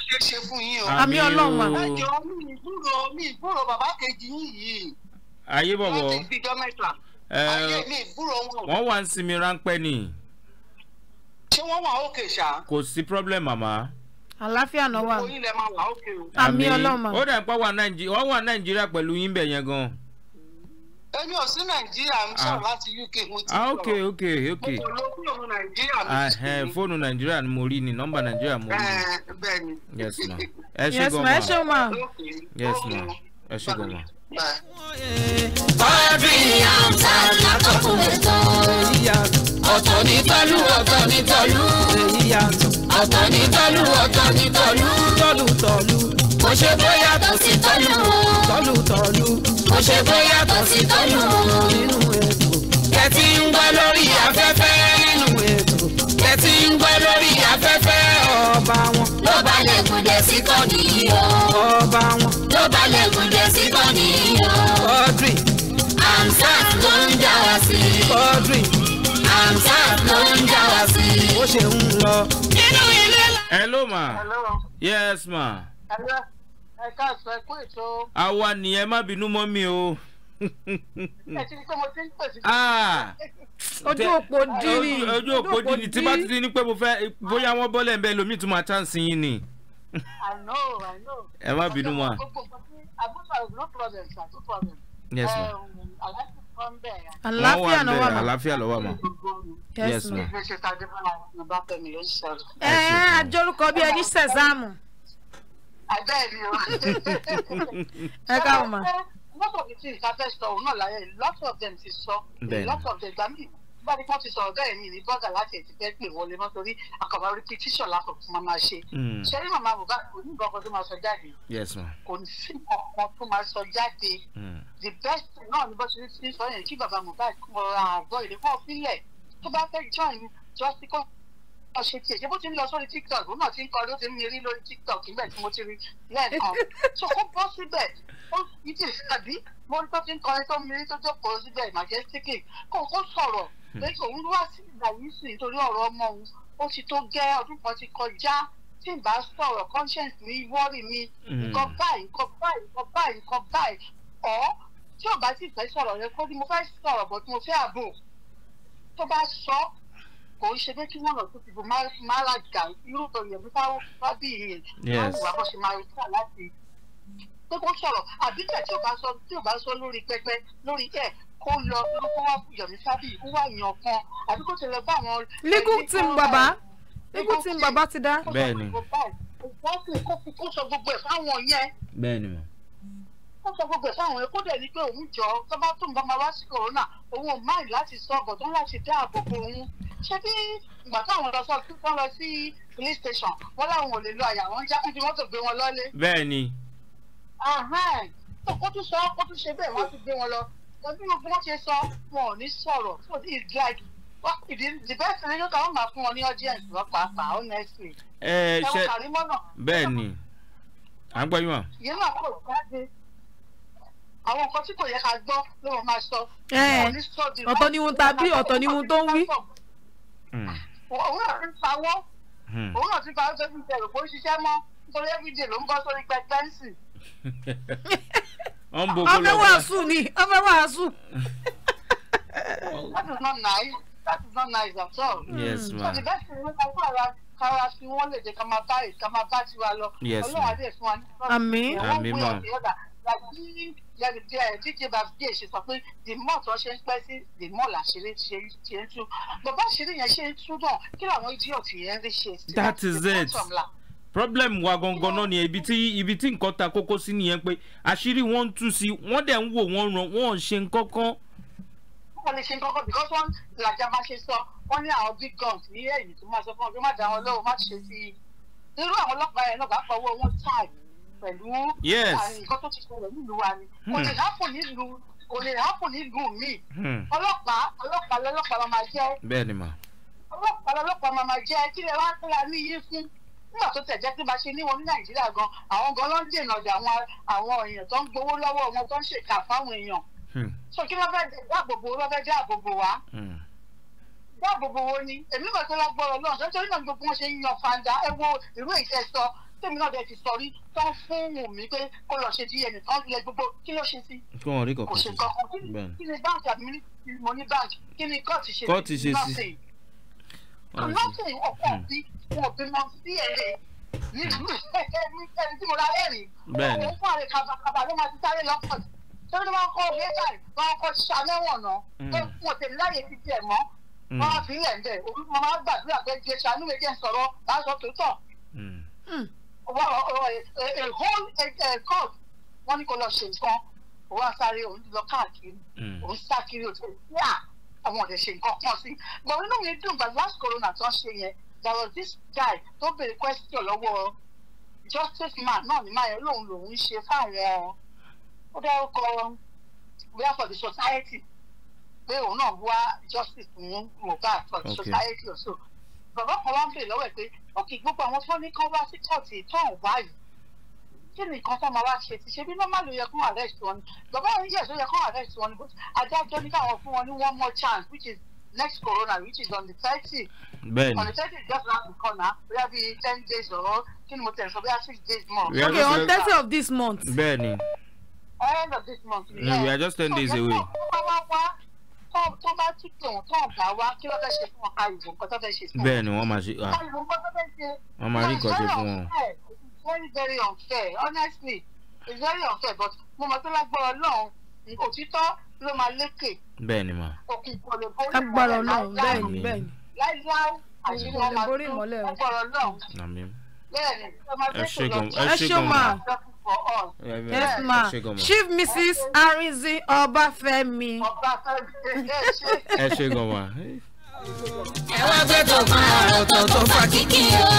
ṣe é ṣe fún yín o. àmín Ọlọ́run ẹ jọ mi ìgbúrò mi ìgbúrò bàbá kejì yín yìí. ayé bọ̀bọ̀ láti ìgbìjọ mẹ́ta. ayé mi ìgbúrò wọn. wọ́n wá ń sinmi ráńpẹ́ nìyí ṣé wọ́n wà òkè ṣá. kò sí problem màmá. àlàáfíà náà wà. gbogbo yín lè máa wà òkè o. àmì ọlọ́mọ. ó dà pé wọ́n wà nàìjíríà pẹ̀lú yín bẹ̀ yẹn gan. èmi ò sí nàìjíríà ń ah. sọ̀rọ̀ láti uk mo ti ah, sọ̀rọ̀. ah ok ok mo kò lo fóònù nàìjíríà mi sí mi. fóònù nàìjíríà ni mo rí ni nọ́mbà nàìjíríà mo rí ni. Eh, bẹ́ẹ̀ ni. yes ma ẹ ṣe gan ma. yes ma ẹ ṣe gan ma. Orin àǹtà látọ̀ fún ẹ̀tọ́. Ọ̀tọ̀ ní tọ́lú, ọ̀tọ̀ ní tọ́lú. Ọ̀tọ̀ ní tọ́lú, ọ̀tọ̀ ní tọ́lú. Tọ́lú tọ́lú. Kò ṣe bóyá tó sí tọ́lú. Tọ́lú tọ́lú. Kò ṣe bóyá tó sí tọ́lú. Nínú ètò. Kẹ ti ń gbọ́ lórí afẹ́fẹ́. Nínú ètò. Kẹ ti ń gbọ́ lórí afẹ́fẹ́ ọba wọn. Ló balẹ̀ gùn dé sí kọ́ni yìí o. Ọba wọn. Ló balẹ̀ gùn dé sí mi yọ. Quadri. Hamzat ló ń já wa sí. Quadri. Hamzat ló ń já wa sí. Ó ṣe ń lọ. Nínú ilé la. Hello ma. Hello. Yes ma. Hello. Ẹ káàsán ẹ kú ètò. Àwa nìyẹn má bínú mọ́ mi o. Ah. ojú òpó dínì ojú òpó dínì tí bá ti ní pé mo fẹ́ bóyá wọ́n bọ́lẹ̀ ń bẹ́ lómi tún máa chance yín ni. ẹ má bínú wa abúlé no problem sir no problem. yes ma. àlàáfíà ló wà mà. àlàáfíà ló wà mà. yes ma. ẹ ẹ àjọrúkọ bí ẹni sẹsáàmù. àbẹ́ẹ̀ni o. ẹ káwọn ma. most of the things i first saw una laye lots of them ti sọ lots of them gba báyìí ká ti sọ̀rọ̀ gáyẹ̀ mi ní bọ́gà láti ẹ̀ ti fẹ́ pè wọlé mọ́ torí àkàbà repetition látọ̀ fún mama ṣe. Hmm. ṣẹ́rí màmá bùbá kò ní nǹkan kan tó máa sọ jáde. kò ní sí nǹkan tó máa sọ jáde. Hmm. the best náà ni bó ṣe ti sọ yẹn kí bàbá Mohbad kọ́ ra àgọ́ ìdí fún ọ̀fílẹ̀ tó bá fẹ́ join jọ́síkọ́ ọ̀ṣẹ̀ tiẹ̀ ṣé bó ti ń lọ sórí tiktok òun náà ti ń kọ́ ló ti ń rí lórí tiktok nígbà tí mo ti rí lẹ́ẹ̀kan so ó bọ́ síbẹ̀ ó ti tàbí mo ní tó ti ń kọrin tó ń rí tó jókòó síbẹ̀ majestic kò kó sọ̀rọ̀ pé òun wá sí ìgbà yìí sùn nítorí ọ̀rọ̀ ọmọ òun ó ti tó gẹ́ ọdún kan ti kọjá tí n bá sọ̀rọ̀ conscience ní wọ́ọ̀rì mi nǹkan báyìí nǹkan báyìí nǹkan báyìí nǹkan báyìí ọ̀ tí ò bá sì fẹ́ sọ̀rọ̀ rẹ kó ní mo fẹ́ sọ̀rọ̀ bọ̀ tí mo fẹ́ àbò tó bá sọ kò ń ṣe pé kí wọ́n lọ sí ti bu málaga irú ìyẹn bí wọ́n bí ìyẹn láti wà bó ṣe máa retí láti pé kó sọ̀rọ̀ àbí tí ò bá sọ lórí pẹpẹ lórí ẹ̀ kó lọ kó wá yọ̀mí sábì kó wá yàn kan àbí kó tẹ̀lé bá àwọn. legal team bàbá legal team bàbá ti dá. bẹ́ẹ̀ni wọ́n kú kó fi kó sọ gbogbo ẹ̀ fáwọn yẹn. bẹ́ẹ̀ni mo. sọ gbogbo ẹ̀ fáwọn yẹn kó dẹ̀ ní pé òun jọ tó tó ń bá máa wá sí corona òun ò máì láti sọ ọ̀gọ̀ tó ń láti dá àbò bo òun ṣé bí ìgbà táwọn lọ sọ wọn lọ sí police station wọn láwọn ò lè lo àyà wọn já kí ni mọ́tò gbé wọn lọ́lé. bẹ́ẹ̀ni. kó tún sọ kó tún ṣe bẹ́ẹ̀ wọ́n ti gbé wọn lọ ọdún gbogbo wọn ṣe sọ wọn ò ní sọ̀rọ̀ fún ti ìdíláìkì the best thing ló kà ó máa fún wọn ní audience lọ pàápàá honestly. ẹ ẹ ṣe bẹ́ẹ̀ ni à ń gbọ́ yín wà. ìyẹn náà kò jáde àwọn nǹkan tí kò yẹ ká gbọ́ ló wọ́n máa sọ. ọ̀tọ̀ ni wọn tàbí ọ̀tọ̀ ni wọn tó ń wí. Hmm. òun náà ti ń hmm. òun náà ti ń tó fi bẹ̀rù kó ṣiṣẹ́ mọ́ nítorí everyday ló ń bọ́ sórí pẹ́pẹ́ǹsì. ọmọ wàásù ni ọmọ wàásù. that is not nice that is not nice at all. yes ma. so the best thing is kó ara kára sí wọn lè jẹ ká bá ká bá tiwa lọ. yes ma ọlọ́wà dé ní. àmín àmín ma. Eh, díje bàbíyè ṣe sọ pé the more tó ṣe ń pẹ́ sí the more làṣírí ṣe ń tú bàbá àṣírí yẹn ṣe ń tú náà kí làwọn idiot yẹn ń rí ṣe. that is it problem wa gangan náà ni ibi tí ibi tí nǹkan ta kókó sí nìyẹn pé àṣírí wọn ń tú sí wọn dẹ̀ ń wò wọ́n ràn wọ́n ń ṣe nǹkan kan. wọ́n lè ṣe nǹkan kan because wọ́n làjà máa ṣe sọ wọ́n ní àwọn big guns ní ẹ̀yìn tó máa sọ fún ọ má dá wọn lọ́wọ́ má ṣe sí i irú àwọn ọlọ́pàá yẹn náà bá pa owó wọn tà pẹ̀lú nǹkan tó ti ṣẹlẹ̀ nílùú wa ni kò lè hápò hmm. nílùú kò lè hápò nílùú mi hmm. ọlọ́pàá ọlọ́pàá nígbà tó tẹ̀ jẹ́ pé bá ṣe ní wọn ní nàìjíríà gan àwọn gan ló ń dènà ọ̀dà àwọn èèyàn tó ń gbowó lọ́wọ́ wọn tó ń ṣèkà fáwọn èèyàn hmm. so kí wọ́n fẹ́ dáàbòbò wọ́n fẹ́ dáàbòbò wá hmm. dáàbòbò wo ni èmi mọ̀ pé wọ́n gbọ́rọ̀ lọ́n nítorí náà gbogbo wọn ṣe ń yan fanda ẹ wo ìlú ìṣe sọ tèmi náà bẹ ti sọ rí tó ń fún wùn mí pé kó lọ ṣe díẹ̀ nìkan lẹ gbogbo kí ló ṣe sí. kí wọ́n rí kọ̀ọ̀kan sí kí ni báńkì àbí mo ní báńkì kí ni kọ́ọ̀tì ṣe sí àmọ́ sì ọ̀pọ̀ sí wọn bí mo sí ẹ̀rẹ̀ nígbà ẹni tí mo ra lẹ́rìn bẹ́ẹ̀ni òun fún àrẹ kàbàkàbà ló máa ti sáré lọ́pọ̀ torí ló máa ń kọ́ létàrí máa ń kọ́ ṣàlẹ́wọ̀n náà tó wọn tèmi láyè ti tiẹ̀ mọ́ wọn á fi ilẹ̀ ń bẹ̀ òun mo máa gbàdúrà pé jẹ ṣàánú mi jẹ́ sọ̀rọ̀ láṣọ tó wọn ní kó lọ ṣe nǹkan òun á òun lọ káàkiri òun hmm. sá kiri òun ṣe yá àwọn ọ̀dẹ̀ ṣe nǹkan kan sí but inú mi dùn but last corona tó ń ṣe yẹn there was this guy tó béèrè question lọ́wọ́ justice man náà ní máa yẹ lóun lòun ṣe fáwọn ó dárúkọ wíyá for the society pé òun náà wá justice fún Mohbad for the society also bàbá kan wá ń béèrè lọ́wọ́ ẹ̀ pé ókè gbogbo àwọn tó wá sí kóòtù tó ń wá kí ni nǹkan tó máa wá ṣe ti ṣe bí normal ló yẹ kó arrest wọn bàbá yẹn yẹ tó yẹ kó arrest wọn but adájọ́ ní káwọn fún wọn ní one more chance which is next corona which is on the thirty on the thirty just round the corner bóyá bí ten days or kí ni mo tẹ̀ sọ bóyá six days more. okay, okay on thirty of this month. bẹ́ẹ̀ni. end of this month. Yeah. Yeah, we are just ten so days away. tó bá tún tẹ̀ wọ́n tó ọ̀gá wa kí wọ́n fẹ́ ṣe fún wọn ká ìwọ̀n kọ́tọ́ fẹ́ ṣe fún wọn. bẹ́ẹ̀ni wọ́n máa ṣe ah. wọ́n máa rí nǹkan fún wọn very very unfair honestly it's very unfair but mo mọ̀ pé lágbára Ọlọ́run òtítọ́ ló máa lékè. bẹ́ẹ̀ni ma. òkùnkùn lè borí lágbára Ọlọ́run bẹ́ẹ̀ni bẹ́ẹ̀ni. láíláí àṣírí wọn máa tó lágbára Ọlọ́run. bẹ́ẹ̀ni ẹ ṣègùn ẹ ṣègùn ma. yes ma chief mrs arinzin Ọbáfẹ́mi. Ọbáfẹ́mi ẹ ṣe. ẹ ṣègùn ma. ẹ wá gbé tó kan ọ̀tọ̀ tó fa kíkì o.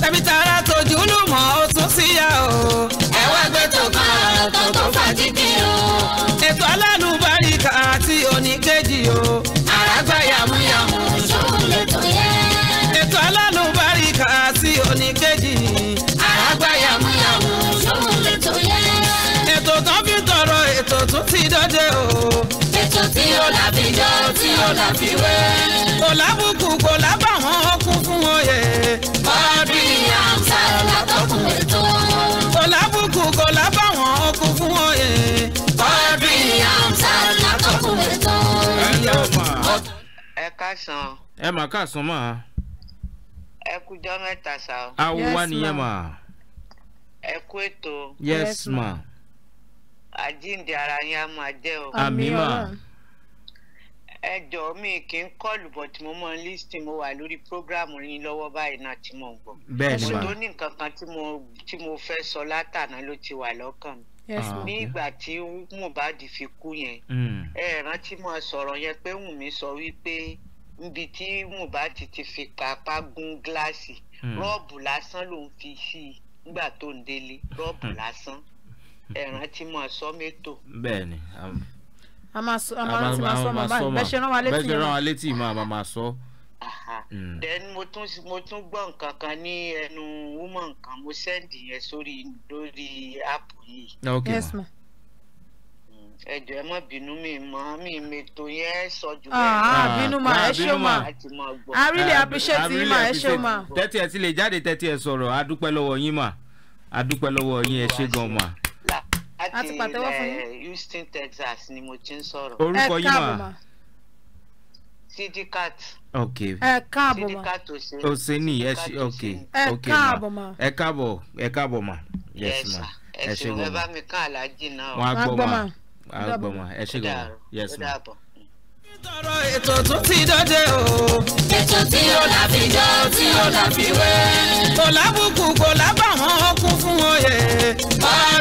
tàbí tara tójú ló mọ̀ ó tún síyá o. ẹ wá gbé tó kan ọ̀tọ̀ tó fa kíkì o. ètò alálùbáríkà àti oníkejì o. àràgbá yàmúyàmú. oṣù tí ó láfijọ́ tí ó láfiwé. kò lábùkù kò lábàwọ́n ó kún fún oyè. bọ́dí àmsà látọkùn ètò. kò lábùkù kò lábàwọ́n ó kún fún oyè. bọ́dí àmsà látọkùn ètò. ẹ káàsán. ẹ mà káàsán mà. ẹ kújọ mẹ́ta sá. awo wa nìyẹn mà. ẹ kú ètò. yes ma. Yes, ma àjíǹde ara yín á máa jẹ́ o. àmì máa ẹ jọ̀ọ́ mi kì í kọlù bọ̀ tí mo máa ń lísì mo wà lórí prógráàmù yín lọ́wọ́ báyìí náà tí mo ń gbọ́. bẹ́ẹ̀ ni ma mo tó ní nǹkan kan tí mo tí mo fẹ́ sọ látàná ló ti wà lọ́kàn mi. ní ìgbà tí Mohbad fi kú yẹn hmm. ẹ rántí mo sọ̀rọ̀ yẹn pé Wùnmí sọ wípé níbi tí Mohbad ti fi kápá gún gíláàsì hmm. rọ́ọ̀bù lásán ló ń fi sí i nígbà tó ń délé rọ́ọ̀bù hmm. lásán ẹ rántí mo sọ mẹ́tò. bẹ́ẹ̀ um, a rán wa létí bẹ́ẹ̀ ṣe máa sọ. Hmm. then mo tún mo tún gbọ́ nǹkan kan ní ẹnu woman kan mo send yẹn sórí lórí app yìí. okay yes ma. Hmm. ẹ ẹ má bínú mi mọ mi mi yẹn sọ jù ah, bẹ́ẹ̀. Ah, bínú ma ah, ẹ ṣe ma i really appreciate yín ma ẹ ṣe ma. tẹ́tí ẹ ti lè jáde tẹ́tí ẹ sọ̀rọ̀ a dúpẹ́ lọ́wọ́ yín ma a dúpẹ́ lọ́wọ́ yín ẹ ṣe gan ma láti ilẹ̀ Houston Texas ni mo ti ń sọ̀rọ̀. orúkọ yín mà. Sidikat. ok ẹ káàbọ̀ ma Sidikat Oseni ẹ ṣe ok ok ma ẹ káàbọ̀ ẹ káàbọ̀ ma yes ma ẹ ṣe gbọ́ ma ẹ bá mi kàn aláàjì náà. wọn á gbọ́ ma wọn á gbọ́ ma ẹ ṣe gbọ́ ma yes ma. Ìtọ̀rọ̀ ètò tó ti dọ́dẹ o. Ètò tí ó láfijọ́ tí ó láfiwé. Kò lábùkù kò lábàwọ́n kún fún oyè. Bá a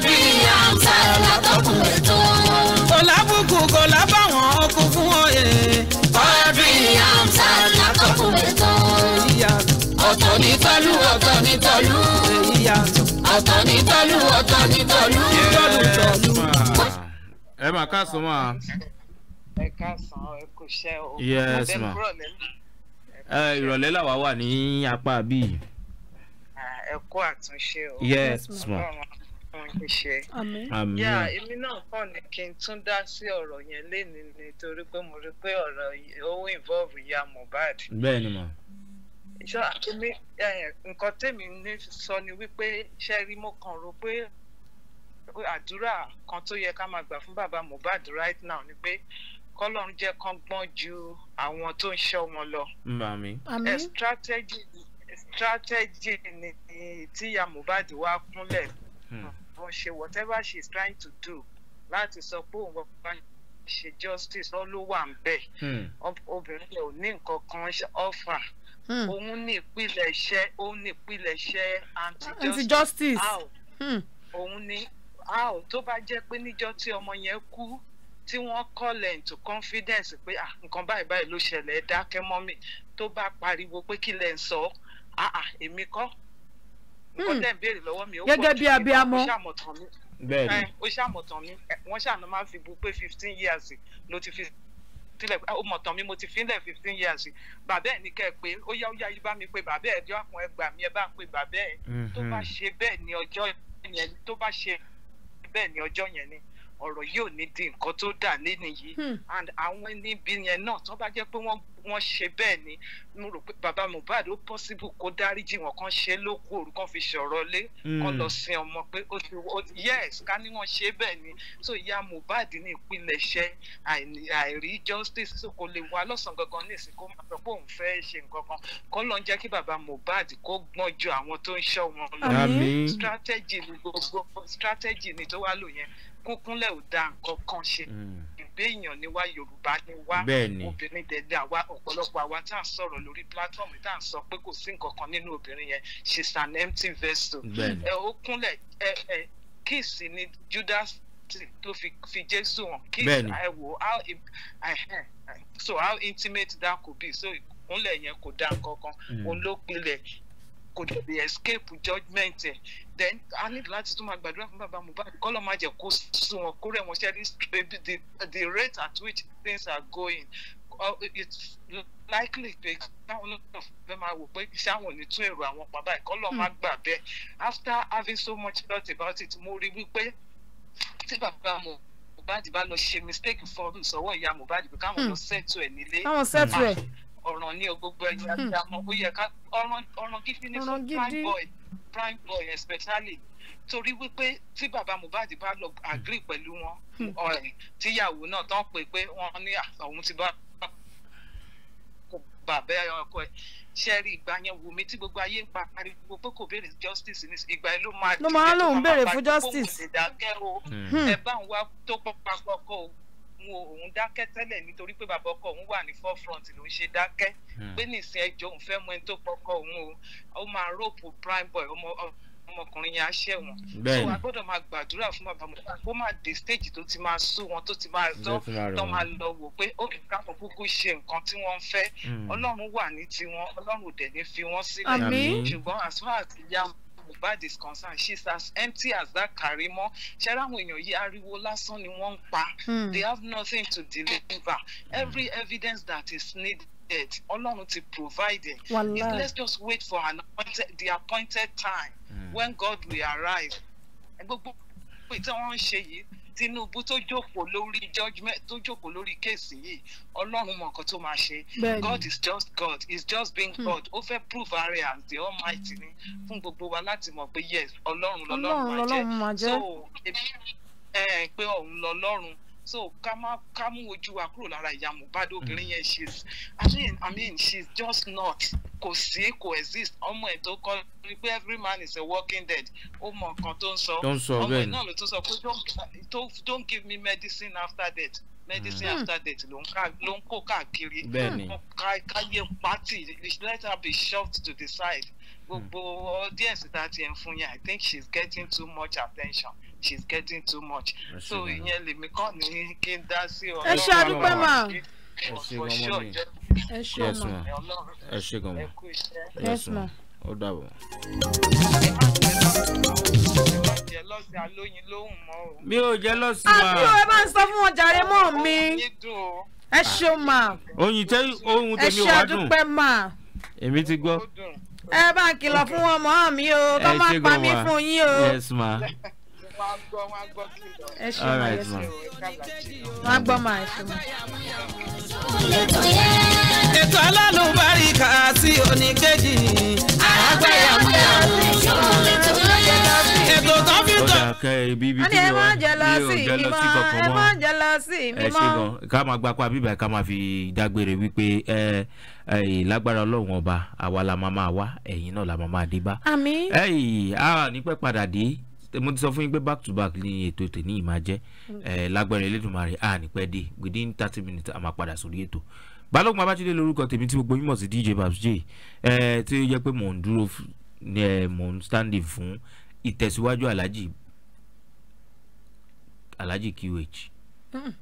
ni tọ́lú. ọ̀tọ̀ ni tọ́lú ọ̀tọ̀ ni tọ́lú. ẹ máa káàsán máa. ẹ káàsán ẹ kò ṣe o. yes ma ìrọ̀lẹ́ làwa wà ní apá bíi. ẹ kó àtúnṣe o. yes ma. Àmín. yà èmi náà kàn ní kí n tún dá sí ọ̀rọ̀ yẹn lénìí nítorí pé mo rí pé ọ̀rọ̀ ó involve ìyá Mohbad. bẹ́ẹ̀ ni ṣọ èmi nǹkan tèmi ní sọ ni wípé ṣe rí mo kàn rò pé àdúrà kan tó yẹ ká máa gbà fún bàbá Mohbad right now ni pé kọ́lọ́run jẹ́ kán gbọ́n ju àwọn tó ń ṣọ́ wọn lọ. Mm, àmín. ẹ strategy strategy ni ya Mohbad wá kúnlẹ̀ wọ́n hmm. ṣe whatever she is trying to do láti sọ pé òun wọ́n ṣe justice ló wà ń bẹ̀ hmm. obìnrin yẹn ò ní nǹkan kan ọ́fà. Hmm. òun ní ìpìlẹ̀ òun ní ìpìlẹ̀ anti justice hmm. òun ní tó bá jẹ́ pé níjọ́ tí ọmọ yẹn kú tí wọ́n call into confidence pé ah, nǹkan báyìí báyìí ló ṣẹlẹ̀ ẹ dákẹ́ mọ́ mi tó bá pariwo pé kí lẹ̀ ń sọ ah, ah, èmi kọ́ nǹkan hmm. tẹ̀ ń béèrè lọ́wọ́ mi ó pọ̀ jù mí eh, ó ṣàmọ̀tàn mi ó ṣàmọ̀tàn mi wọ́n ṣàna máa fi bu pé fifteen years ló ti fi tilẹ̀ ọmọ tán mi mo ti fi ń lẹ̀ fifteen years bàbá ẹ̀ ní kẹ́ ẹ pé ó yá ó yá yí bá mi pé bàbá ẹ̀ ẹjọ́ àkùn ẹ gbà mí ẹ bá ń pè bàbá ẹ̀ tó bá mm-hmm. ṣe bẹ́ẹ̀ ní ọjọ́ yẹn tó bá ṣe bẹ́ẹ̀ ní ọjọ́ yẹn ni ọ̀rọ̀ yìí ò ní di nǹkan tó dà nínú yìí hmm. and àwọn níbi yẹn náà tó bá jẹ́ pé wọ́n ṣe bẹ́ẹ̀ ni mo rò pé bàbá Mohbad ó pọ́sibù kó dáríjì wọn kan ṣe lókù òru kan fi ṣọ̀rọ̀ lé hmm. kan lọ sin ọmọ pé ó ti yes ká ní wọ́n ṣe bẹ́ẹ̀ ni so ìyá Mohbad ní ìpilẹ̀ṣẹ̀ àìrí justice so kò lè wá lọ́sàn-án gangan ní ìsìnkú máa sọ pé òun fẹ́ ṣe nǹkan kan kọ́ ló ń jẹ́ kí bàbá Mohbad kó gbọ́n ju àwọn tó ń ṣọ́ wọn lọ strategy ni gbogbo strategy ni tó wá lò yẹn kúnkúnlẹ̀ ò da nǹkan kan ṣe mm. ìbéèyàn ni wá yorùbá ni wá obìnrin dẹ̀dẹ̀ àwa ọ̀pọ̀lọpọ̀ àwa tá à ń sọ̀rọ̀ lórí platform tá à ń sọ pé kò sí nǹkan kan nínú obìnrin yẹn she's an empty vessel ẹ ó kúnlẹ̀ ẹ ẹ kíìsì ni Judas tó fi fi Jésù hàn kíìsì ẹ wò how so how intimate that could be so ìkúnlẹ̀ yẹn kò da nǹkan kan mm. òun ló pilẹ̀ kò dẹ̀ escape judgement ẹ̀ then a ní láti tún máa gbàdúrà fún bàbá Mohbad kọ́lọ́ má jẹ́ kó sùn wọn kó rẹ̀ wọ́n ṣe the the rate at which things are going uh, it's likely pé táwọn náà fẹ́ máa wò pé iṣẹ́ àwọn ò tún èrò àwọn pàbá ìkọ́lọ́ má hmm. gbà bẹ́ẹ̀ after having so much thought about it mo rí wípé tí bàbá mo Mohbad bá lọ ṣe mistake fọdún sọ́wọ́ ìyá Mohbad pé káwọn lọ ṣètò hmm. ẹ̀ nílé káwọn ṣètò ẹ̀ ah, ọ̀ràn ní gbogbo ẹ̀yìn àti àmọ́ hmm. ó yẹ ká ọ̀ràn gidi ní fún fine boy prime boy especially torí wípé tí bàbá Mohbad bá lọ agree pẹ̀lú wọn hmm. tíyàwó náà tán pé pé wọ́n ní àwọn ah, ti bá bàbá ọkọ ẹ̀ ṣẹ́rí ìgbà yẹn wù mí tí gbogbo ayé ń pa ariwo pé kò béèrè justice ní ìgbà yẹn ló máa. ló máa lóun béèrè fún justice. Hmm. Hmm. ẹ bá ń wá tó pọ̀ papọ̀ kó o òun òun dákẹ́ tẹ́lẹ̀ nítorí pé bàbá ọkọ òun wà ní forefront ló ń ṣe dákẹ́ hmm. pé nìsín ẹjọ́ òun fẹ́ mọ ẹni tó pọkọ òun o ó máa rọ́ọ̀pù prime boy ọmọ ọmọkùnrin yẹn á ṣẹ̀wọ̀n so a gbọ́dọ̀ máa gbàdúrà fún bàbá mi kó má dé stage tó ti máa sú wọn tó ti máa tọ́ tó máa lọ wò pé ó kì í káàpọ̀ kúkú ṣe nǹkan tí wọ́n ń fẹ́ hmm. ọlọ́run wà ní tiwọn ọlọ́run ò dẹ̀ ní fi wọ́n sílẹ̀ ṣùgbọ́n àsúwà àti yá Mohbad is concerned she's as empty as that Karimo ṣẹ́rẹ́ àwọn èèyàn yìí ariwo lásán ni wọ́n ń pa hmm. they have nothing to deliver every hmm. evidence that is needed needed ọlọ́run ti provide it Wallahi. let's just wait for appointed, the appointed time mm. when God will arrive gbogbo ìtàn wọn ń ṣe yìí Tinubu tó jókòó lórí judgement tó jókòó lórí kéèsì yìí Ọlọ́run mọ nǹkan tó máa ṣe God is just God is just being hmm. God ó fẹ́ prove ara and the almighty ni fún gbogbo wa láti mọ̀ pé yes Ọlọ́run lọ́lọ́run máa jẹ́ so pé ọ̀hún lọ́lọ́run so ká má ká mú ojú wa kúrò lára ìyá Mohbad obìnrin mm. yẹn she's I mean I mean she's just not kò sí kò exist ọmọ ẹ̀ tó kọ pé every man is a walking dead ó mọ nǹkan tó ń sọ ọmọ ẹ̀ náà ló tún sọ pé don't give me medicine after death medicine mm. after death ló ń ká ló ń kó káàkiri káyé pátì let her be shoved to the side mm. gbogbo audience tá a ti ń fún yẹn i think she's getting too much attention. Mm she's getting too much so ìyẹn lèmi kàn ní kí n dá sí ọlọ́run ẹ ṣe àdúpẹ́ mà ẹ ṣe ọmọ mi ẹ ṣe ọmọ ẹ ṣe gan ma ẹ ṣe ma ó mi ò jẹ́ lọ́sìn ma. àbúrò ẹ bá ń sọ fún wọn jàre mọ́ mi ẹ ṣeun ma. oyin tẹ ohun tèmi wàá dùn ẹ ṣe àdúpẹ́ ma. èmi ti gbọ́. ẹ bá ń kìlọ̀ fún wọn mi o kọ́ máa pa mí fún yín o. yes ma. All right. gbọ́ wọ́n á gbọ́ sí oníkejì àgbẹ̀yàwó ètò tó ọjà kẹ ibi ibi tí wọn yóò jẹ lọ sí kankan mọ ẹ ṣe gan ká máa gbapá bíbá ká máa fi dágbére wípé ẹ ẹyìn lágbára ọlọ́run ọba àwa la máa máa wá ẹ̀yìn náà la máa máa dé bá. àmín. ẹyìn a ní padà dé mo ti sọ fún yín pé back to back ni ètò tèmi yìí máa jẹ́ eh, lágbára Elédùmarè à ní pẹ́ dé within thirty minutes a máa padà sórí ètò balógun abájídé lórúkọ tèmi tí gbogbo mímọ̀ sí dj babs j eh, tí ó yẹ pé mò ń dúró eh, mò ń standing fún ìtẹ̀síwájú alhaji alhaji qh. Hmm.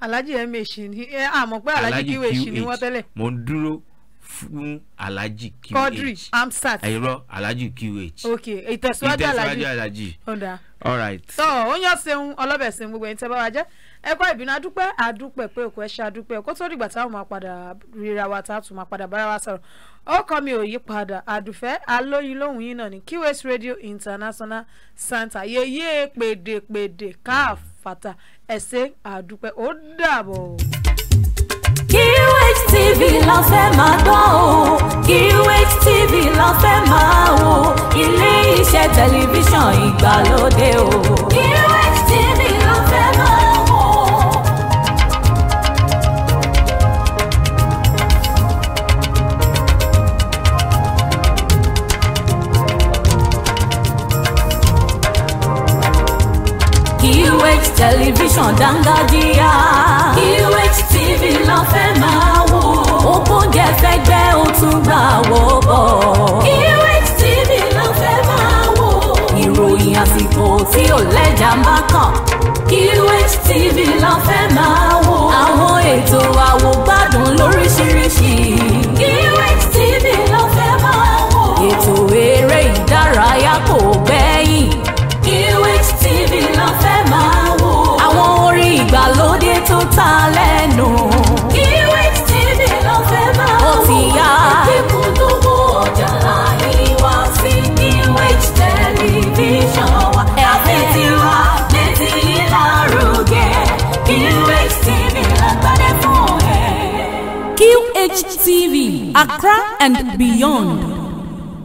alhaji mh ni àmọ́ pé alhaji qh ni wọ́n tẹ́lẹ̀. mò ń dúró fún alhaji qh Quadri amsat ẹ̀rọ ah, alhaji qh ok ìtẹ̀síwájú alhaji ìtẹ̀síwájú alhaji ọ̀dà alright. tọ́ ó yan seun ọlọ́bẹ̀ seun gbogbo ẹ̀yin tẹ́ bá wa jẹ́ ẹ̀kọ́ ìbínú adúpẹ́ adúpẹ́ pé òkú ẹ̀ṣẹ̀ adúpẹ́ kó tó dìgbà táwọn máa padà ríra wa tá a tún máa padà bára wa sọ̀rọ̀ ọkọ mi ò yí padà àdùfẹ́ alóyin lóhùn yín náà ní QH Radio International Center yeye pèdèpèdè káàfàtà ẹ̀sẹ̀ adúpẹ́ ó dàbọ̀. QH TV la fẹ́ máa gbọ́ o QH TV la fẹ́ máa wò ilé iṣẹ́ tẹlifíṣàn ìgbàlódé o. QH TV la fẹ́ máa wò. QH tẹlifíṣàn dángájíá QH TV la fẹ́ máa wò ògbóǹjẹ fẹ́gbẹ́ ó tún gbà wọ́ bọ̀. QH TV ló fẹ́ máa wò. ìròyìn àsìkò tí ò lẹ́jà ń bá kàn. QH TV ló fẹ́ máa wò. àwọn ètò àwògbádùn lóríṣiríṣi. QH TV ló fẹ́ máa wò. ètò eré ìdárayá kò gbẹ́yìn. QH TV ló fẹ́ máa wò. àwọn orin ìgbàlódé tó ta TV Accra and beyond.